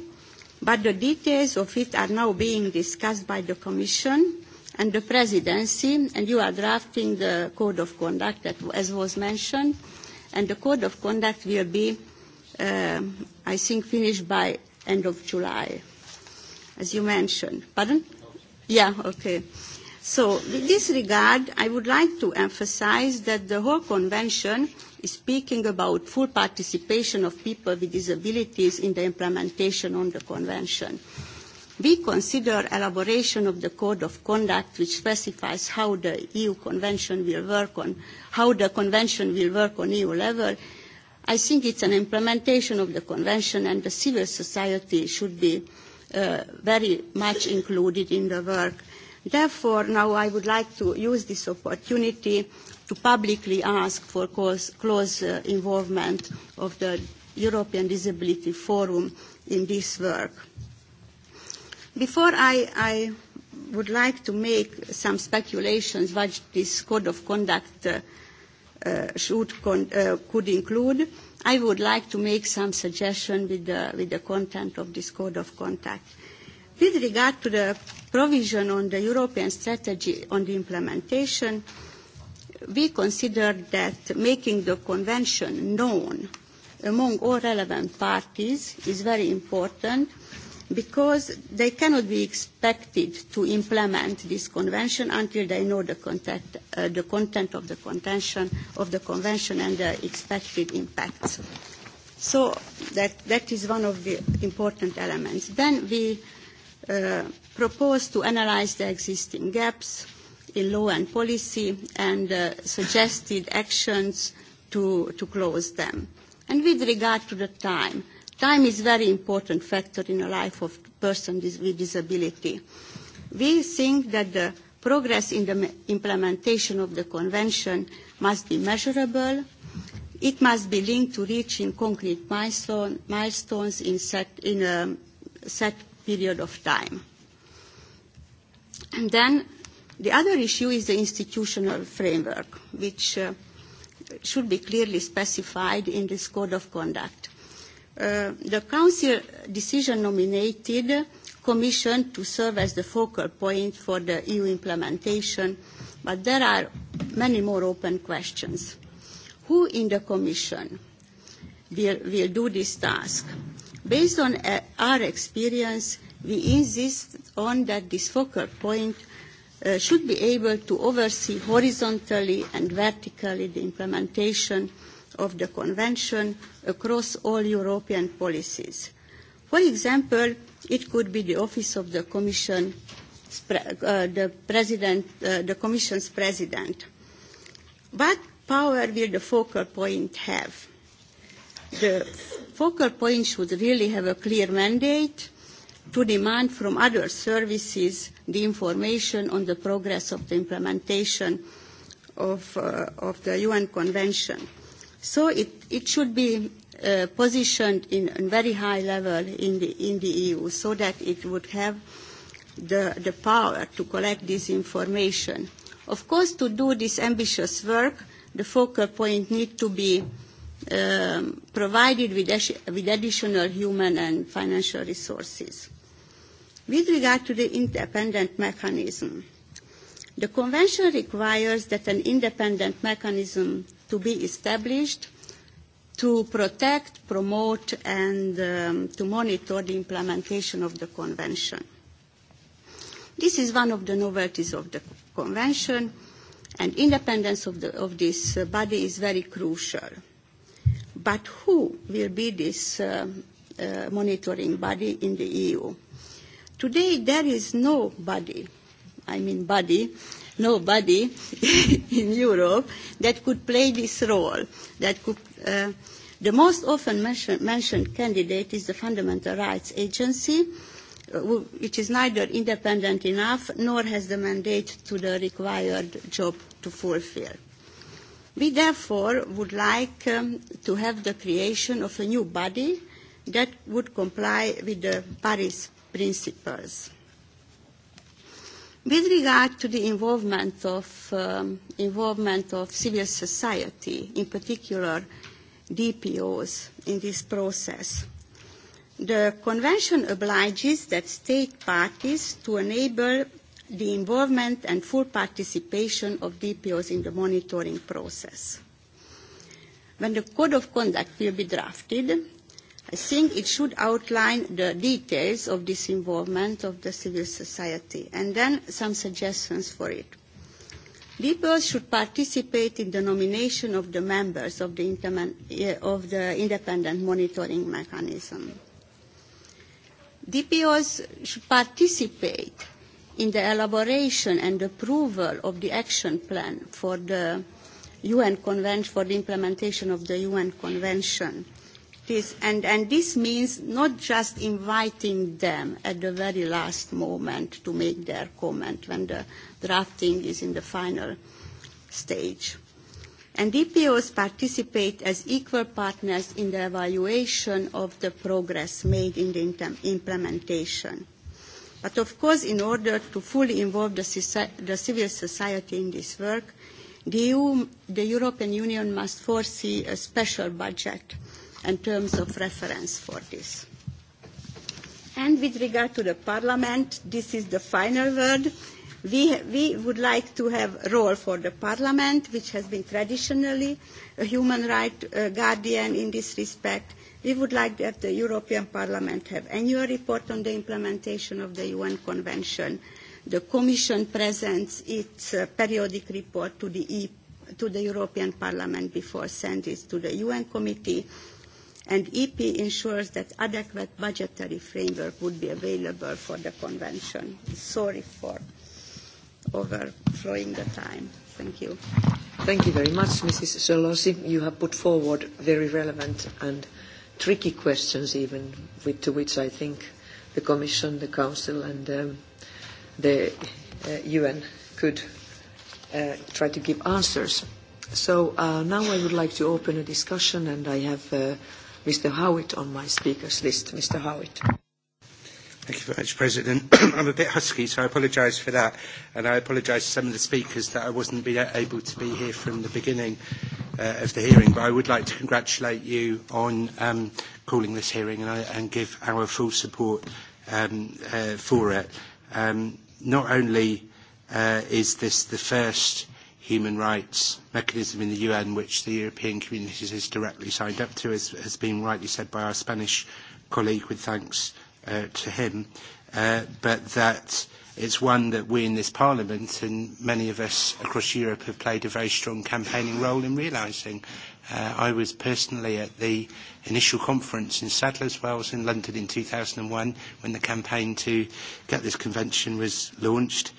but the details of it are now being discussed by the Commission and the Presidency, and you are drafting the Code of Conduct, that, as was mentioned, and the Code of Conduct will be, uh, I think, finished by end of July, as you mentioned. Pardon? Yeah, okay. So with this regard, I would like to emphasize that the whole convention speaking about full participation of people with disabilities in the implementation of the convention. We consider elaboration of the code of conduct which specifies how the EU convention will work on how the convention will work on EU level. I think it's an implementation of the convention and the civil society should be uh, very much included in the work. Therefore, now I would like to use this opportunity to publicly ask for close, close uh, involvement of the European Disability Forum in this work. Before I, I would like to make some speculations what this code of conduct uh, uh, should con- uh, could include, I would like to make some suggestion with the, with the content of this code of conduct. With regard to the provision on the European strategy on the implementation, uh, we consider that making the convention known among all relevant parties is very important because they cannot be expected to implement this convention until they know the content, uh, the content of the convention of the convention and the expected impacts. So that, that is one of the important elements. Then we uh, propose to analyze the existing gaps, in law and policy and uh, suggested actions to, to close them. And with regard to the time, time is a very important factor in the life of a person with disability. We think that the progress in the implementation of the Convention must be measurable. It must be linked to reaching concrete milestone, milestones in, set, in a set period of time. And then The other issue is the institutional framework, which uh, should be clearly specified in this code of conduct. Uh, the Council decision nominated Commission to serve as the focal point for the EU implementation, but there are many more open questions. Who in the Commission will, will do this task? Based on uh, our experience, we insist on that this focal point – uh, should be able to oversee horizontally and vertically the implementation of the Convention across all European policies. For example, it could be the Office of the Commission, uh, the, President, uh, the Commission's President. What power will the focal point have? The focal point should really have a clear mandate to demand from other services the information on the progress of the implementation of, uh, of the UN Convention. So it, it should be uh, positioned in a very high level in the, in the EU so that it would have the, the power to collect this information. Of course, to do this ambitious work, the focal point need to be um, provided with, with additional human and financial resources. With regard to the independent mechanism, the Convention requires that an independent mechanism to be established to protect, promote, and um, to monitor the implementation of the Convention. This is one of the novelties of the Convention, and independence of, the, of this body is very crucial. But who will be this uh, uh, monitoring body in the EU? Today there is no body, I mean body, nobody in Europe that could play this role. That could, uh, the most often mention, mentioned candidate is the Fundamental Rights Agency, which is neither independent enough nor has the mandate to the required job to fulfill. We therefore would like um, to have the creation of a new body that would comply with the Paris principles. With regard to the involvement of, um, involvement of civil society, in particular DPOs, in this process, the Convention obliges that state parties to enable the involvement and full participation of DPOs in the monitoring process. When the Code of Conduct will be drafted, I think it should outline the details of this involvement of the civil society and then some suggestions for it. People should participate in the nomination of the members of the, of the independent monitoring mechanism. DPOs should participate in the elaboration and approval of the action plan for the UN Convention for the implementation of the UN Convention This, and, and this means not just inviting them at the very last moment to make their comment when the drafting is in the final stage. And DPOs participate as equal partners in the evaluation of the progress made in the implementation. But of course, in order to fully involve the, the civil society in this work, the, EU, the European Union must foresee a special budget – and terms of reference for this. And with regard to the Parliament, this is the final word. We, we would like to have a role for the Parliament, which has been traditionally a human rights uh, guardian in this respect. We would like that the European Parliament have annual report on the implementation of the UN Convention. The Commission presents its uh, periodic report to the, e- to the European Parliament before sending it to the UN Committee and EP ensures that adequate budgetary framework would be available for the convention. Sorry for overflowing the time. Thank you. Thank you very much, Mrs. Solosi. You have put forward very relevant and tricky questions even with, to which I think the Commission, the Council and um, the uh, UN could uh, try to give answers. So uh, now I would like to open a discussion and I have uh, Mr. Howitt on my speakers list. Mr. Howitt. Thank you very much, President. I'm a bit husky, so I apologise for that. And I apologise to some of the speakers that I wasn't be able to be here from the beginning uh, of the hearing. But I would like to congratulate you on um, calling this hearing and, I, and give our full support um, uh, for it. Um, not only uh, is this the first human rights mechanism in the UN, which the European community is directly signed up to, as has been rightly said by our Spanish colleague, with thanks uh, to him, uh, but that it's one that we in this Parliament and many of us across Europe have played a very strong campaigning role in realising. Uh, I was personally at the initial conference in Sadler's Wells in London in 2001 when the campaign to get this convention was launched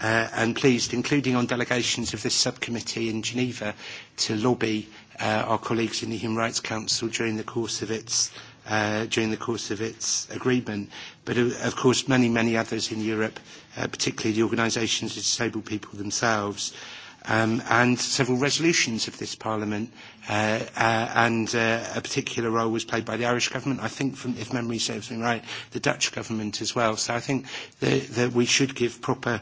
uh, and pleased, including on delegations of this subcommittee in Geneva, to lobby uh, our colleagues in the Human Rights Council during the course of its uh, during the course of its agreement. But of course, many, many others in Europe, uh, particularly the organisations of disabled people themselves, um, and several resolutions of this Parliament, uh, uh, and uh, a particular role was played by the Irish government. I think, from, if memory serves me right, the Dutch government as well. So I think that, that we should give proper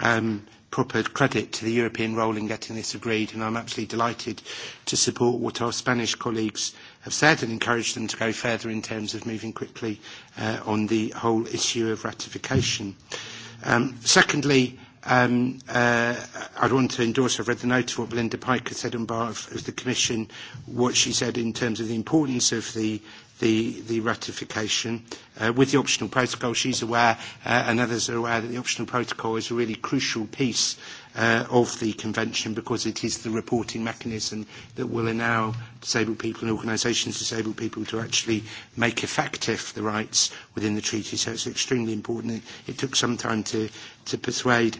um, proper credit to the European role in getting this agreed, and I'm absolutely delighted to support what our Spanish colleagues have said and encourage them to go further in terms of moving quickly uh, on the whole issue of ratification. Um, secondly, um, uh, I'd want to endorse, I've read the note of what Belinda Pike has said on behalf of the Commission, what she said in terms of the importance of the the, the ratification. Uh, with the optional protocol, she's aware, uh, and others are aware, that the optional protocol is a really crucial piece uh, of the convention because it is the reporting mechanism that will allow disabled people and organisations disabled people to actually make effective the rights within the treaty. So it's extremely important. It, it took some time to, to persuade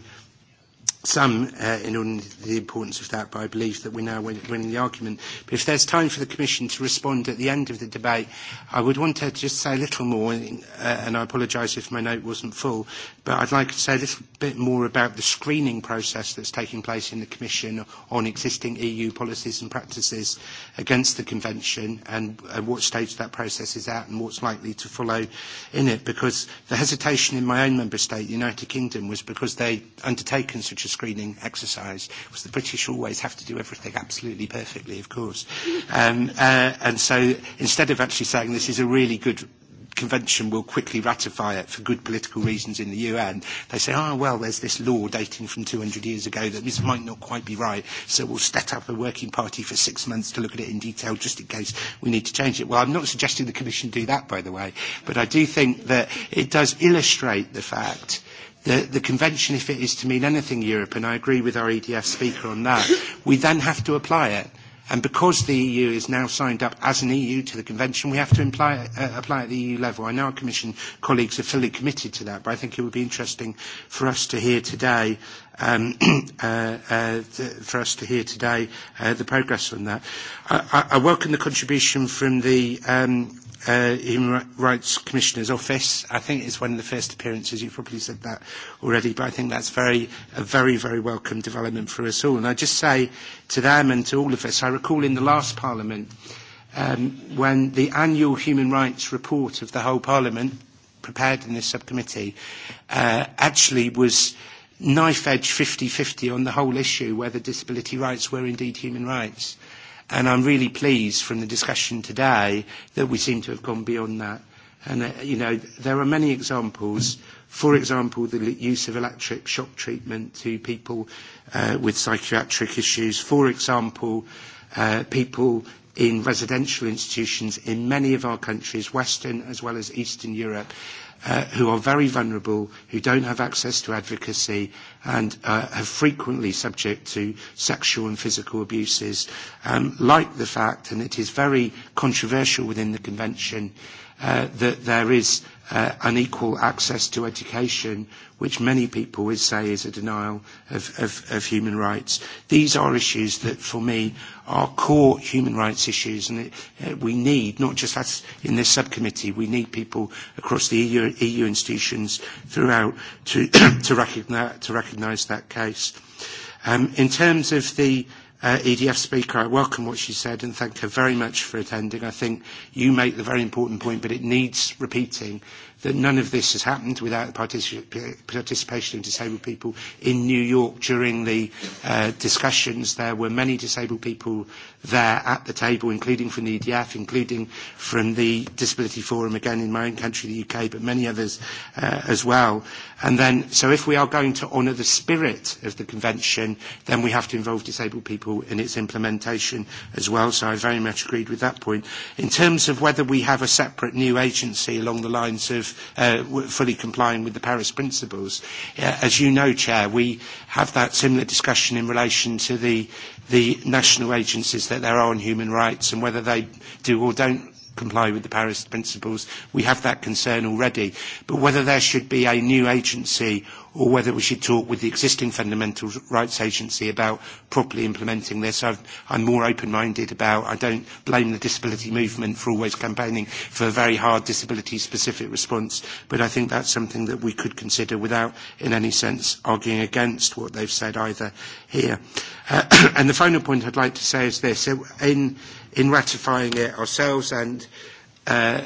some uh, in on the importance of that, but I believe that we're now winning the argument. But if there's time for the Commission to respond at the end of the debate, I would want to just say a little more, uh, and I apologise if my note wasn't full, but I'd like to say a little bit more about the screening process that's taking place in the Commission on existing EU policies and practices against the Convention and, and what stage that process is at and what's likely to follow in it, because the hesitation in my own member state, the United Kingdom, was because they'd undertaken such a screening exercise, because the British always have to do everything absolutely perfectly, of course. Um, uh, and so instead of actually saying this is a really good convention will quickly ratify it for good political reasons in the UN, they say, oh, well, there's this law dating from 200 years ago that this might not quite be right, so we'll set up a working party for six months to look at it in detail just in case we need to change it. Well, I'm not suggesting the Commission do that, by the way, but I do think that it does illustrate the fact the, the convention, if it is to mean anything Europe, and I agree with our EDF speaker on that, we then have to apply it. And because the EU is now signed up as an EU to the convention, we have to imply, uh, apply at the EU level. I know our Commission colleagues are fully committed to that, but I think it would be interesting for us to hear today, um, uh, uh, for us to hear today uh, the progress on that. I, I, I welcome the contribution from the um, uh, Human Rights Commissioner's Office. I think it's one of the first appearances. You've probably said that already, but I think that's very, a very, very welcome development for us all. And I just say to them and to all of us, I recall in the last Parliament um, when the annual human rights report of the whole Parliament, prepared in this subcommittee, uh, actually was knife edge 50-50 on the whole issue whether disability rights were indeed human rights And I'm really pleased from the discussion today that we seem to have gone beyond that. And, uh, you know, there are many examples. For example, the use of electric shock treatment to people uh, with psychiatric issues. For example, uh, people in residential institutions in many of our countries, Western as well as Eastern Europe, uh, who are very vulnerable, who don't have access to advocacy, and uh, are frequently subject to sexual and physical abuses, um, like the fact, and it is very controversial within the Convention, uh, that there is uh, unequal access to education, which many people would say is a denial of, of, of human rights. These are issues that, for me, are core human rights issues, and it, uh, we need, not just us in this subcommittee, we need people across the EU, EU institutions throughout to, to, recognize, to recognize that case. Um, in terms of the EDF speaker, I welcome what she said and thank her very much for attending. I think you make the very important point, but it needs repeating that none of this has happened without the particip- participation of disabled people. In New York during the uh, discussions, there were many disabled people there at the table, including from the EDF, including from the Disability Forum, again in my own country, the UK, but many others uh, as well. And then, so if we are going to honour the spirit of the convention, then we have to involve disabled people in its implementation as well. So I very much agreed with that point. In terms of whether we have a separate new agency along the lines of of uh, fully complying with the Paris principles. as you know, Chair, we have that similar discussion in relation to the, the national agencies that there are on human rights and whether they do or don't comply with the Paris principles. We have that concern already. But whether there should be a new agency or whether we should talk with the existing Fundamental Rights Agency about properly implementing this. I've, I'm more open-minded about, I don't blame the disability movement for always campaigning for a very hard disability-specific response, but I think that's something that we could consider without in any sense arguing against what they've said either here. Uh, and the final point I'd like to say is this. In, in ratifying it ourselves and uh,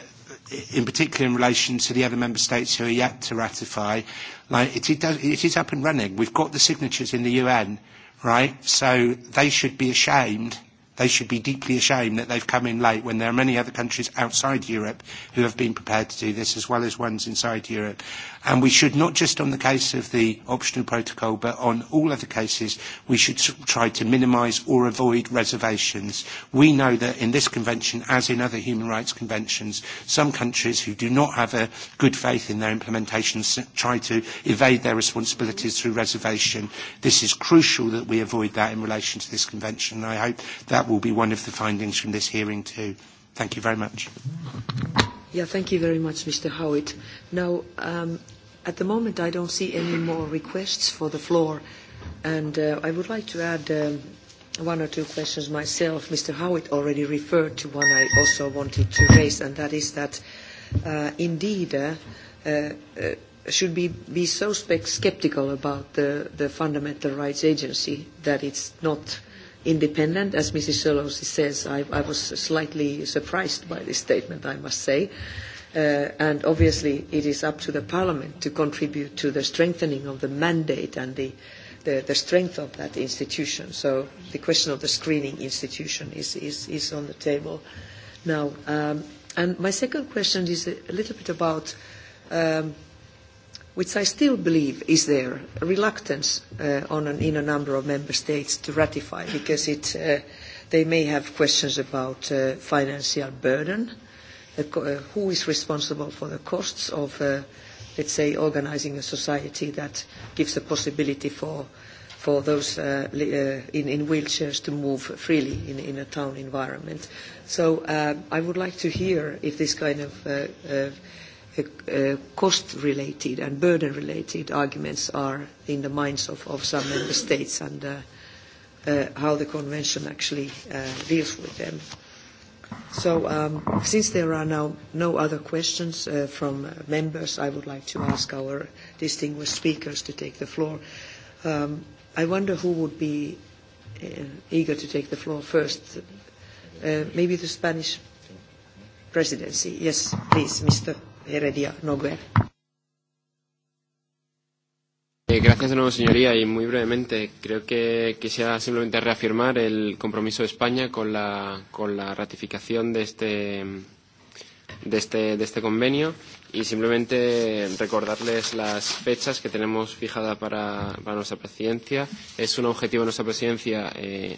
in particular in relation to the other member states who are yet to ratify, like it, it, does, it is up and running. We've got the signatures in the UN, right? So they should be ashamed. They should be deeply ashamed that they've come in late when there are many other countries outside Europe who have been prepared to do this as well as ones inside Europe. And we should not just on the case of the optional protocol, but on all other cases, we should try to minimise or avoid reservations. We know that in this convention, as in other human rights conventions, some countries who do not have a good faith in their implementation try to evade their responsibilities through reservation. This is crucial that we avoid that in relation to this convention. and I hope that will be one of the findings from this hearing too. Thank you very much. Yeah, thank you very much, Mr. Howitt. Now, at the moment, I don't see any more requests for the floor, and I would like to add one or two questions myself. Mr. Howitt already referred to one I also wanted to raise, and that is that indeed should be, be so skeptical about the, the Fundamental Rights Agency that it's not – independent, as Mrs. Solosi says. I, I was slightly surprised by this statement, I must say. Uh, and obviously, it is up to the Parliament to contribute to the strengthening of the mandate and the, the, the strength of that institution. So the question of the screening institution is, is, is on the table now. Um, and my second question is a little bit about um, – which I still believe is there, a reluctance uh, on an, in a number of member states to ratify because it, uh, they may have questions about uh, financial burden, uh, who is responsible for the costs of, uh, let's say, organizing a society that gives the possibility for for those uh, li- uh, in, in wheelchairs to move freely in, in a town environment. So uh, I would like to hear if this kind of uh, uh, uh, cost-related and burden-related arguments are in the minds of, of some member states and uh, uh, how the convention actually uh, deals with them. So um, since there are now no other questions uh, from members, I would like to ask our distinguished speakers to take the floor. Um, I wonder who would be uh, eager to take the floor first. Uh, maybe the Spanish presidency. Yes, please, Mr. Heredia Noguer. Gracias de nuevo, señoría, y muy brevemente. Creo que quisiera simplemente reafirmar el compromiso de España con la, con la ratificación de este, de, este, de este convenio y simplemente recordarles las fechas que tenemos fijadas para, para nuestra presidencia. Es un objetivo de nuestra presidencia eh,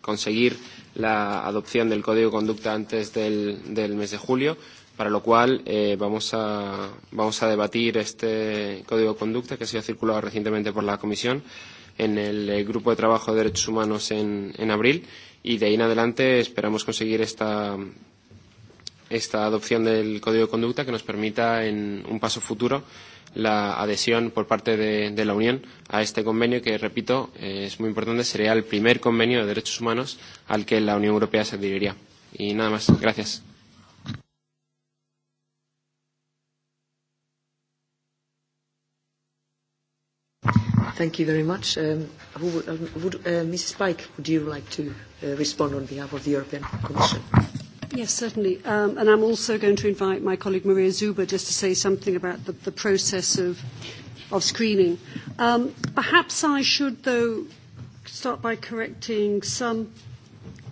conseguir la adopción del Código de Conducta antes del, del mes de julio para lo cual eh, vamos, a, vamos a debatir este código de conducta que ha sido circulado recientemente por la Comisión en el Grupo de Trabajo de Derechos Humanos en, en abril y de ahí en adelante esperamos conseguir esta, esta adopción del código de conducta que nos permita en un paso futuro la adhesión por parte de, de la Unión a este convenio que, repito, eh, es muy importante, sería el primer convenio de derechos humanos al que la Unión Europea se adheriría. Y nada más. Gracias. Thank you very much. Um, who would, um, would, uh, Mrs. Pike, would you like to uh, respond on behalf of the European Commission? Yes, certainly. Um, and I'm also going to invite my colleague Maria Zuba just to say something about the, the process of, of screening. Um, perhaps I should, though, start by correcting some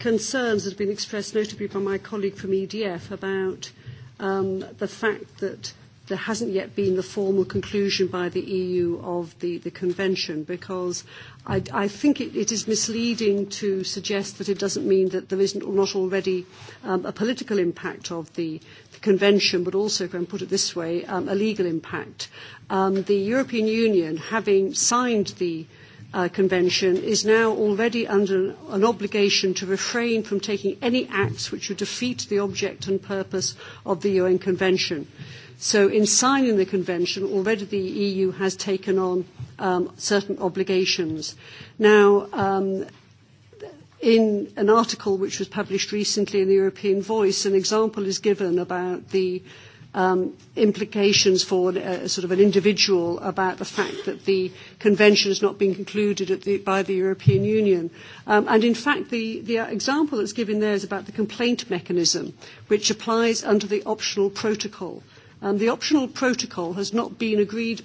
concerns that have been expressed, notably by my colleague from EDF, about um, the fact that – there hasn't yet been the formal conclusion by the EU of the, the convention because I, I think it, it is misleading to suggest that it doesn't mean that there isn't not already um, a political impact of the, the convention, but also, if I can put it this way, um, a legal impact. Um, the European Union, having signed the Convention is now already under an obligation to refrain from taking any acts which would defeat the object and purpose of the UN Convention. So in signing the convention, already the EU has taken on um, certain obligations. Now, um, in an article which was published recently in the European Voice, an example is given about the um, implications for uh, sort of an individual about the fact that the convention has not been concluded at the, by the European Union. Um, and in fact, the, the example that's given there is about the complaint mechanism, which applies under the optional protocol. Um, the optional protocol has not been agreed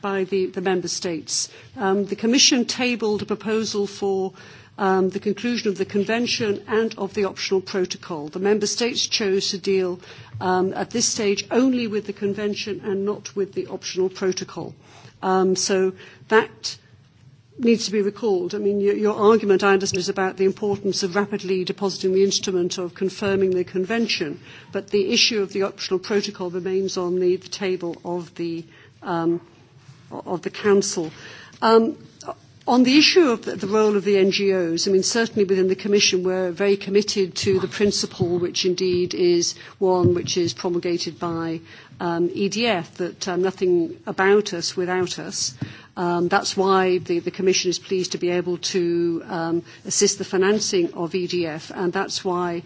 by the, the member states. Um, the Commission tabled a proposal for um, the conclusion of the convention and of the optional protocol. The member states chose to deal um, at this stage only with the convention and not with the optional protocol. Um, so that needs to be recalled. I mean, your, your argument, I understand, is about the importance of rapidly depositing the instrument of confirming the convention, but the issue of the optional protocol remains on the, the table of the, um, of the Council. Um, on the issue of the, the role of the NGOs, I mean, certainly within the Commission, we're very committed to the principle, which indeed is one which is promulgated by um, EDF, that um, nothing about us without us Um, that's why the, the Commission is pleased to be able to um, assist the financing of EDF, and that's why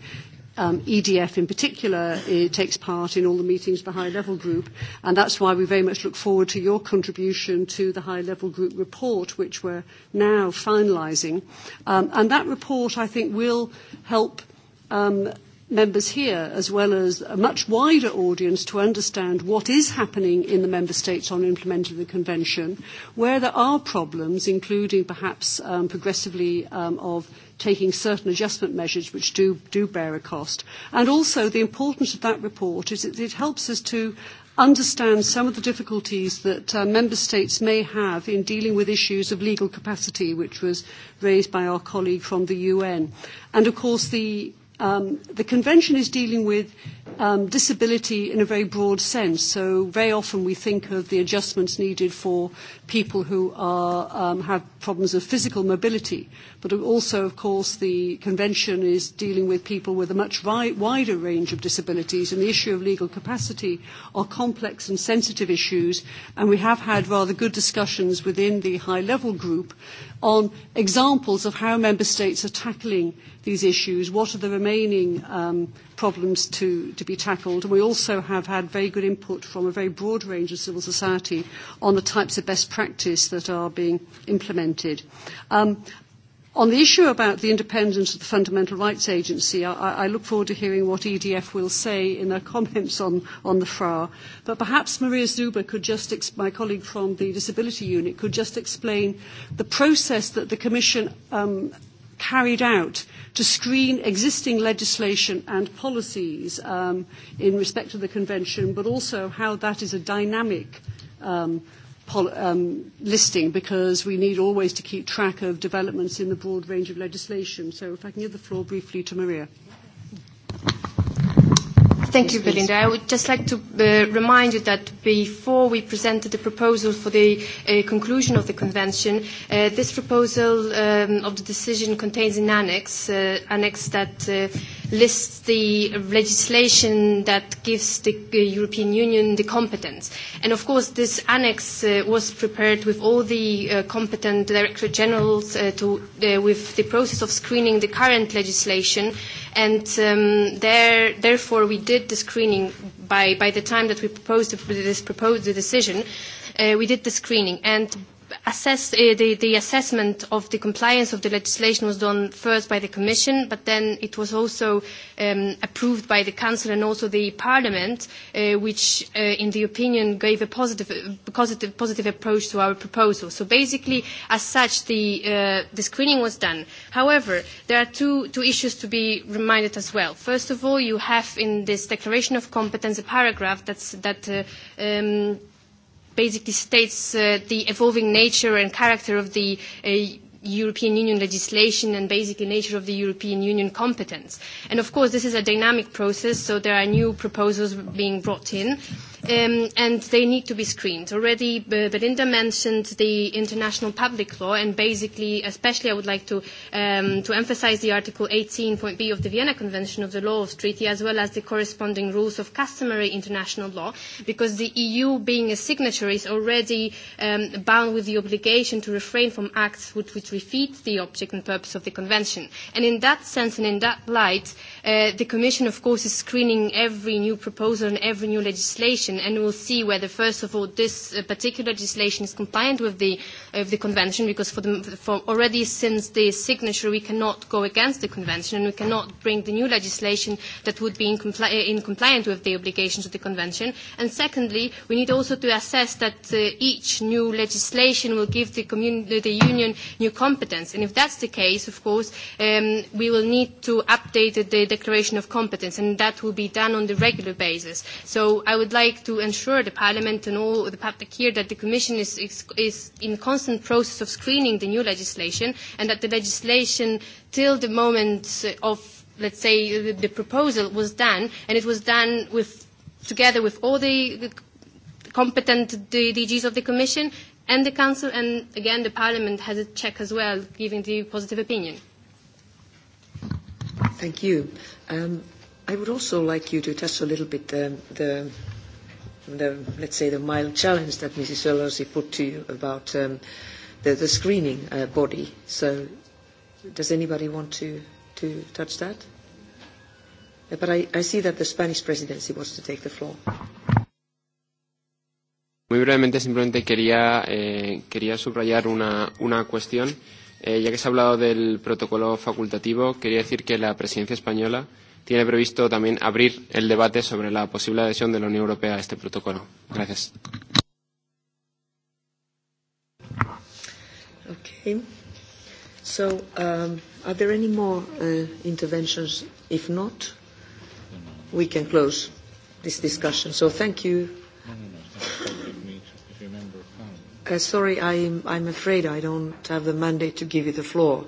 um, EDF in particular it takes part in all the meetings of the high level group and that's why we very much look forward to your contribution to the high level group report which we're now finalising um, and that report I think will help um, members here, as well as a much wider audience, to understand what is happening in the member states on implementing the convention, where there are problems, including perhaps um, progressively um, of taking certain adjustment measures which do, do bear a cost. And also the importance of that report is that it helps us to understand some of the difficulties that uh, member states may have in dealing with issues of legal capacity, which was raised by our colleague from the UN. And of course, the Um, the convention is dealing with um, disability in a very broad sense. So very often we think of the adjustments needed for people who are, um, have problems of physical mobility, but also, of course, the convention is dealing with people with a much ri- wider range of disabilities, and the issue of legal capacity are complex and sensitive issues, and we have had rather good discussions within the high-level group on examples of how member states are tackling these issues, what are the remaining um, problems to, to be tackled. And we also have had very good input from a very broad range of civil society on the types of best practice that are being implemented. Um, on the issue about the independence of the Fundamental Rights Agency, I, I look forward to hearing what EDF will say in their comments on, on the FRA. But perhaps Maria Zuba could just, ex- my colleague from the Disability Unit, could just explain the process that the Commission um, carried out to screen existing legislation and policies um, in respect of the convention, but also how that is a dynamic um, pol- um, listing because we need always to keep track of developments in the broad range of legislation. So if I can give the floor briefly to Maria. Thank you, Belinda. I would just like to uh, remind you that before we presented the proposal for the uh, conclusion of the convention, uh, this proposal um, of the decision contains an annex, uh, annex that uh, lists the legislation that gives the uh, European Union the competence. And of course, this annex uh, was prepared with all the uh, competent director generals uh, to, uh, with the process of screening the current legislation And um, there, therefore, we did the screening by, by the time that we proposed the, this proposed the decision. Uh, we did the screening, and Assess uh, the, the assessment of the compliance of the legislation was done first by the Commission, but then it was also um, approved by the Council and also the Parliament, uh, which, uh, in the opinion, gave a positive, positive, positive approach to our proposal. So basically, as such, the, uh, the screening was done. However, there are two, two issues to be reminded as well. First of all, you have in this declaration of competence a paragraph that's, that uh, um, basically states uh, the evolving nature and character of the uh, European Union legislation and basically nature of the European Union competence. And of course, this is a dynamic process, so there are new proposals being brought in. Uh, and they need to be screened. Already, Belinda mentioned the international public law, and basically, especially, I would like to to emphasise the Article 18.b of the Vienna Convention of the Law of Treaty, as well as the corresponding rules of customary international law, because the EU, being a signatory, is already bound with the obligation to refrain from acts which, which the object and purpose of the Convention. And in that sense, and in that light, the Commission, of course, is screening every new proposal and every new legislation, and will see whether, first of all, this particular legislation is compliant with the, the Convention, because for the, for already since the signature, we cannot go against the Convention, and we cannot bring the new legislation that would be in, compli- in compliant with the obligations of the Convention. And secondly, we need also to assess that each new legislation will give the, the Union new competence. And if that's the case, of course, we will need to update the declaration of competence, and that will be done on a regular basis. So I would like to ensure the Parliament and all the public here that the Commission is, is, is in constant process of screening the new legislation, and that the legislation till the moment of, let's say, the, the proposal was done, and it was done with, together with all the, the competent DGs of the Commission and the Council, and again, the Parliament has a check as well, giving the positive opinion. Thank you. Um, I would also like you to touch a little bit the, the, the let's say, the mild challenge that Mrs. Solosi put to you about um, the, the screening uh, body. So does anybody want to, to touch that? But I, I see that the Spanish presidency wants to take the floor. Muy brevemente, simplemente quería, eh, quería subrayar una, una cuestión. Eh, Eh, ya que se ha hablado del protocolo facultativo, quería decir que la presidencia española tiene previsto también abrir el debate sobre la posible adhesión de la Unión Europea a este protocolo. Gracias. Okay. So, um, are there any more uh, interventions? If not, we can close this discussion. So, thank you. Uh, sorry, I'm, I'm afraid I don't have the mandate to give you the floor.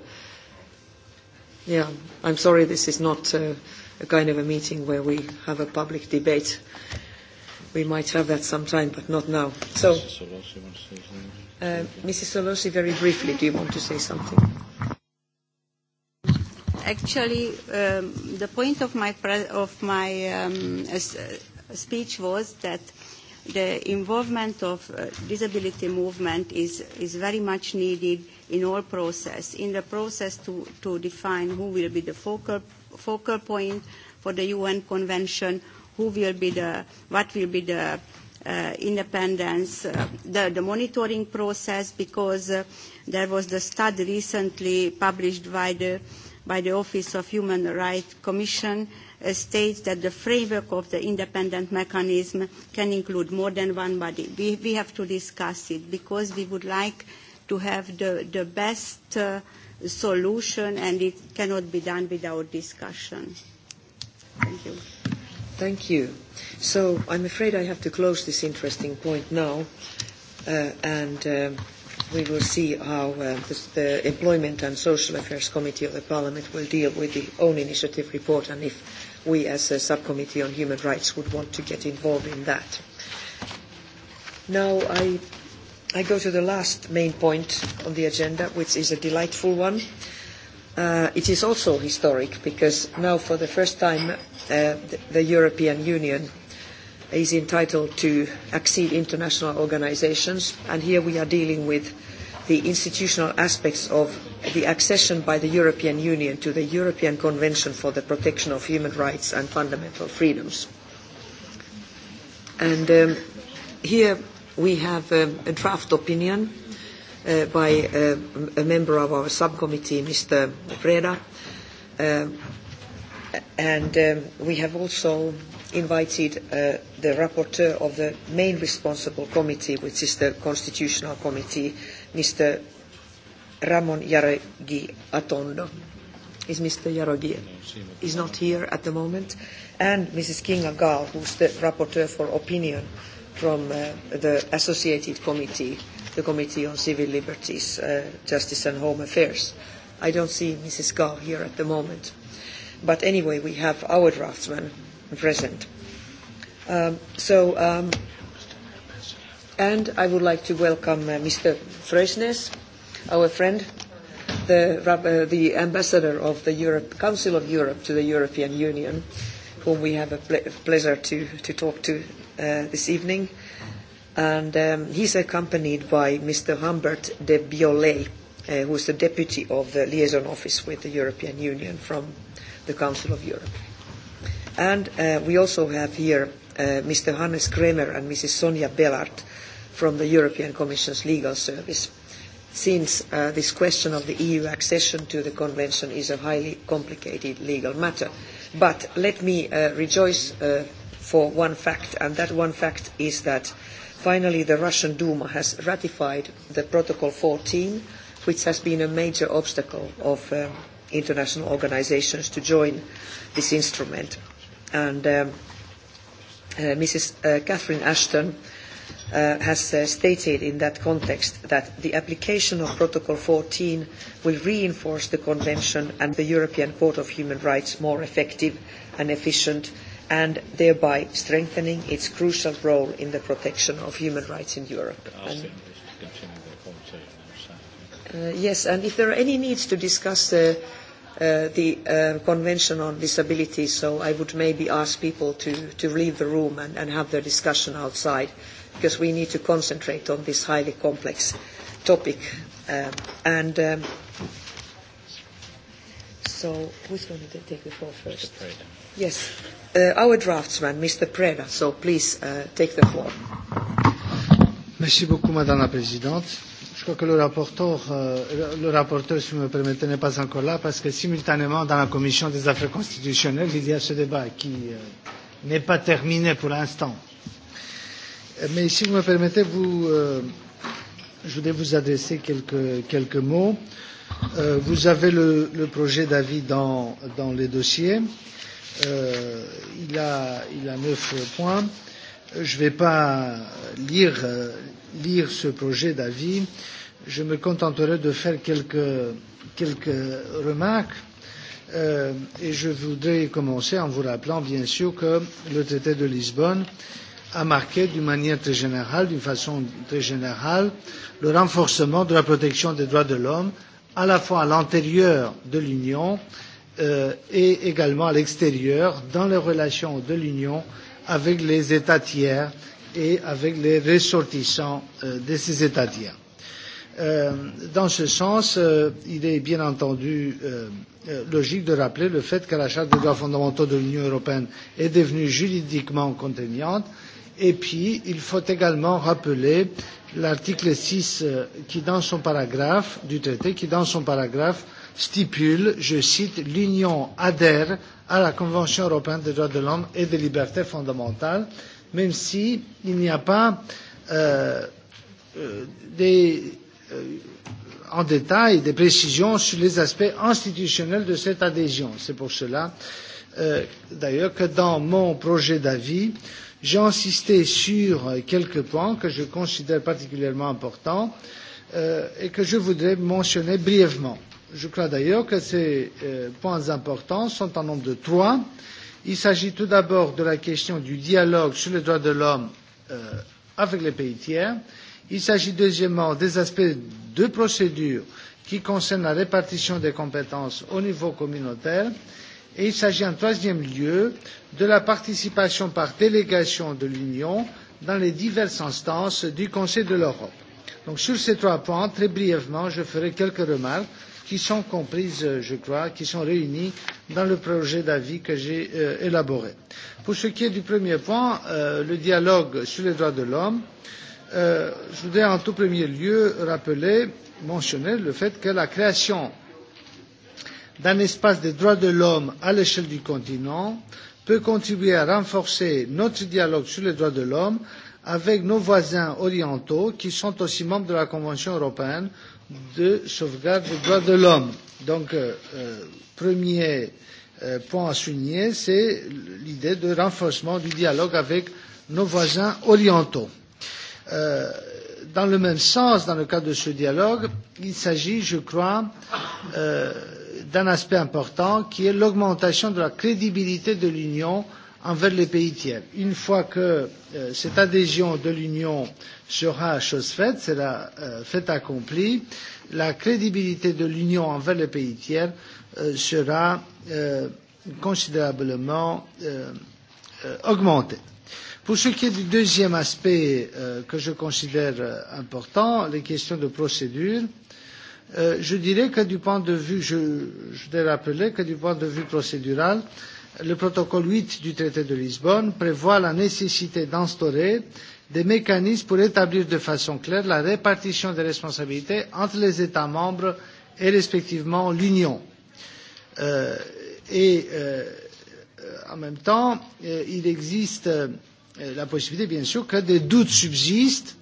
Yeah, I'm sorry this is not a, a kind of a meeting where we have a public debate. We might have that sometime, but not now. So, uh, Mrs. Solosi, very briefly, do you want to say something? Actually, um, the point of my, pre- of my um, speech was that uh, the involvement of uh, disability movement is, is very much needed in all process, in the process to, to define who will be the focal, focal point for the UN Convention, who will be the, what will be the uh, independence, uh, the, the monitoring process, because uh, there was the study recently published by the by the Office of Human Rights Commission states that the framework of the independent mechanism can include more than one body. We, we have to discuss it because we would like to have the, the best uh, solution and it cannot be done without discussion. Thank you. Thank you. So I'm afraid I have to close this interesting point now. Uh, and... Um, we will see how uh, the, the Employment and Social Affairs Committee of the Parliament will deal with the own initiative report and if we as a subcommittee on human rights would want to get involved in that. Now I, I go to the last main point on the agenda, which is a delightful one. Uh, it is also historic because now for the first time uh, the, the European Union is entitled to accede international organizations, and here we are dealing with the institutional aspects of the accession by the European Union to the European Convention for the Protection of Human Rights and Fundamental Freedoms. And here we have a draft opinion by a member of our subcommittee, Mr. Preda. and we have also invited uh, the rapporteur of the main responsible committee, which is the Constitutional Committee, Mr. Ramon Yarogi Atondo. Is Mr. Yarogi is not here at the moment, and Mrs. Kinga Gall, who's the rapporteur for opinion from uh, the Associated Committee, the Committee on Civil Liberties, uh, Justice and Home Affairs. I don't see Mrs. Gall here at the moment. But anyway, we have our draftsman, present. Um, so, um, and I would like to welcome uh, Mr. Freshness, our friend, the, uh, the ambassador of the Europe, Council of Europe to the European Union, whom we have a ple- pleasure to, to talk to uh, this evening. And um, he's accompanied by Mr. Humbert de Biolay, uh, who is the deputy of the liaison office with the European Union from the Council of Europe. And uh, we also have here uh, Mr. Hannes Kremer and Mrs. Sonia Bellart from the European Commission's legal service, since uh, this question of the EU accession to the Convention is a highly complicated legal matter. But let me uh, rejoice uh, for one fact, and that one fact is that finally the Russian Duma has ratified the Protocol 14, which has been a major obstacle of uh, international organisations to join this instrument and uh, uh, Mrs. Uh, Catherine Ashton uh, has uh, stated in that context that the application of Protocol 14 will reinforce the Convention and the European Court of Human Rights more effective and efficient and thereby strengthening its crucial role in the protection of human rights in Europe. And, yes, and if there are any needs to discuss the the Convention on Disability, so I would maybe ask people to, to leave the room and, and have their discussion outside, because we need to concentrate on this highly complex topic. and um, so, who's going to take the floor first? Yes, uh, our draftsman, Mr. Preda. So please uh, take the floor. Merci beaucoup, Madame la Présidente crois que le rapporteur, euh, le rapporteur, si vous me permettez, n'est pas encore là parce que simultanément, dans la commission des affaires constitutionnelles, il y a ce débat qui euh, n'est pas terminé pour l'instant. Mais si vous me permettez, vous, euh, je voudrais vous adresser quelques, quelques mots. Euh, vous avez le, le projet d'avis dans, dans les dossiers. Euh, il, a, il a neuf points. Je ne vais pas lire, lire ce projet d'avis. Euh, je me contenterai de faire quelques, quelques remarques euh, et je voudrais commencer en vous rappelant bien sûr que le traité de Lisbonne a marqué d'une manière très générale, d'une façon très générale, le renforcement de la protection des droits de l'homme à la fois à l'intérieur de l'Union euh, et également à l'extérieur dans les relations de l'Union avec les États tiers et avec les ressortissants euh, de ces États tiers dans ce sens, il est bien entendu logique de rappeler le fait que la Charte des droits fondamentaux de l'Union européenne est devenue juridiquement contraignante. Et puis, il faut également rappeler l'article six qui, dans son paragraphe du traité, qui, dans son paragraphe, stipule, je cite, l'Union adhère à la Convention européenne des droits de l'homme et des libertés fondamentales, même s'il n'y a pas des en détail des précisions sur les aspects institutionnels de cette adhésion. C'est pour cela, d'ailleurs, que dans mon projet d'avis, j'ai insisté sur quelques points que je considère particulièrement importants et que je voudrais mentionner brièvement. Je crois d'ailleurs que ces points importants sont en nombre de trois. Il s'agit tout d'abord de la question du dialogue sur les droits de l'homme avec les pays tiers. Euh, Il s'agit deuxièmement des aspects de procédure qui concernent la répartition des compétences au niveau communautaire et il s'agit en troisième lieu de la participation par délégation de l'Union dans les diverses instances du Conseil de l'Europe. Donc sur ces trois points, très brièvement, je ferai quelques remarques qui sont comprises, je crois, qui sont réunies dans le projet d'avis que j'ai élaboré. Pour ce qui est du premier point, le dialogue sur les droits de l'homme, euh, je voudrais en tout premier lieu rappeler, mentionner le fait que la création d'un espace des droits de l'homme à l'échelle du continent peut contribuer à renforcer notre dialogue sur les droits de l'homme avec nos voisins orientaux qui sont aussi membres de la Convention européenne de sauvegarde des droits de l'homme. Donc, euh, premier point à souligner, c'est l'idée de renforcement du dialogue avec nos voisins orientaux dans le même sens, dans le cadre de ce dialogue, il s'agit, je crois, d'un aspect important qui est l'augmentation de la crédibilité de l'Union envers les pays tiers. Une fois que cette adhésion de l'Union sera chose faite, sera fait accomplie, la crédibilité de l'Union envers les pays tiers sera considérablement augmentée. Pour ce qui est du deuxième aspect que je considère important, les questions de procédure, je dirais que du point de vue, je, je l'ai que du point de vue procédural, le protocole huit du traité de Lisbonne prévoit la nécessité d'instaurer des mécanismes pour établir de façon claire la répartition des responsabilités entre les États membres et respectivement l'Union. et en même temps, il existe la possibilité, bien sûr, que des doutes subsistent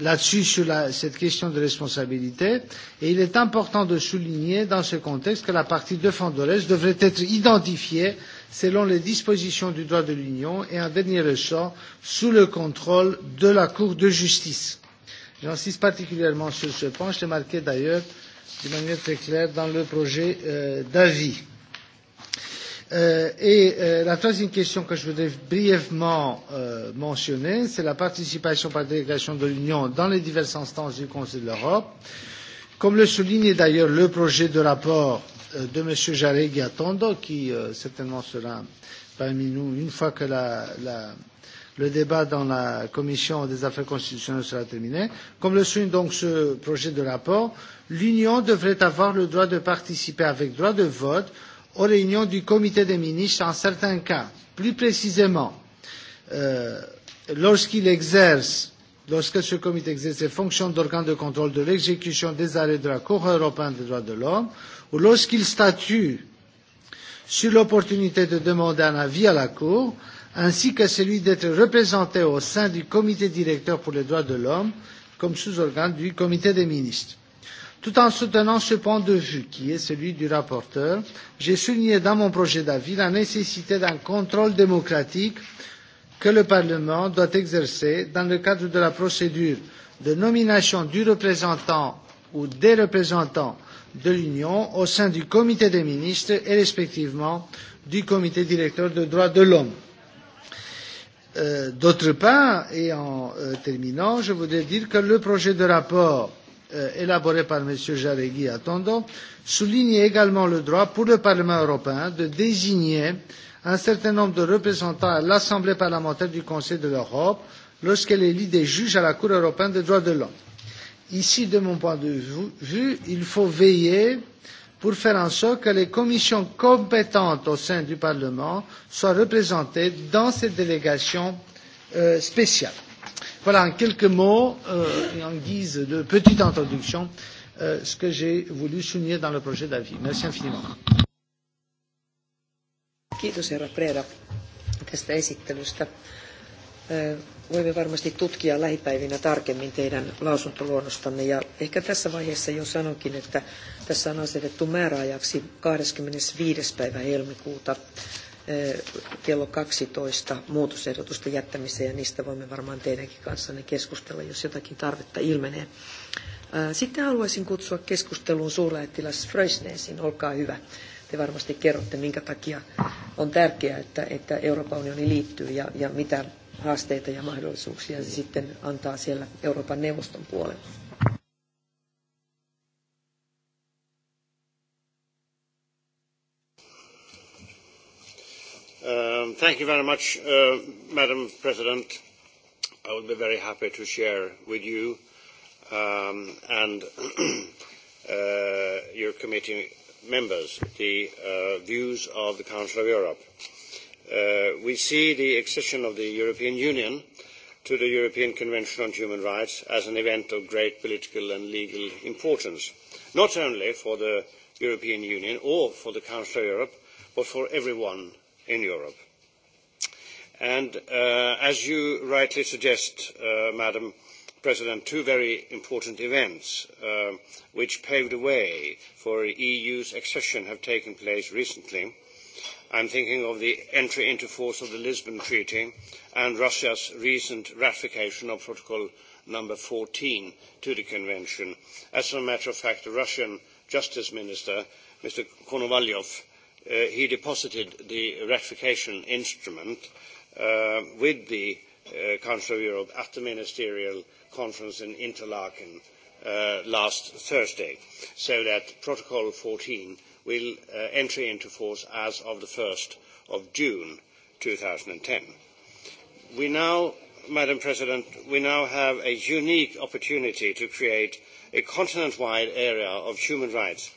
là-dessus sur cette question de responsabilité et il est important de souligner dans ce contexte que la partie de Fandores devrait être identifiée selon les dispositions du droit de l'Union et en dernier ressort sous le contrôle de la Cour de justice. J'insiste particulièrement sur ce point, je l'ai marqué d'ailleurs de manière très claire dans le projet d'avis. Euh, et euh, la troisième question que je voudrais brièvement euh, mentionner, c'est la participation par délégation de l'Union dans les diverses instances du Conseil de l'Europe. Comme le souligne d'ailleurs le projet de rapport euh, de M. Jaregui Atondo, qui euh, certainement sera parmi nous une fois que la, la, le débat dans la commission des affaires constitutionnelles sera terminé. Comme le souligne donc ce projet de rapport, l'Union devrait avoir le droit de participer avec droit de vote aux réunions du comité des ministres en certains cas. Plus précisément, lorsqu'il exerce, lorsque ce comité exerce ses fonctions d'organe de contrôle de l'exécution des arrêts de la Cour européenne des droits de l'homme, ou lorsqu'il statue sur l'opportunité de demander un avis à la Cour, ainsi que celui d'être représenté au sein du comité directeur pour les droits de l'homme comme sous-organe du comité des ministres. Tout en soutenant ce point de vue, qui est celui du rapporteur, j'ai souligné dans mon projet d'avis la nécessité d'un contrôle démocratique que le Parlement doit exercer dans le cadre de la procédure de nomination du représentant ou des représentants de l'Union au sein du comité des ministres et respectivement du comité directeur des droits de l'homme. D'autre part, et en terminant, je voudrais dire que le projet de rapport élaboré par M. Jaregui Atondo souligne également le droit pour le Parlement européen de désigner un certain nombre de représentants à l'Assemblée parlementaire du Conseil de l'Europe lorsqu'elle élit des juges à la Cour européenne des droits de l'homme. Ici, de mon point de vue, il faut veiller pour faire en sorte que les commissions compétentes au sein du Parlement soient représentées dans cette délégation spéciale. Voilà en quelques mots euh, et en guise de petite introduction euh, ce que j'ai voulu souligner dans le projet d'avis. Merci infiniment. Kiitos herra Preera tästä esittelystä. Voimme varmasti tutkia lähipäivinä tarkemmin teidän lausuntoluonnostanne ja ehkä tässä vaiheessa jo sanonkin, että tässä on asetettu määräajaksi 25. päivä helmikuuta kello 12 muutosehdotusten jättämiseen ja niistä voimme varmaan teidänkin kanssanne keskustella, jos jotakin tarvetta ilmenee. Sitten haluaisin kutsua keskusteluun suurlähettiläs Frösnesin. Olkaa hyvä. Te varmasti kerrotte, minkä takia on tärkeää, että, että Euroopan unioni liittyy ja, ja mitä haasteita ja mahdollisuuksia se sitten antaa siellä Euroopan neuvoston puolella. Thank you very much, Madam President. I would be very happy to share with you and your committee members the views of the Council of Europe. We see the accession of the European Union to the European Convention on Human Rights as an event of great political and legal importance, not only for the European Union or for the Council of Europe, but for everyone in Europe. And as you rightly suggest, Madam President, two very important events which paved the way for the EU's accession have taken place recently. I am thinking of the entry into force of the Lisbon Treaty and Russia's recent ratification of Protocol number fourteen to the Convention. As a matter of fact, the Russian Justice Minister, Mr. Konovalyov, he deposited the ratification instrument with the Council of Europe at the ministerial conference in Interlaken last Thursday, so that Protocol fourteen will enter into force as of the 1st of June ten. We now, Madam President, we now have a unique opportunity to create a continent-wide area of human rights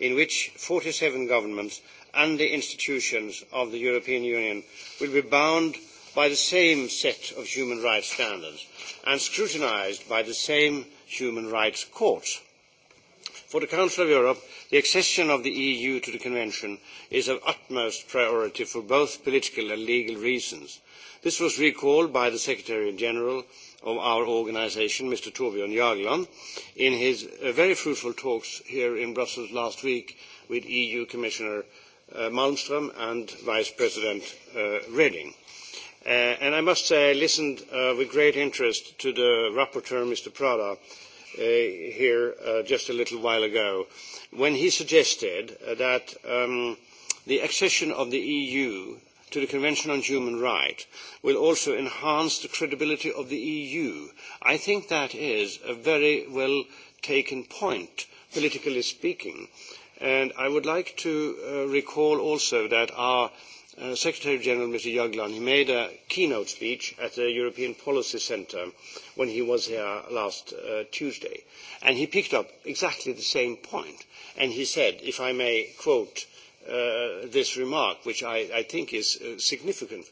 in which forty seven governments and the institutions of the European Union will be bound by the same set of human rights standards and scrutinised by the same human rights courts. For the Council of Europe, the accession of the EU to the Convention is of utmost priority for both political and legal reasons. This was recalled by the Secretary-General of our organisation, Mr. Torbjörn Jagland, in his very fruitful talks here in Brussels last week with EU Commissioner Malmstrm and Vice President Reding. I must say, I listened with great interest to the rapporteur, Mr. Prada, here just a little while ago, when he suggested that the accession of the EU to the Convention on Human Rights will also enhance the credibility of the EU. I think that is a very well taken point, politically speaking. And I would like to recall also that our Secretary General, Mr. Jagland, he made a keynote speech at the European Policy Centre when he was here last Tuesday. And he picked up exactly the same point. And he said, if I may quote, this remark, which I, I think is significant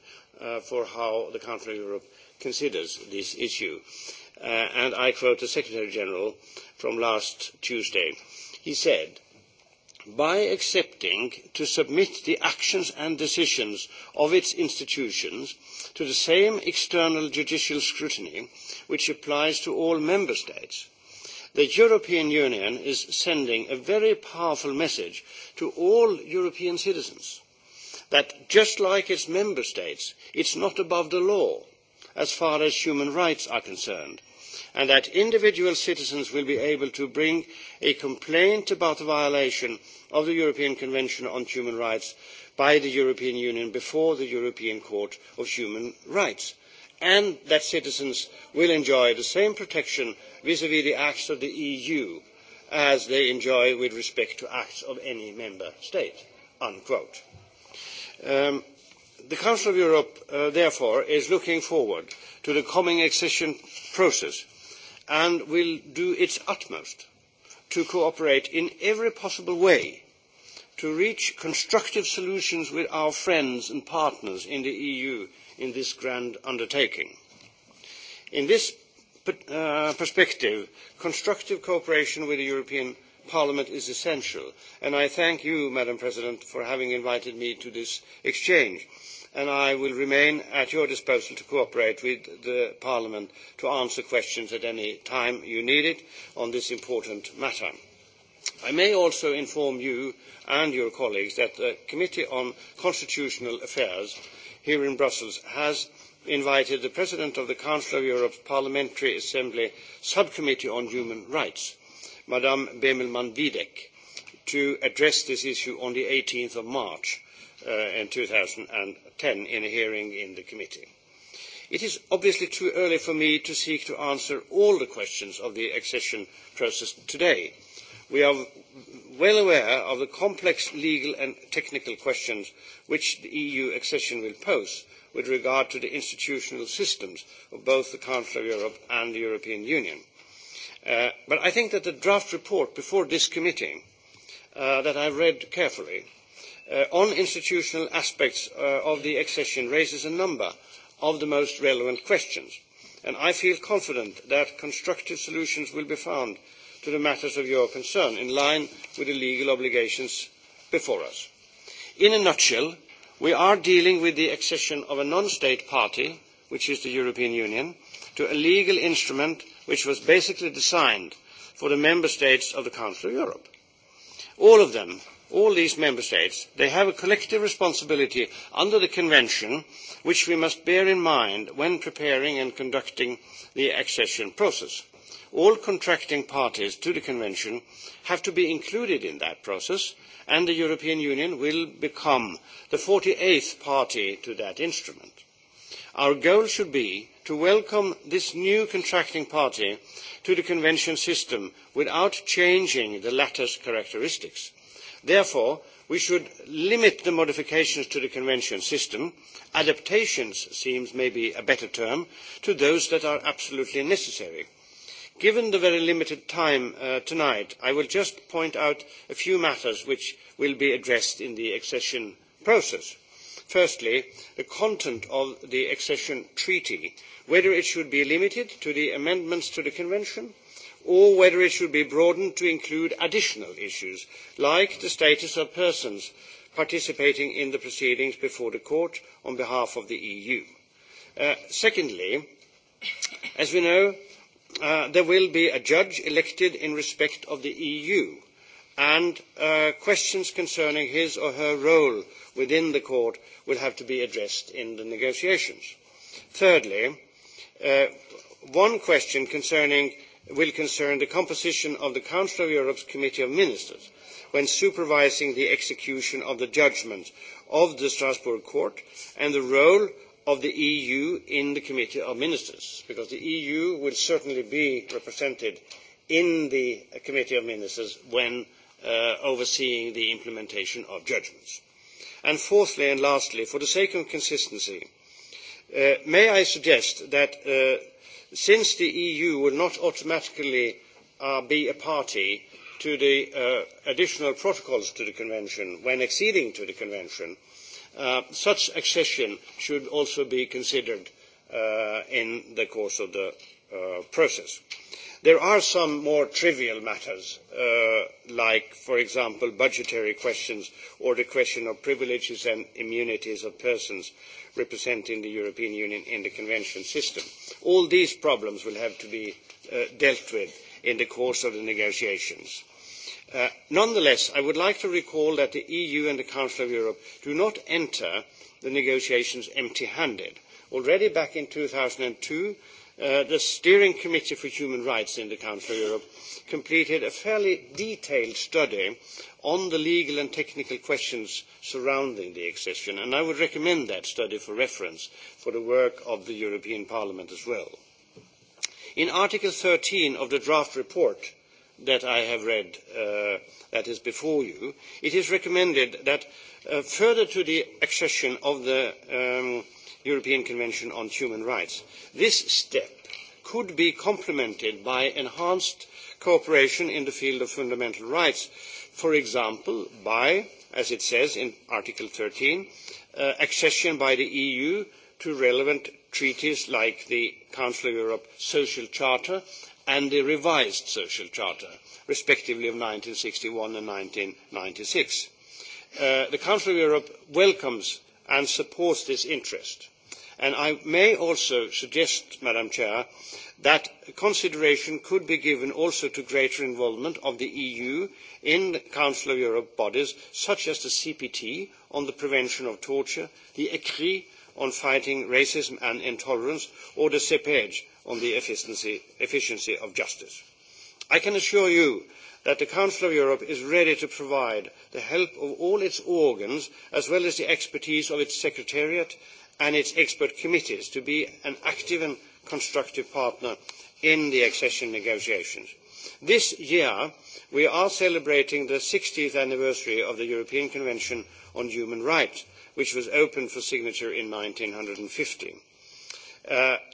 for how the Council of Europe considers this issue. and I quote the Secretary General from last Tuesday. He said, by accepting to submit the actions and decisions of its institutions to the same external judicial scrutiny which applies to all member states, the European Union is sending a very powerful message to all European citizens that just like its member states, it is not above the law as far as human rights are concerned, and that individual citizens will be able to bring a complaint about the violation of the European Convention on Human Rights by the European Union before the European Court of Human Rights and that citizens will enjoy the same protection vis vis the acts of the EU as they enjoy with respect to acts of any member state. the Council of Europe, therefore, is looking forward to the coming accession process and will do its utmost to cooperate in every possible way to reach constructive solutions with our friends and partners in the EU in this grand undertaking. In this perspective, constructive cooperation with the European Parliament is essential, and I thank you, Madam President, for having invited me to this exchange, and I will remain at your disposal to cooperate with the Parliament to answer questions at any time you need it on this important matter. I may also inform you and your colleagues that the Committee on Constitutional Affairs here in Brussels has invited the President of the Council of Europe's Parliamentary Assembly Subcommittee on Human Rights, Madame Bemelman Videk, to address this issue on the 18th of March in ten in a hearing in the committee. It is obviously too early for me to seek to answer all the questions of the accession process today we are well aware of the complex legal and technical questions which the EU accession will pose with regard to the institutional systems of both the Council of Europe and the European Union. but I think that the draft report before this committee that I read carefully on institutional aspects of the accession raises a number of the most relevant questions. And I feel confident that constructive solutions will be found to the matters of your concern, in line with the legal obligations before us. In a nutshell, we are dealing with the accession of a non-state party, which is the European Union, to a legal instrument which was basically designed for the member states of the Council of Europe. All of them, all these member states, they have a collective responsibility under the Convention, which we must bear in mind when preparing and conducting the accession process all contracting parties to the convention have to be included in that process and the european union will become the forty eighth party to that instrument. our goal should be to welcome this new contracting party to the convention system without changing the latter's characteristics. therefore we should limit the modifications to the convention system adaptations seems maybe a better term to those that are absolutely necessary. Given the very limited time tonight, I will just point out a few matters which will be addressed in the accession process. Firstly, the content of the accession treaty, whether it should be limited to the amendments to the convention or whether it should be broadened to include additional issues like the status of persons participating in the proceedings before the court on behalf of the EU. secondly, as we know, there will be a judge elected in respect of the EU, and questions concerning his or her role within the court will have to be addressed in the negotiations. Thirdly, one question concerning will concern the composition of the Council of Europe's Committee of Ministers when supervising the execution of the judgment of the Strasbourg Court and the role of the EU in the Committee of Ministers, because the EU will certainly be represented in the Committee of Ministers when overseeing the implementation of judgments. And fourthly and lastly, for the sake of consistency, may I suggest that since the EU will not automatically be a party to the additional protocols to the Convention when acceding to the Convention, such accession should also be considered in the course of the process. There are some more trivial matters, like, for example, budgetary questions or the question of privileges and immunities of persons representing the European Union in the convention system. All these problems will have to be dealt with in the course of the negotiations nonetheless, I would like to recall that the EU and the Council of Europe do not enter the negotiations empty-handed. Already back in two thousand two, the Steering Committee for Human Rights in the Council of Europe completed a fairly detailed study on the legal and technical questions surrounding the accession, and I would recommend that study for reference for the work of the European Parliament as well. In Article thirteen of the draft report, that I have read that is before you, it is recommended that further to the accession of the European Convention on Human Rights, this step could be complemented by enhanced cooperation in the field of fundamental rights, for example, by, as it says in Article thirteen, accession by the EU to relevant treaties like the Council of Europe Social Charter and the revised social charter, respectively of sixty one and ninety six. the Council of Europe welcomes and supports this interest. And I may also suggest, Madam Chair, that consideration could be given also to greater involvement of the EU in the Council of Europe bodies such as the CPT on the prevention of torture, the ECRI on fighting racism and intolerance, or the Cepage on the efficiency of justice. I can assure you that the Council of Europe is ready to provide the help of all its organs as well as the expertise of its secretariat and its expert committees to be an active and constructive partner in the accession negotiations. This year, we are celebrating the 60th anniversary of the European Convention on Human Rights, which was opened for signature in 1950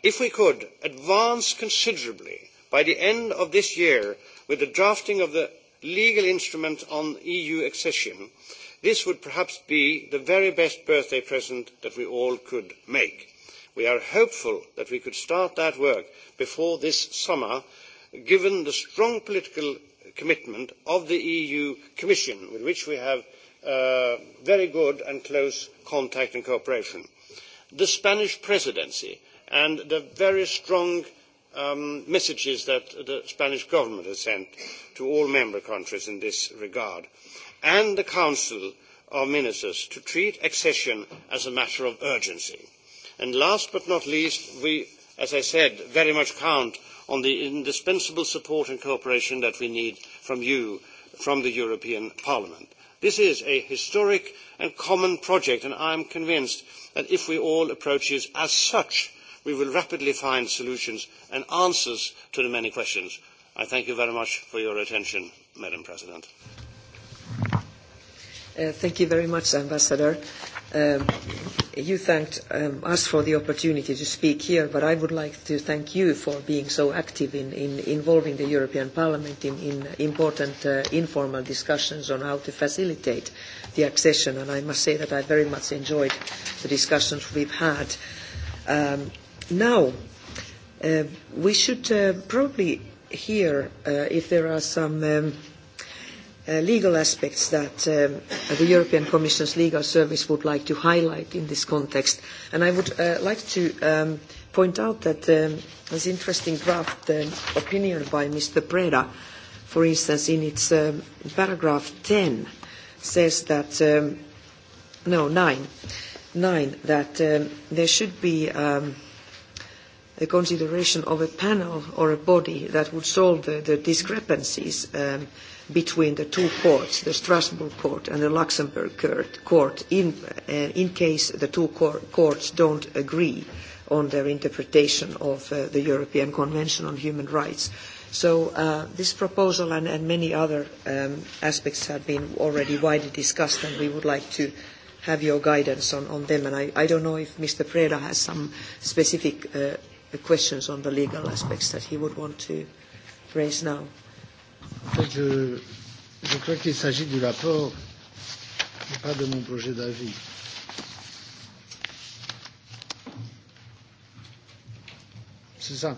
if we could advance considerably by the end of this year with the drafting of the legal instrument on eu accession this would perhaps be the very best birthday present that we all could make. we are hopeful that we could start that work before this summer given the strong political commitment of the eu commission with which we have very good and close contact and cooperation. the spanish presidency and the very strong messages that the Spanish government has sent to all member countries in this regard, and the Council of Ministers to treat accession as a matter of urgency. And last but not least, we, as I said, very much count on the indispensable support and cooperation that we need from you, from the European Parliament. This is a historic and common project, and I am convinced that if we all approach it as such, we will rapidly find solutions and answers to the many questions. I thank you very much for your attention, Madam President. Thank you very much, Ambassador. You thanked us for the opportunity to speak here, but I would like to thank you for being so active in involving the European Parliament in important informal discussions on how to facilitate the accession. And I must say that I very much enjoyed the discussions we've had. Now, uh, we should uh, probably hear uh, if there are some um, uh, legal aspects that um, the European Commission's legal service would like to highlight in this context. And I would uh, like to um, point out that um, this interesting draft uh, opinion by Mr. Preda, for instance, in its um, paragraph 10, says that, um, no, 9, 9 that um, there should be um, – a consideration of a panel or a body that would solve the, the discrepancies um, between the two courts, the Strasbourg court and the Luxembourg court, in, uh, in case the two cor- courts don't agree on their interpretation of uh, the European Convention on Human Rights. So uh, this proposal and, and many other um, aspects have been already widely discussed and we would like to have your guidance on, on them. And I, I don't know if Mr. Preda has some specific uh, the questions on the legal aspects that he would want to raise now. Je, je crois qu'il s'agit du rapport pas de mon projet d'avis. C'est ça.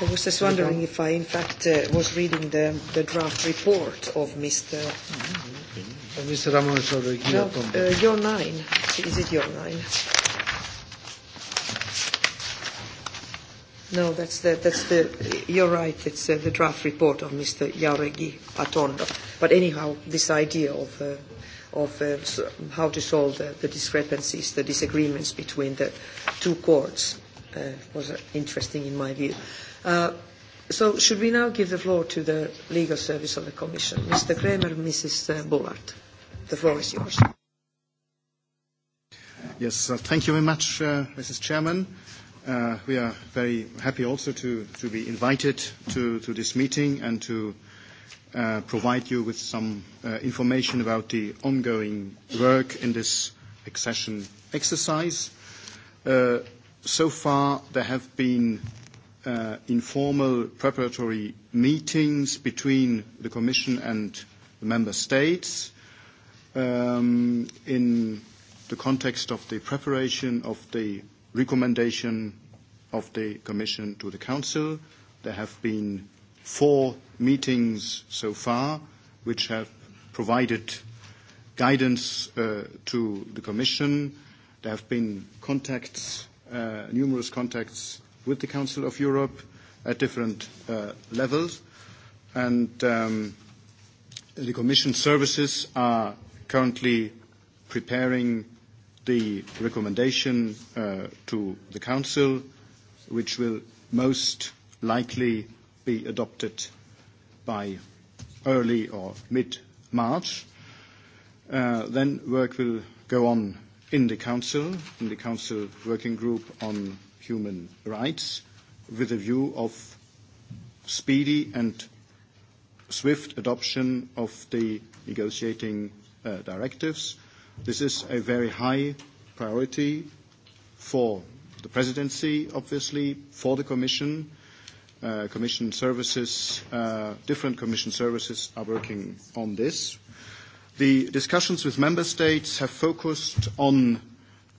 I was just wondering if I, in fact, uh, was reading the, the draft report of Mr. Mm Of Mr. Ramon Sorry, no, uh, your nine. Is it your nine? No, that's the, that's the, you're right, it's uh, the draft report of Mr. Jauregi Atondo. But anyhow, this idea of, uh, of uh, how to solve the, the discrepancies, the disagreements between the two courts uh, was uh, interesting in my view. Uh, so should we now give the floor to the legal service of the Commission? Mr. Kramer, Mrs. Bullard, the floor is yours. Yes, uh, thank you very much, uh, Mrs. Chairman. Uh, we are very happy also to, to be invited to, to this meeting and to uh, provide you with some uh, information about the ongoing work in this accession exercise. Uh, so far, there have been uh, informal preparatory meetings between the Commission and the Member States um, in the context of the preparation of the recommendation of the Commission to the Council. There have been four meetings so far which have provided guidance to the Commission. There have been contacts, numerous contacts with the Council of Europe at different levels. And the Commission services are currently preparing the recommendation uh, to the Council, which will most likely be adopted by early or mid-March. Uh, then work will go on in the Council, in the Council Working Group on Human Rights, with a view of speedy and swift adoption of the negotiating uh, directives This is a very high priority for the presidency, obviously, for the Commission. Uh, commission services, uh, different Commission services are working on this. The discussions with Member States have focused on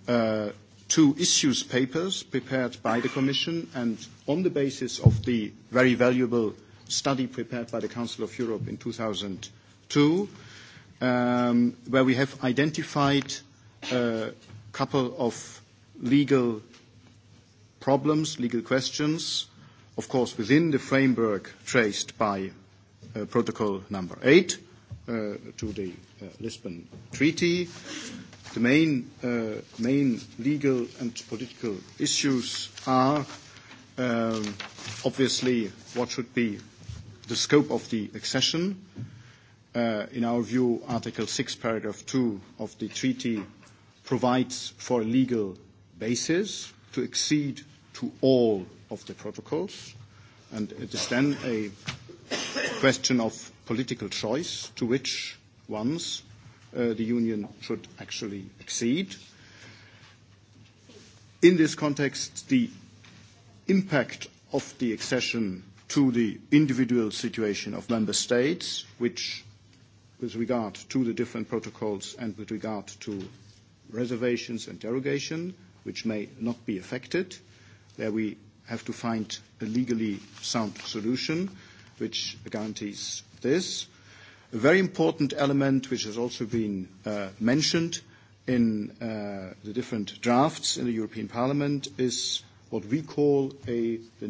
uh, two issues papers prepared by the Commission and on the basis of the very valuable study prepared by the Council of Europe in 2002, where we have identified a couple of legal problems, legal questions, of course, within the framework traced by Protocol number 8 to the Lisbon Treaty. The main, legal and political issues are obviously what should be the scope of the accession, in our view, Article 6, paragraph 2 of the treaty provides for a legal basis to accede to all of the protocols, and it is then a question of political choice to which ones the Union should actually accede. In this context, the impact of the accession to the individual situation of member states, which with regard to the different protocols and with regard to reservations and derogation, which may not be affected. There we have to find a legally sound solution which guarantees this. A very important element, which has also been mentioned in the different drafts in the European Parliament, is what we call a, the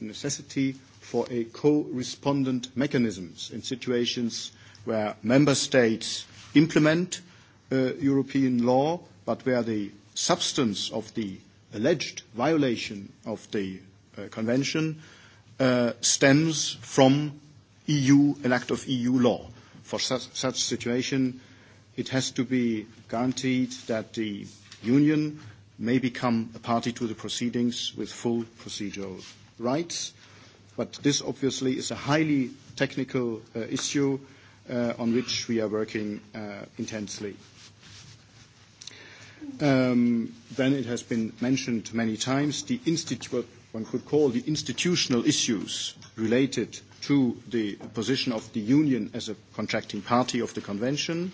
necessity for a co-respondent mechanisms in situations where member states implement European law, but where the substance of the alleged violation of the convention stems from EU, an act of EU law. For such, situation, it has to be guaranteed that the Union may become a party to the proceedings with full procedural rights. But this obviously is a highly technical issue on which we are working intensely. Then it has been mentioned many times, the one could call the institutional issues related to the position of the union as a contracting party of the convention,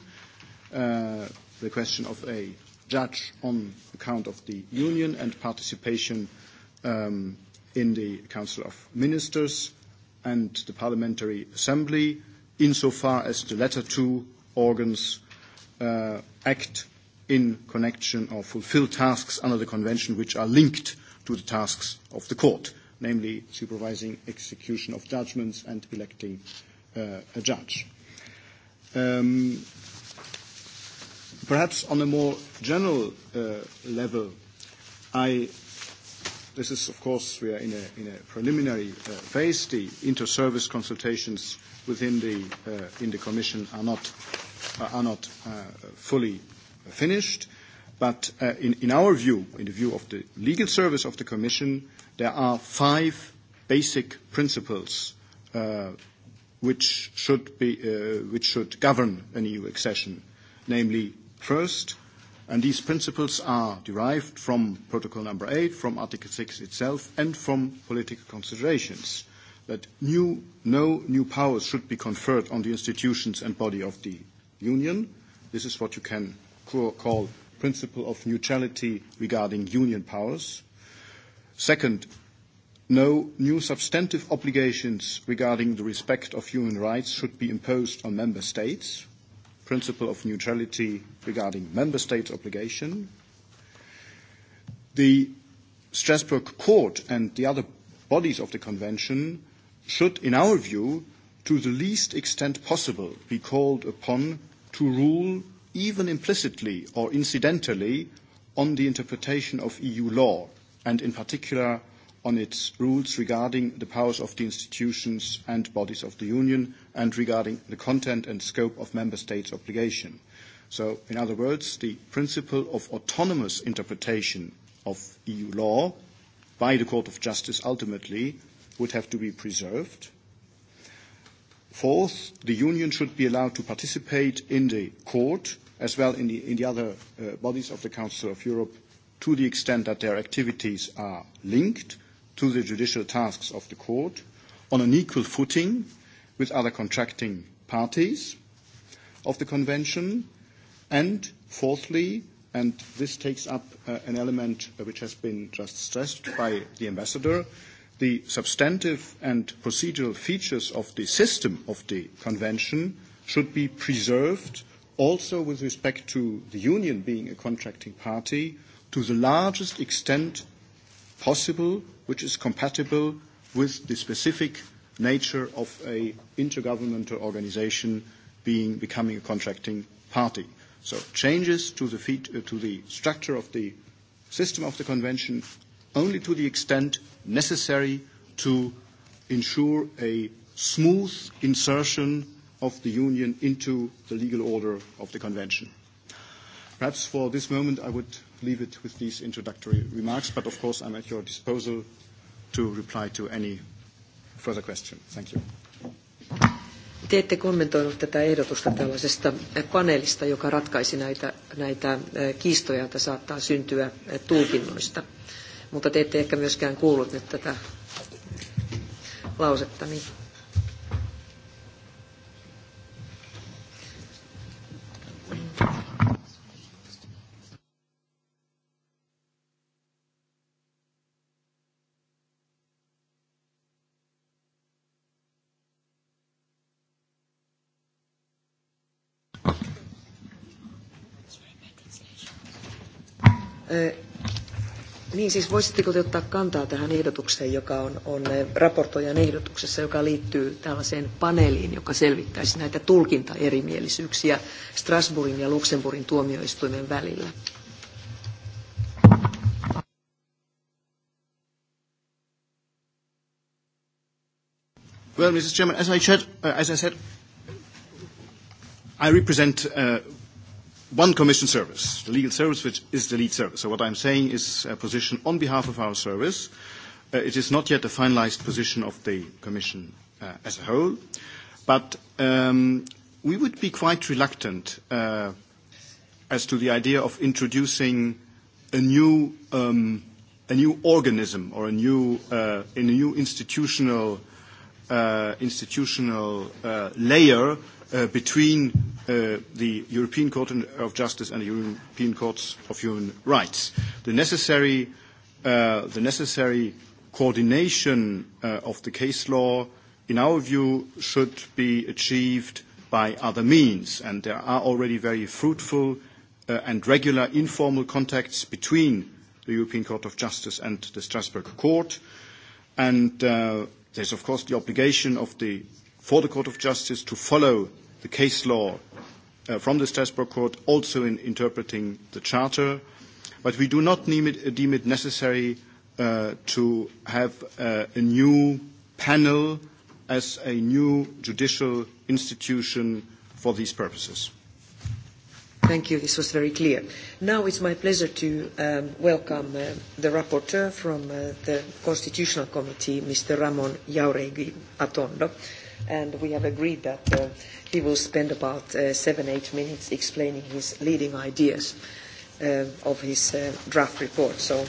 the question of a judge on account of the union and participation in the Council of Ministers and the Parliamentary Assembly, insofar as the latter two organs act in connection or fulfill tasks under the Convention which are linked to the tasks of the Court, namely supervising execution of judgments and electing a judge. perhaps on a more general level, I this is, of course, we are in a, in a preliminary phase. The inter-service consultations within the, uh, in the Commission are not, uh, are not uh, fully finished. But uh, in, in our view, in the view of the legal service of the Commission, there are five basic principles uh, which, should be, uh, which should govern an EU accession. Namely, first, and these principles are derived from Protocol number 8, from Article 6 itself, and from political considerations that new, no new powers should be conferred on the institutions and body of the Union. This is what you can call principle of neutrality regarding union powers. Second, no new substantive obligations regarding the respect of human rights should be imposed on member states. Principle of neutrality regarding member states' obligation. The Strasbourg Court and the other bodies of the Convention should, in our view, to the least extent possible, be called upon to rule, even implicitly or incidentally, on the interpretation of EU law, and in particular on its rules regarding the powers of the institutions and bodies of the Union and regarding the content and scope of Member States' obligation. So, in other words, the principle of autonomous interpretation of EU law by the Court of Justice ultimately would have to be preserved. Fourth, the union should be allowed to participate in the court as well in the, in the other uh, bodies of the Council of Europe to the extent that their activities are linked to the judicial tasks of the court on an equal footing with other contracting parties of the convention. And fourthly, and this takes up uh, an element which has been just stressed by the ambassador, the substantive and procedural features of the system of the convention should be preserved also with respect to the union being a contracting party to the largest extent possible which is compatible with the specific nature of an intergovernmental organisation being becoming a contracting party. So changes to the, feet, uh, to the structure of the system of the convention only to the extent necessary to ensure a smooth insertion of the Union into the legal order of the Convention. Perhaps for this moment I would leave it with these introductory remarks, but of course I'm at your disposal to reply to any further question. Thank you. Te ette kommentoinut tätä ehdotusta tällaisesta paneelista, joka ratkaisi näitä, näitä kiistoja, joita saattaa syntyä tulkinnoista mutta te ette ehkä myöskään kuullut nyt tätä lausetta. Niin Niin siis voisitteko te ottaa kantaa tähän ehdotukseen, joka on, on raportoijan ehdotuksessa, joka liittyy tällaiseen paneeliin, joka selvittäisi näitä tulkintaerimielisyyksiä Strasbourgin ja Luxemburgin tuomioistuimen välillä? Well, Mr. Chairman, as I said, uh, as I said I represent uh, one commission service, the legal service, which is the lead service. So what I'm saying is a position on behalf of our service. Uh, it is not yet a finalized position of the commission uh, as a whole, but um, we would be quite reluctant uh, as to the idea of introducing a new, um, a new organism or a new, uh, in a new institutional, uh, institutional uh, layer between the European Court of Justice and the European Courts of Human Rights. The necessary, coordination of the case law, in our view, should be achieved by other means, and there are already very fruitful and regular informal contacts between the European Court of Justice and the Strasbourg Court. And there is of course, the obligation for the Court of Justice to follow the case law from the Strasbourg Court, also in interpreting the Charter, but we do not deem it, necessary to have a new panel as a new judicial institution for these purposes. Thank you. This was very clear. Now it's my pleasure to welcome the rapporteur from the Constitutional Committee, Mr. Ramon Jauregui Atondo and we have agreed that uh, he will spend about uh, seven, eight minutes explaining his leading ideas uh, of his uh, draft report. So,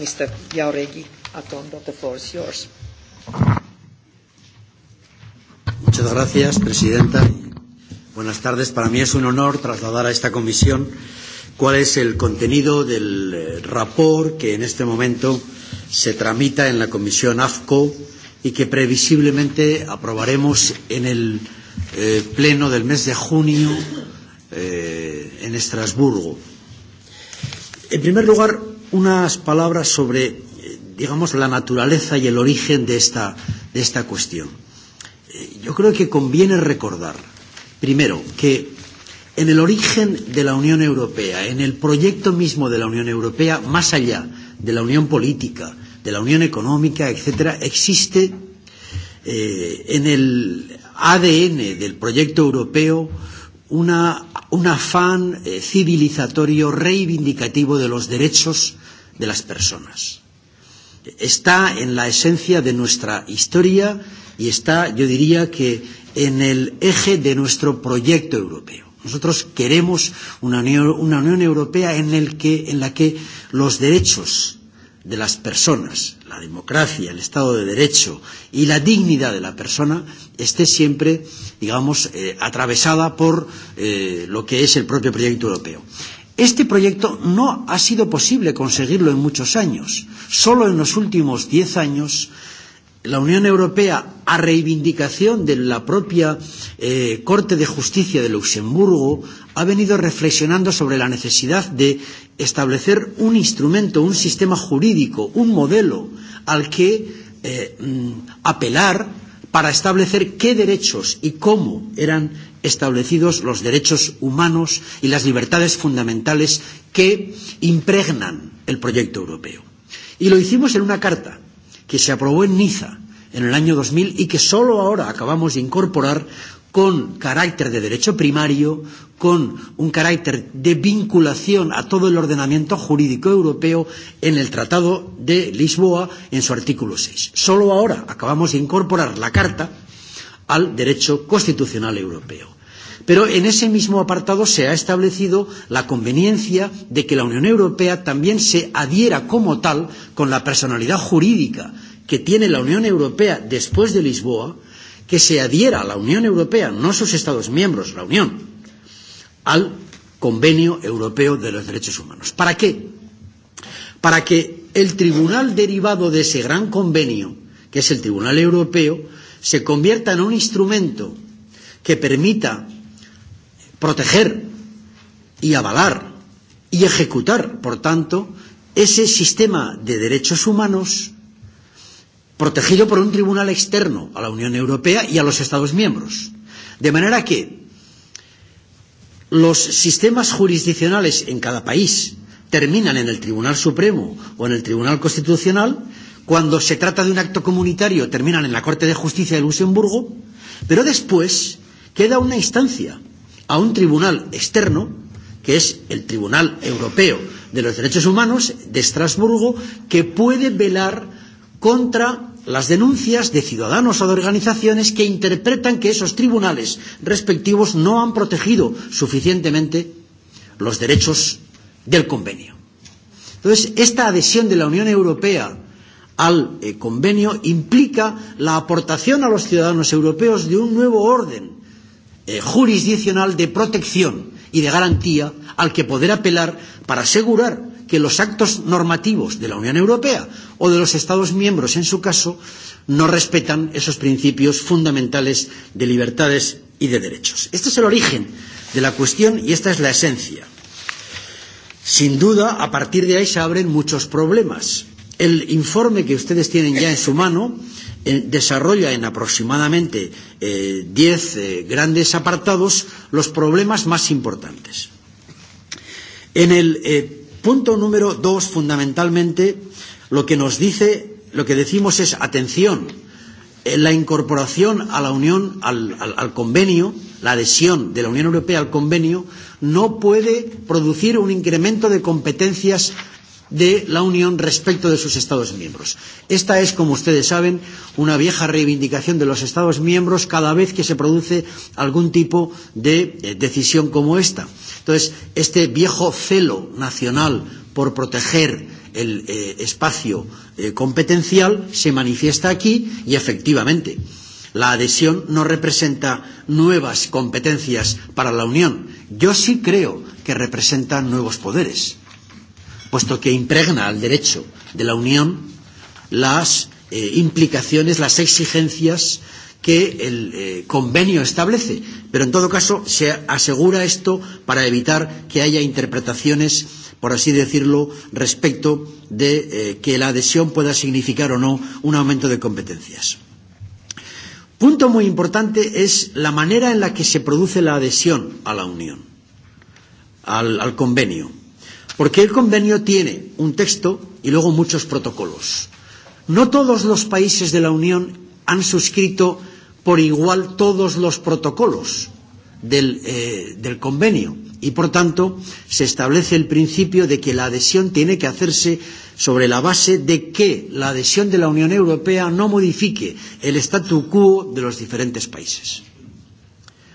Mr. Jauregi Atondo, the floor is yours. Muchas gracias, Presidenta. Buenas tardes. Para mí es un honor trasladar a esta comisión cuál es el contenido del rapport que en este momento se tramita en la Comisión AFCO y que previsiblemente aprobaremos en el eh, pleno del mes de junio eh, en Estrasburgo. En primer lugar, unas palabras sobre, digamos, la naturaleza y el origen de esta, de esta cuestión. Yo creo que conviene recordar, primero, que en el origen de la Unión Europea, en el proyecto mismo de la Unión Europea, más allá de la Unión Política, de la Unión Económica, etcétera, existe eh, en el ADN del proyecto europeo una, un afán eh, civilizatorio reivindicativo de los derechos de las personas. Está en la esencia de nuestra historia y está, yo diría que, en el eje de nuestro proyecto europeo. Nosotros queremos una Unión, una Unión Europea en, el que, en la que los derechos de las personas, la democracia, el Estado de Derecho y la dignidad de la persona esté siempre, digamos, eh, atravesada por eh, lo que es el propio proyecto europeo. Este proyecto no ha sido posible conseguirlo en muchos años. Solo en los últimos diez años la Unión Europea, a reivindicación de la propia eh, Corte de Justicia de Luxemburgo, ha venido reflexionando sobre la necesidad de establecer un instrumento, un sistema jurídico, un modelo al que eh, apelar para establecer qué derechos y cómo eran establecidos los derechos humanos y las libertades fundamentales que impregnan el proyecto europeo. Y lo hicimos en una carta que se aprobó en Niza en el año 2000 y que solo ahora acabamos de incorporar con carácter de derecho primario, con un carácter de vinculación a todo el ordenamiento jurídico europeo en el Tratado de Lisboa en su artículo 6. Solo ahora acabamos de incorporar la Carta al derecho constitucional europeo. Pero en ese mismo apartado se ha establecido la conveniencia de que la Unión Europea también se adhiera como tal con la personalidad jurídica que tiene la Unión Europea después de Lisboa, que se adhiera a la Unión Europea, no sus Estados miembros, la Unión, al Convenio Europeo de los Derechos Humanos. ¿Para qué? Para que el tribunal derivado de ese gran convenio, que es el Tribunal Europeo, se convierta en un instrumento que permita proteger y avalar y ejecutar, por tanto, ese sistema de derechos humanos protegido por un tribunal externo a la Unión Europea y a los Estados miembros. De manera que los sistemas jurisdiccionales en cada país terminan en el Tribunal Supremo o en el Tribunal Constitucional, cuando se trata de un acto comunitario terminan en la Corte de Justicia de Luxemburgo, pero después queda una instancia a un tribunal externo, que es el Tribunal Europeo de los Derechos Humanos de Estrasburgo, que puede velar contra las denuncias de ciudadanos o de organizaciones que interpretan que esos tribunales respectivos no han protegido suficientemente los derechos del convenio. Entonces, esta adhesión de la Unión Europea al eh, convenio implica la aportación a los ciudadanos europeos de un nuevo orden eh, jurisdiccional de protección y de garantía al que poder apelar para asegurar que los actos normativos de la Unión Europea o de los Estados miembros, en su caso, no respetan esos principios fundamentales de libertades y de derechos. Este es el origen de la cuestión y esta es la esencia. Sin duda, a partir de ahí se abren muchos problemas El informe que ustedes tienen ya en su mano eh, desarrolla en aproximadamente eh, 10 eh, grandes apartados los problemas más importantes. En el eh, punto número 2, fundamentalmente, lo que nos dice, lo que decimos es atención, la incorporación a la Unión, al, al, al convenio, la adhesión de la Unión Europea al convenio, no puede producir un incremento de competencias de la Unión respecto de sus Estados miembros. Esta es, como ustedes saben, una vieja reivindicación de los Estados miembros cada vez que se produce algún tipo de decisión como esta. Entonces, este viejo celo nacional por proteger el eh, espacio eh, competencial se manifiesta aquí y efectivamente la adhesión no representa nuevas competencias para la Unión. Yo sí creo que representa nuevos poderes puesto que impregna al derecho de la Unión las eh, implicaciones, las exigencias que el eh, convenio establece. Pero en todo caso se asegura esto para evitar que haya interpretaciones, por así decirlo, respecto de eh, que la adhesión pueda significar o no un aumento de competencias. Punto muy importante es la manera en la que se produce la adhesión a la Unión, al, al convenio. Porque el convenio tiene un texto y luego muchos protocolos. No todos los países de la Unión han suscrito por igual todos los protocolos del, eh, del convenio y, por tanto, se establece el principio de que la adhesión tiene que hacerse sobre la base de que la adhesión de la Unión Europea no modifique el statu quo de los diferentes países.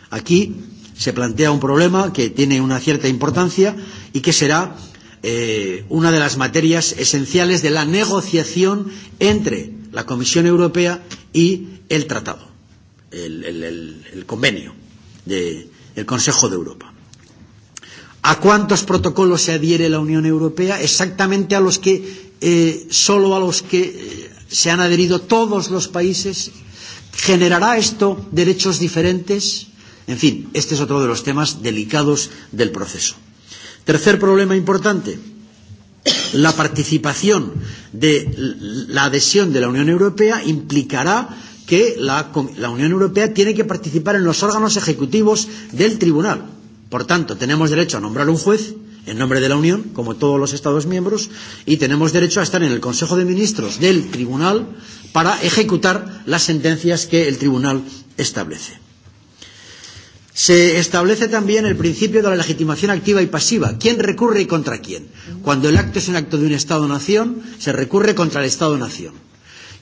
Aquí se plantea un problema que tiene una cierta importancia y que será eh, una de las materias esenciales de la negociación entre la Comisión Europea y el Tratado, el, el, el, el convenio del de, Consejo de Europa. ¿A cuántos protocolos se adhiere la Unión Europea? Exactamente a los que, eh, solo a los que se han adherido todos los países. ¿Generará esto derechos diferentes? En fin, este es otro de los temas delicados del proceso. Tercer problema importante, la participación de la adhesión de la Unión Europea implicará que la, la Unión Europea tiene que participar en los órganos ejecutivos del Tribunal. Por tanto, tenemos derecho a nombrar un juez en nombre de la Unión, como todos los Estados miembros, y tenemos derecho a estar en el Consejo de Ministros del Tribunal para ejecutar las sentencias que el Tribunal establece. Se establece también el principio de la legitimación activa y pasiva. ¿Quién recurre y contra quién? Cuando el acto es un acto de un Estado-nación, se recurre contra el Estado-nación.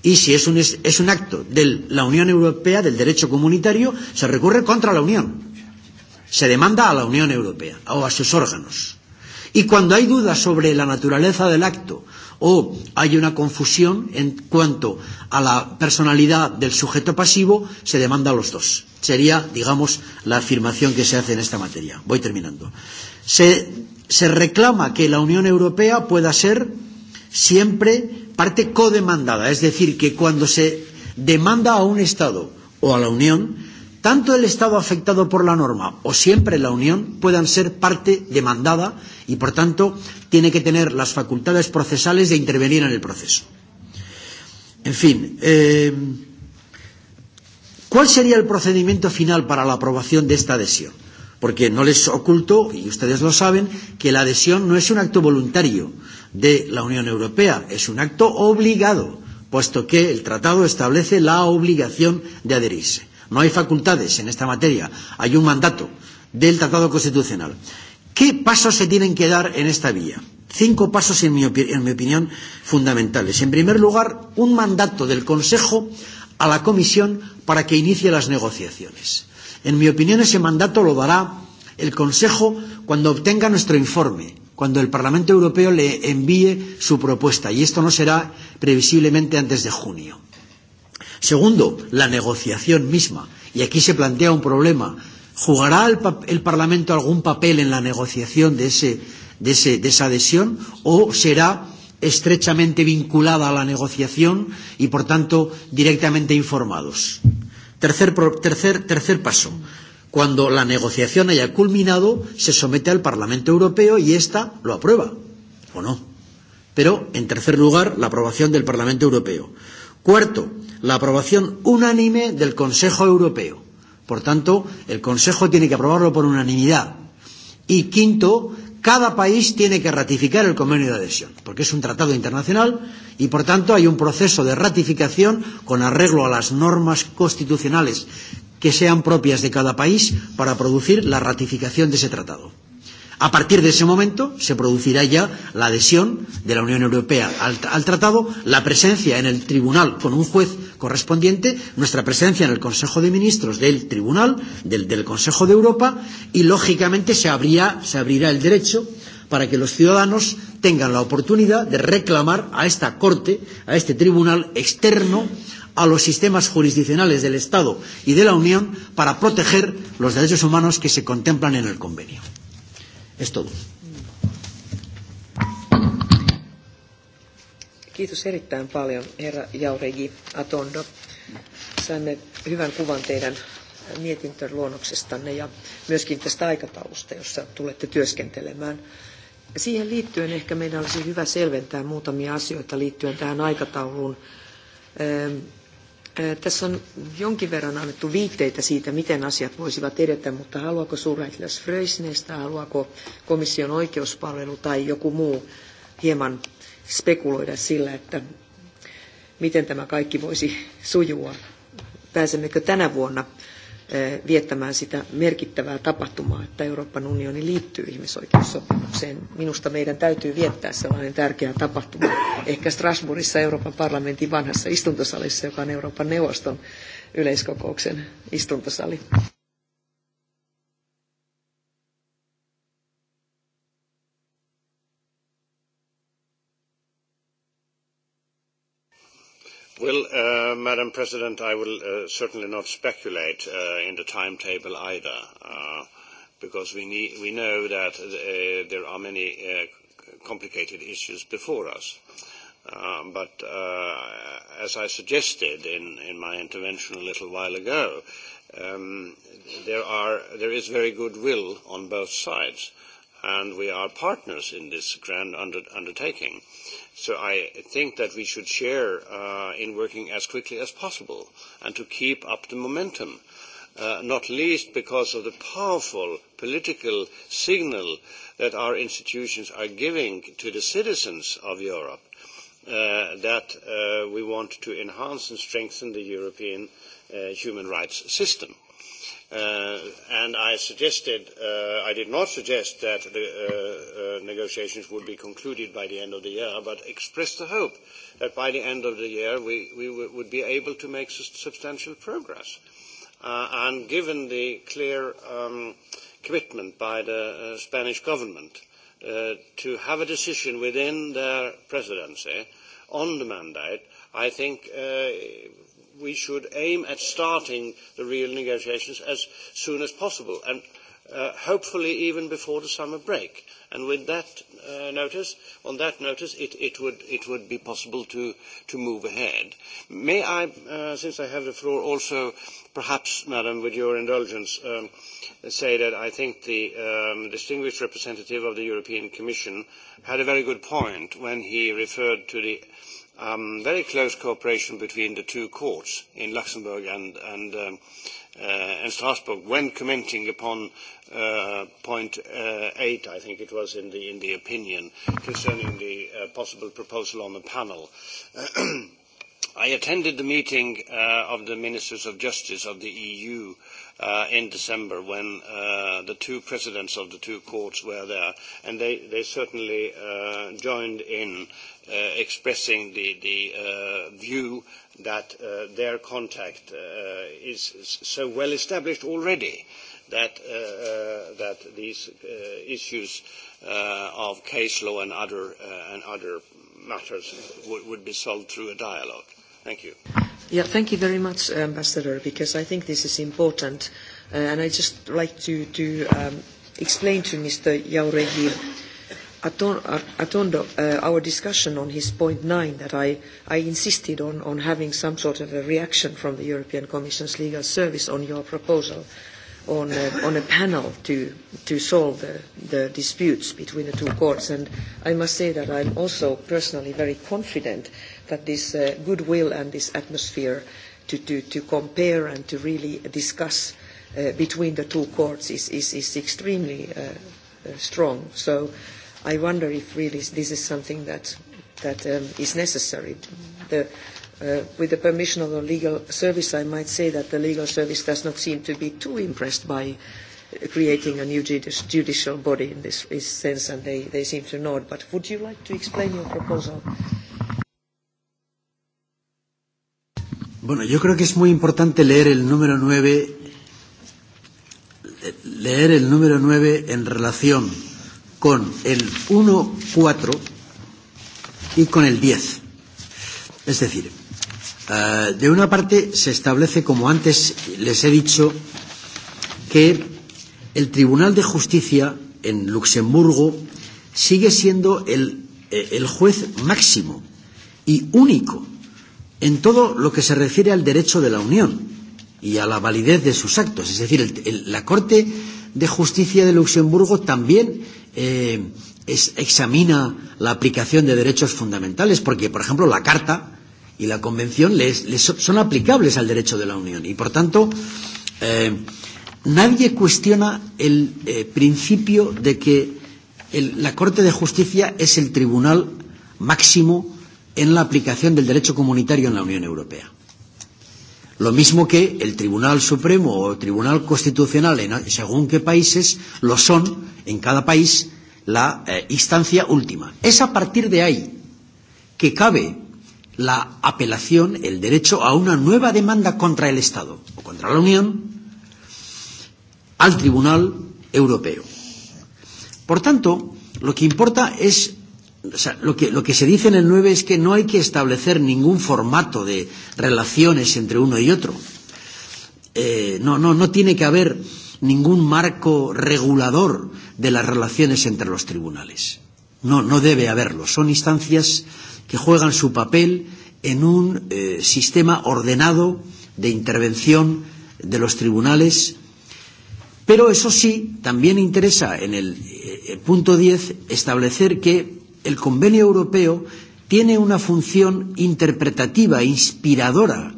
Y si es un, es un acto de la Unión Europea, del derecho comunitario, se recurre contra la Unión. Se demanda a la Unión Europea o a sus órganos. Y cuando hay dudas sobre la naturaleza del acto o hay una confusión en cuanto a la personalidad del sujeto pasivo, se demanda a los dos. Sería, digamos, la afirmación que se hace en esta materia. Voy terminando. Se, se reclama que la Unión Europea pueda ser siempre parte codemandada, es decir, que cuando se demanda a un Estado o a la Unión, tanto el Estado afectado por la norma o siempre la Unión puedan ser parte demandada y, por tanto, tiene que tener las facultades procesales de intervenir en el proceso. En fin, eh, ¿cuál sería el procedimiento final para la aprobación de esta adhesión? Porque no les oculto, y ustedes lo saben, que la adhesión no es un acto voluntario de la Unión Europea, es un acto obligado, puesto que el tratado establece la obligación de adherirse. No hay facultades en esta materia, hay un mandato del Tratado Constitucional. ¿Qué pasos se tienen que dar en esta vía? Cinco pasos, en mi, en mi opinión, fundamentales. En primer lugar, un mandato del Consejo a la Comisión para que inicie las negociaciones. En mi opinión, ese mandato lo dará el Consejo cuando obtenga nuestro informe, cuando el Parlamento Europeo le envíe su propuesta, y esto no será previsiblemente antes de junio. Segundo, la negociación misma. Y aquí se plantea un problema. ¿Jugará el, el Parlamento algún papel en la negociación de, ese, de, ese, de esa adhesión o será estrechamente vinculada a la negociación y, por tanto, directamente informados? Tercer, tercer, tercer paso. Cuando la negociación haya culminado, se somete al Parlamento Europeo y ésta lo aprueba, ¿o no? Pero, en tercer lugar, la aprobación del Parlamento Europeo. Cuarto, la aprobación unánime del Consejo Europeo. Por tanto, el Consejo tiene que aprobarlo por unanimidad. Y quinto, cada país tiene que ratificar el convenio de adhesión, porque es un tratado internacional y, por tanto, hay un proceso de ratificación con arreglo a las normas constitucionales que sean propias de cada país para producir la ratificación de ese tratado. A partir de ese momento se producirá ya la adhesión de la Unión Europea al, al tratado, la presencia en el tribunal con un juez correspondiente, nuestra presencia en el Consejo de Ministros del Tribunal, del, del Consejo de Europa, y lógicamente se, se abrirá el derecho para que los ciudadanos tengan la oportunidad de reclamar a esta Corte, a este tribunal externo, a los sistemas jurisdiccionales del Estado y de la Unión para proteger los derechos humanos que se contemplan en el convenio. Es todo. Kiitos erittäin paljon, herra Jauregi Atondo. Saimme hyvän kuvan teidän mietintön luonnoksestanne ja myöskin tästä aikataulusta, jossa tulette työskentelemään. Siihen liittyen ehkä meidän olisi hyvä selventää muutamia asioita liittyen tähän aikatauluun. Tässä on jonkin verran annettu viitteitä siitä, miten asiat voisivat edetä, mutta haluaako suurlähettiläs Fröisneestä, haluaako komission oikeuspalvelu tai joku muu hieman spekuloida sillä, että miten tämä kaikki voisi sujua? Pääsemmekö tänä vuonna viettämään sitä merkittävää tapahtumaa, että Euroopan unioni liittyy ihmisoikeussopimukseen. Minusta meidän täytyy viettää sellainen tärkeä tapahtuma, ehkä Strasbourgissa Euroopan parlamentin vanhassa istuntosalissa, joka on Euroopan neuvoston yleiskokouksen istuntosali. Well, Madam President, I will certainly not speculate in the timetable either, because we know that there are many complicated issues before us. But as I suggested in my intervention a little while ago, there is very good will on both sides and we are partners in this grand under, undertaking. So I think that we should share uh, in working as quickly as possible and to keep up the momentum, uh, not least because of the powerful political signal that our institutions are giving to the citizens of Europe uh, that uh, we want to enhance and strengthen the European uh, human rights system and I suggested, I did not suggest that the negotiations would be concluded by the end of the year, but expressed the hope that by the end of the year we, we would be able to make substantial progress. and given the clear commitment by the Spanish government to have a decision within their presidency on the mandate, I think we should aim at starting the real negotiations as soon as possible, and hopefully even before the summer break. And with that notice, on that notice, it, it, would, it would be possible to, to move ahead. May I, uh, since I have the floor, also perhaps, Madam, with your indulgence, um, say that I think the um, distinguished representative of the European Commission had a very good point when he referred to the um, very close cooperation between the two courts in Luxembourg and, and, um, uh, and Strasbourg when commenting upon uh, point uh, eight, I think it was in the, in the opinion, concerning the uh, possible proposal on the panel. I attended the meeting uh, of the Ministers of Justice of the EU uh, in December when uh, the two presidents of the two courts were there, and they, they certainly uh, joined in uh, expressing the, the uh, view that uh, their contact uh, is so well established already that, uh, that these uh, issues uh, of case law and other, uh, and other matters would, would be solved through a dialogue. Thank you. Yeah, thank you very much, Ambassador, because I think this is important. Uh, and I just like to, to um, explain to Mr. Jauregui Atondo uh, our discussion on his point nine that I, I insisted on, on having some sort of a reaction from the European Commission's legal service on your proposal on a, on a panel to, to solve the, the disputes between the two courts. And I must say that I'm also personally very confident that this uh, goodwill and this atmosphere to, to, to compare and to really discuss uh, between the two courts is, is, is extremely uh, uh, strong. So I wonder if really this is something that, that um, is necessary. The, with the permission of the legal service, I might say that the legal service does not seem to be too impressed by creating a new judicial body in this sense, and they, they seem to nod. But would you like to explain your proposal? Bueno, yo creo que es muy importante leer el número 9, leer el número 9 en relación con el 1.4 y con el 10. Es decir, de una parte, se establece, como antes les he dicho, que el Tribunal de Justicia en Luxemburgo sigue siendo el, el juez máximo y único en todo lo que se refiere al derecho de la Unión y a la validez de sus actos. Es decir, el, el, la Corte de Justicia de Luxemburgo también eh, es, examina la aplicación de derechos fundamentales, porque, por ejemplo, la Carta y la Convención les, les son aplicables al derecho de la Unión. Y, por tanto, eh, nadie cuestiona el eh, principio de que el, la Corte de Justicia es el tribunal máximo en la aplicación del derecho comunitario en la Unión Europea. Lo mismo que el Tribunal Supremo o el Tribunal Constitucional, en, según qué países, lo son en cada país la eh, instancia última. Es a partir de ahí que cabe la apelación, el derecho a una nueva demanda contra el Estado o contra la Unión al Tribunal Europeo. Por tanto, lo que importa es, o sea, lo, que, lo que se dice en el 9 es que no hay que establecer ningún formato de relaciones entre uno y otro. Eh, no, no, no tiene que haber ningún marco regulador de las relaciones entre los tribunales. No, no debe haberlo. Son instancias eh, que juegan su papel en un eh, sistema ordenado de intervención de los tribunales. Pero eso sí, también interesa en el eh, punto 10 establecer que el convenio europeo tiene una función interpretativa, inspiradora,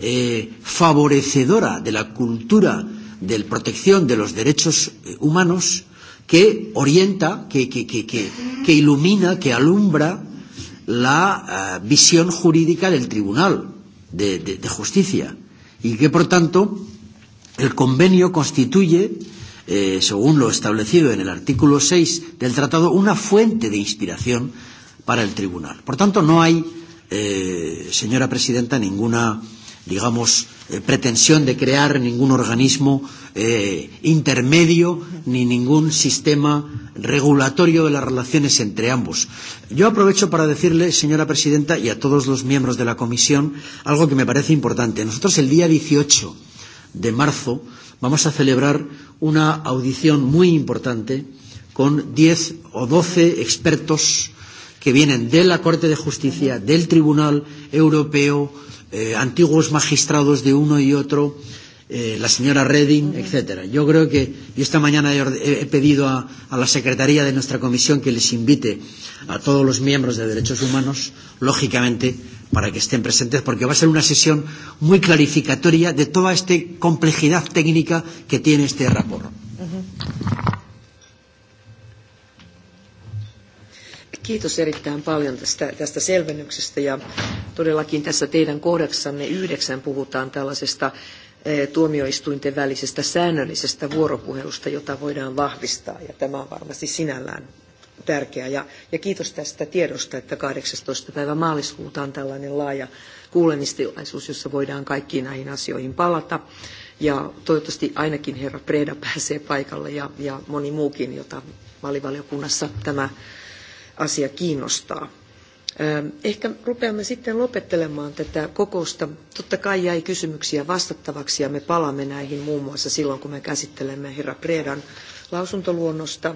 eh, favorecedora de la cultura de la protección de los derechos humanos que orienta, que, que, que, que, que ilumina, que alumbra la uh, visión jurídica del Tribunal de, de, de Justicia y que, por tanto, el convenio constituye, eh, según lo establecido en el artículo 6 del tratado, una fuente de inspiración para el Tribunal. Por tanto, no hay, eh, señora Presidenta, ninguna, digamos, eh, pretensión de crear ningún organismo eh, intermedio ni ningún sistema regulatorio de las relaciones entre ambos. Yo aprovecho para decirle, señora presidenta, y a todos los miembros de la comisión, algo que me parece importante. Nosotros el día 18 de marzo vamos a celebrar una audición muy importante con 10 o 12 expertos que vienen de la Corte de Justicia, del Tribunal Europeo, eh, antiguos magistrados de uno y otro, eh, la señora Reding, etcétera. Yo creo que yo esta mañana he, he pedido a, a la secretaría de nuestra comisión que les invite a todos los miembros de derechos humanos, lógicamente, para que estén presentes, porque va a ser una sesión muy clarificatoria de toda esta complejidad técnica que tiene este rapor. Uh -huh. Kiitos erittäin paljon tästä, tästä selvennyksestä ja todellakin tässä teidän kohdaksanne yhdeksän puhutaan tällaisesta tuomioistuinten välisestä säännöllisestä vuoropuhelusta, jota voidaan vahvistaa. Ja tämä on varmasti sinällään tärkeä. Ja, ja kiitos tästä tiedosta, että 18. päivä maaliskuuta on tällainen laaja kuulemistilaisuus, jossa voidaan kaikkiin näihin asioihin palata. Ja toivottavasti ainakin herra Preda pääsee paikalle ja, ja moni muukin, jota valivaliokunnassa tämä asia kiinnostaa. Ehkä rupeamme sitten lopettelemaan tätä kokousta. Totta kai jäi kysymyksiä vastattavaksi ja me palaamme näihin muun muassa silloin, kun me käsittelemme herra Predan lausuntoluonnosta.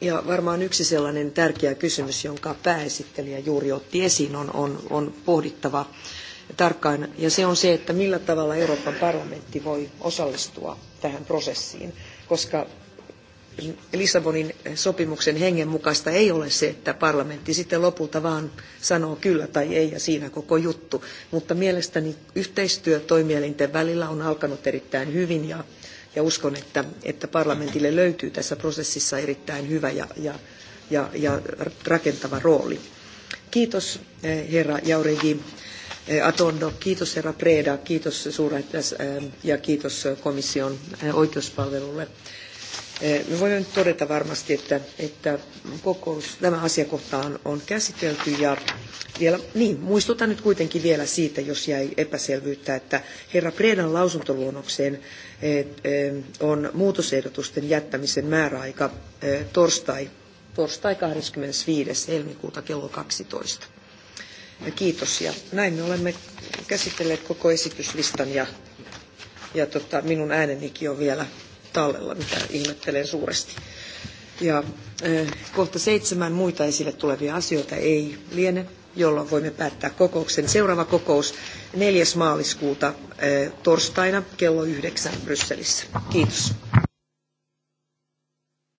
Ja varmaan yksi sellainen tärkeä kysymys, jonka pääesittelijä juuri otti esiin, on, pohdittava tarkkaan, ja se on se, että millä tavalla Euroopan parlamentti voi osallistua tähän prosessiin, koska Lissabonin sopimuksen hengen mukaista ei ole se, että parlamentti sitten lopulta vaan sanoo kyllä tai ei ja siinä koko juttu. Mutta mielestäni yhteistyö toimielinten välillä on alkanut erittäin hyvin ja, ja uskon, että, että parlamentille löytyy tässä prosessissa erittäin hyvä ja, ja, ja, ja rakentava rooli. Kiitos herra Jauregi. Atondo, kiitos herra Preda, kiitos suurlähettiläs ja kiitos komission oikeuspalvelulle Me voimme nyt todeta varmasti, että, että kokous, tämä asiakohta on, on käsitelty ja vielä, niin, muistutan nyt kuitenkin vielä siitä, jos jäi epäselvyyttä, että herra Predan lausuntoluonnokseen on muutosehdotusten jättämisen määräaika torstai, torstai 25. helmikuuta kello 12. Kiitos ja näin me olemme käsitelleet koko esityslistan ja, ja tota, minun äänenikin on vielä tallella, mitä ihmettelen suuresti. Ja kohta seitsemän muita esille tulevia asioita ei liene, jolloin voimme päättää kokouksen. Seuraava kokous 4. maaliskuuta torstaina kello yhdeksän Brysselissä. Kiitos.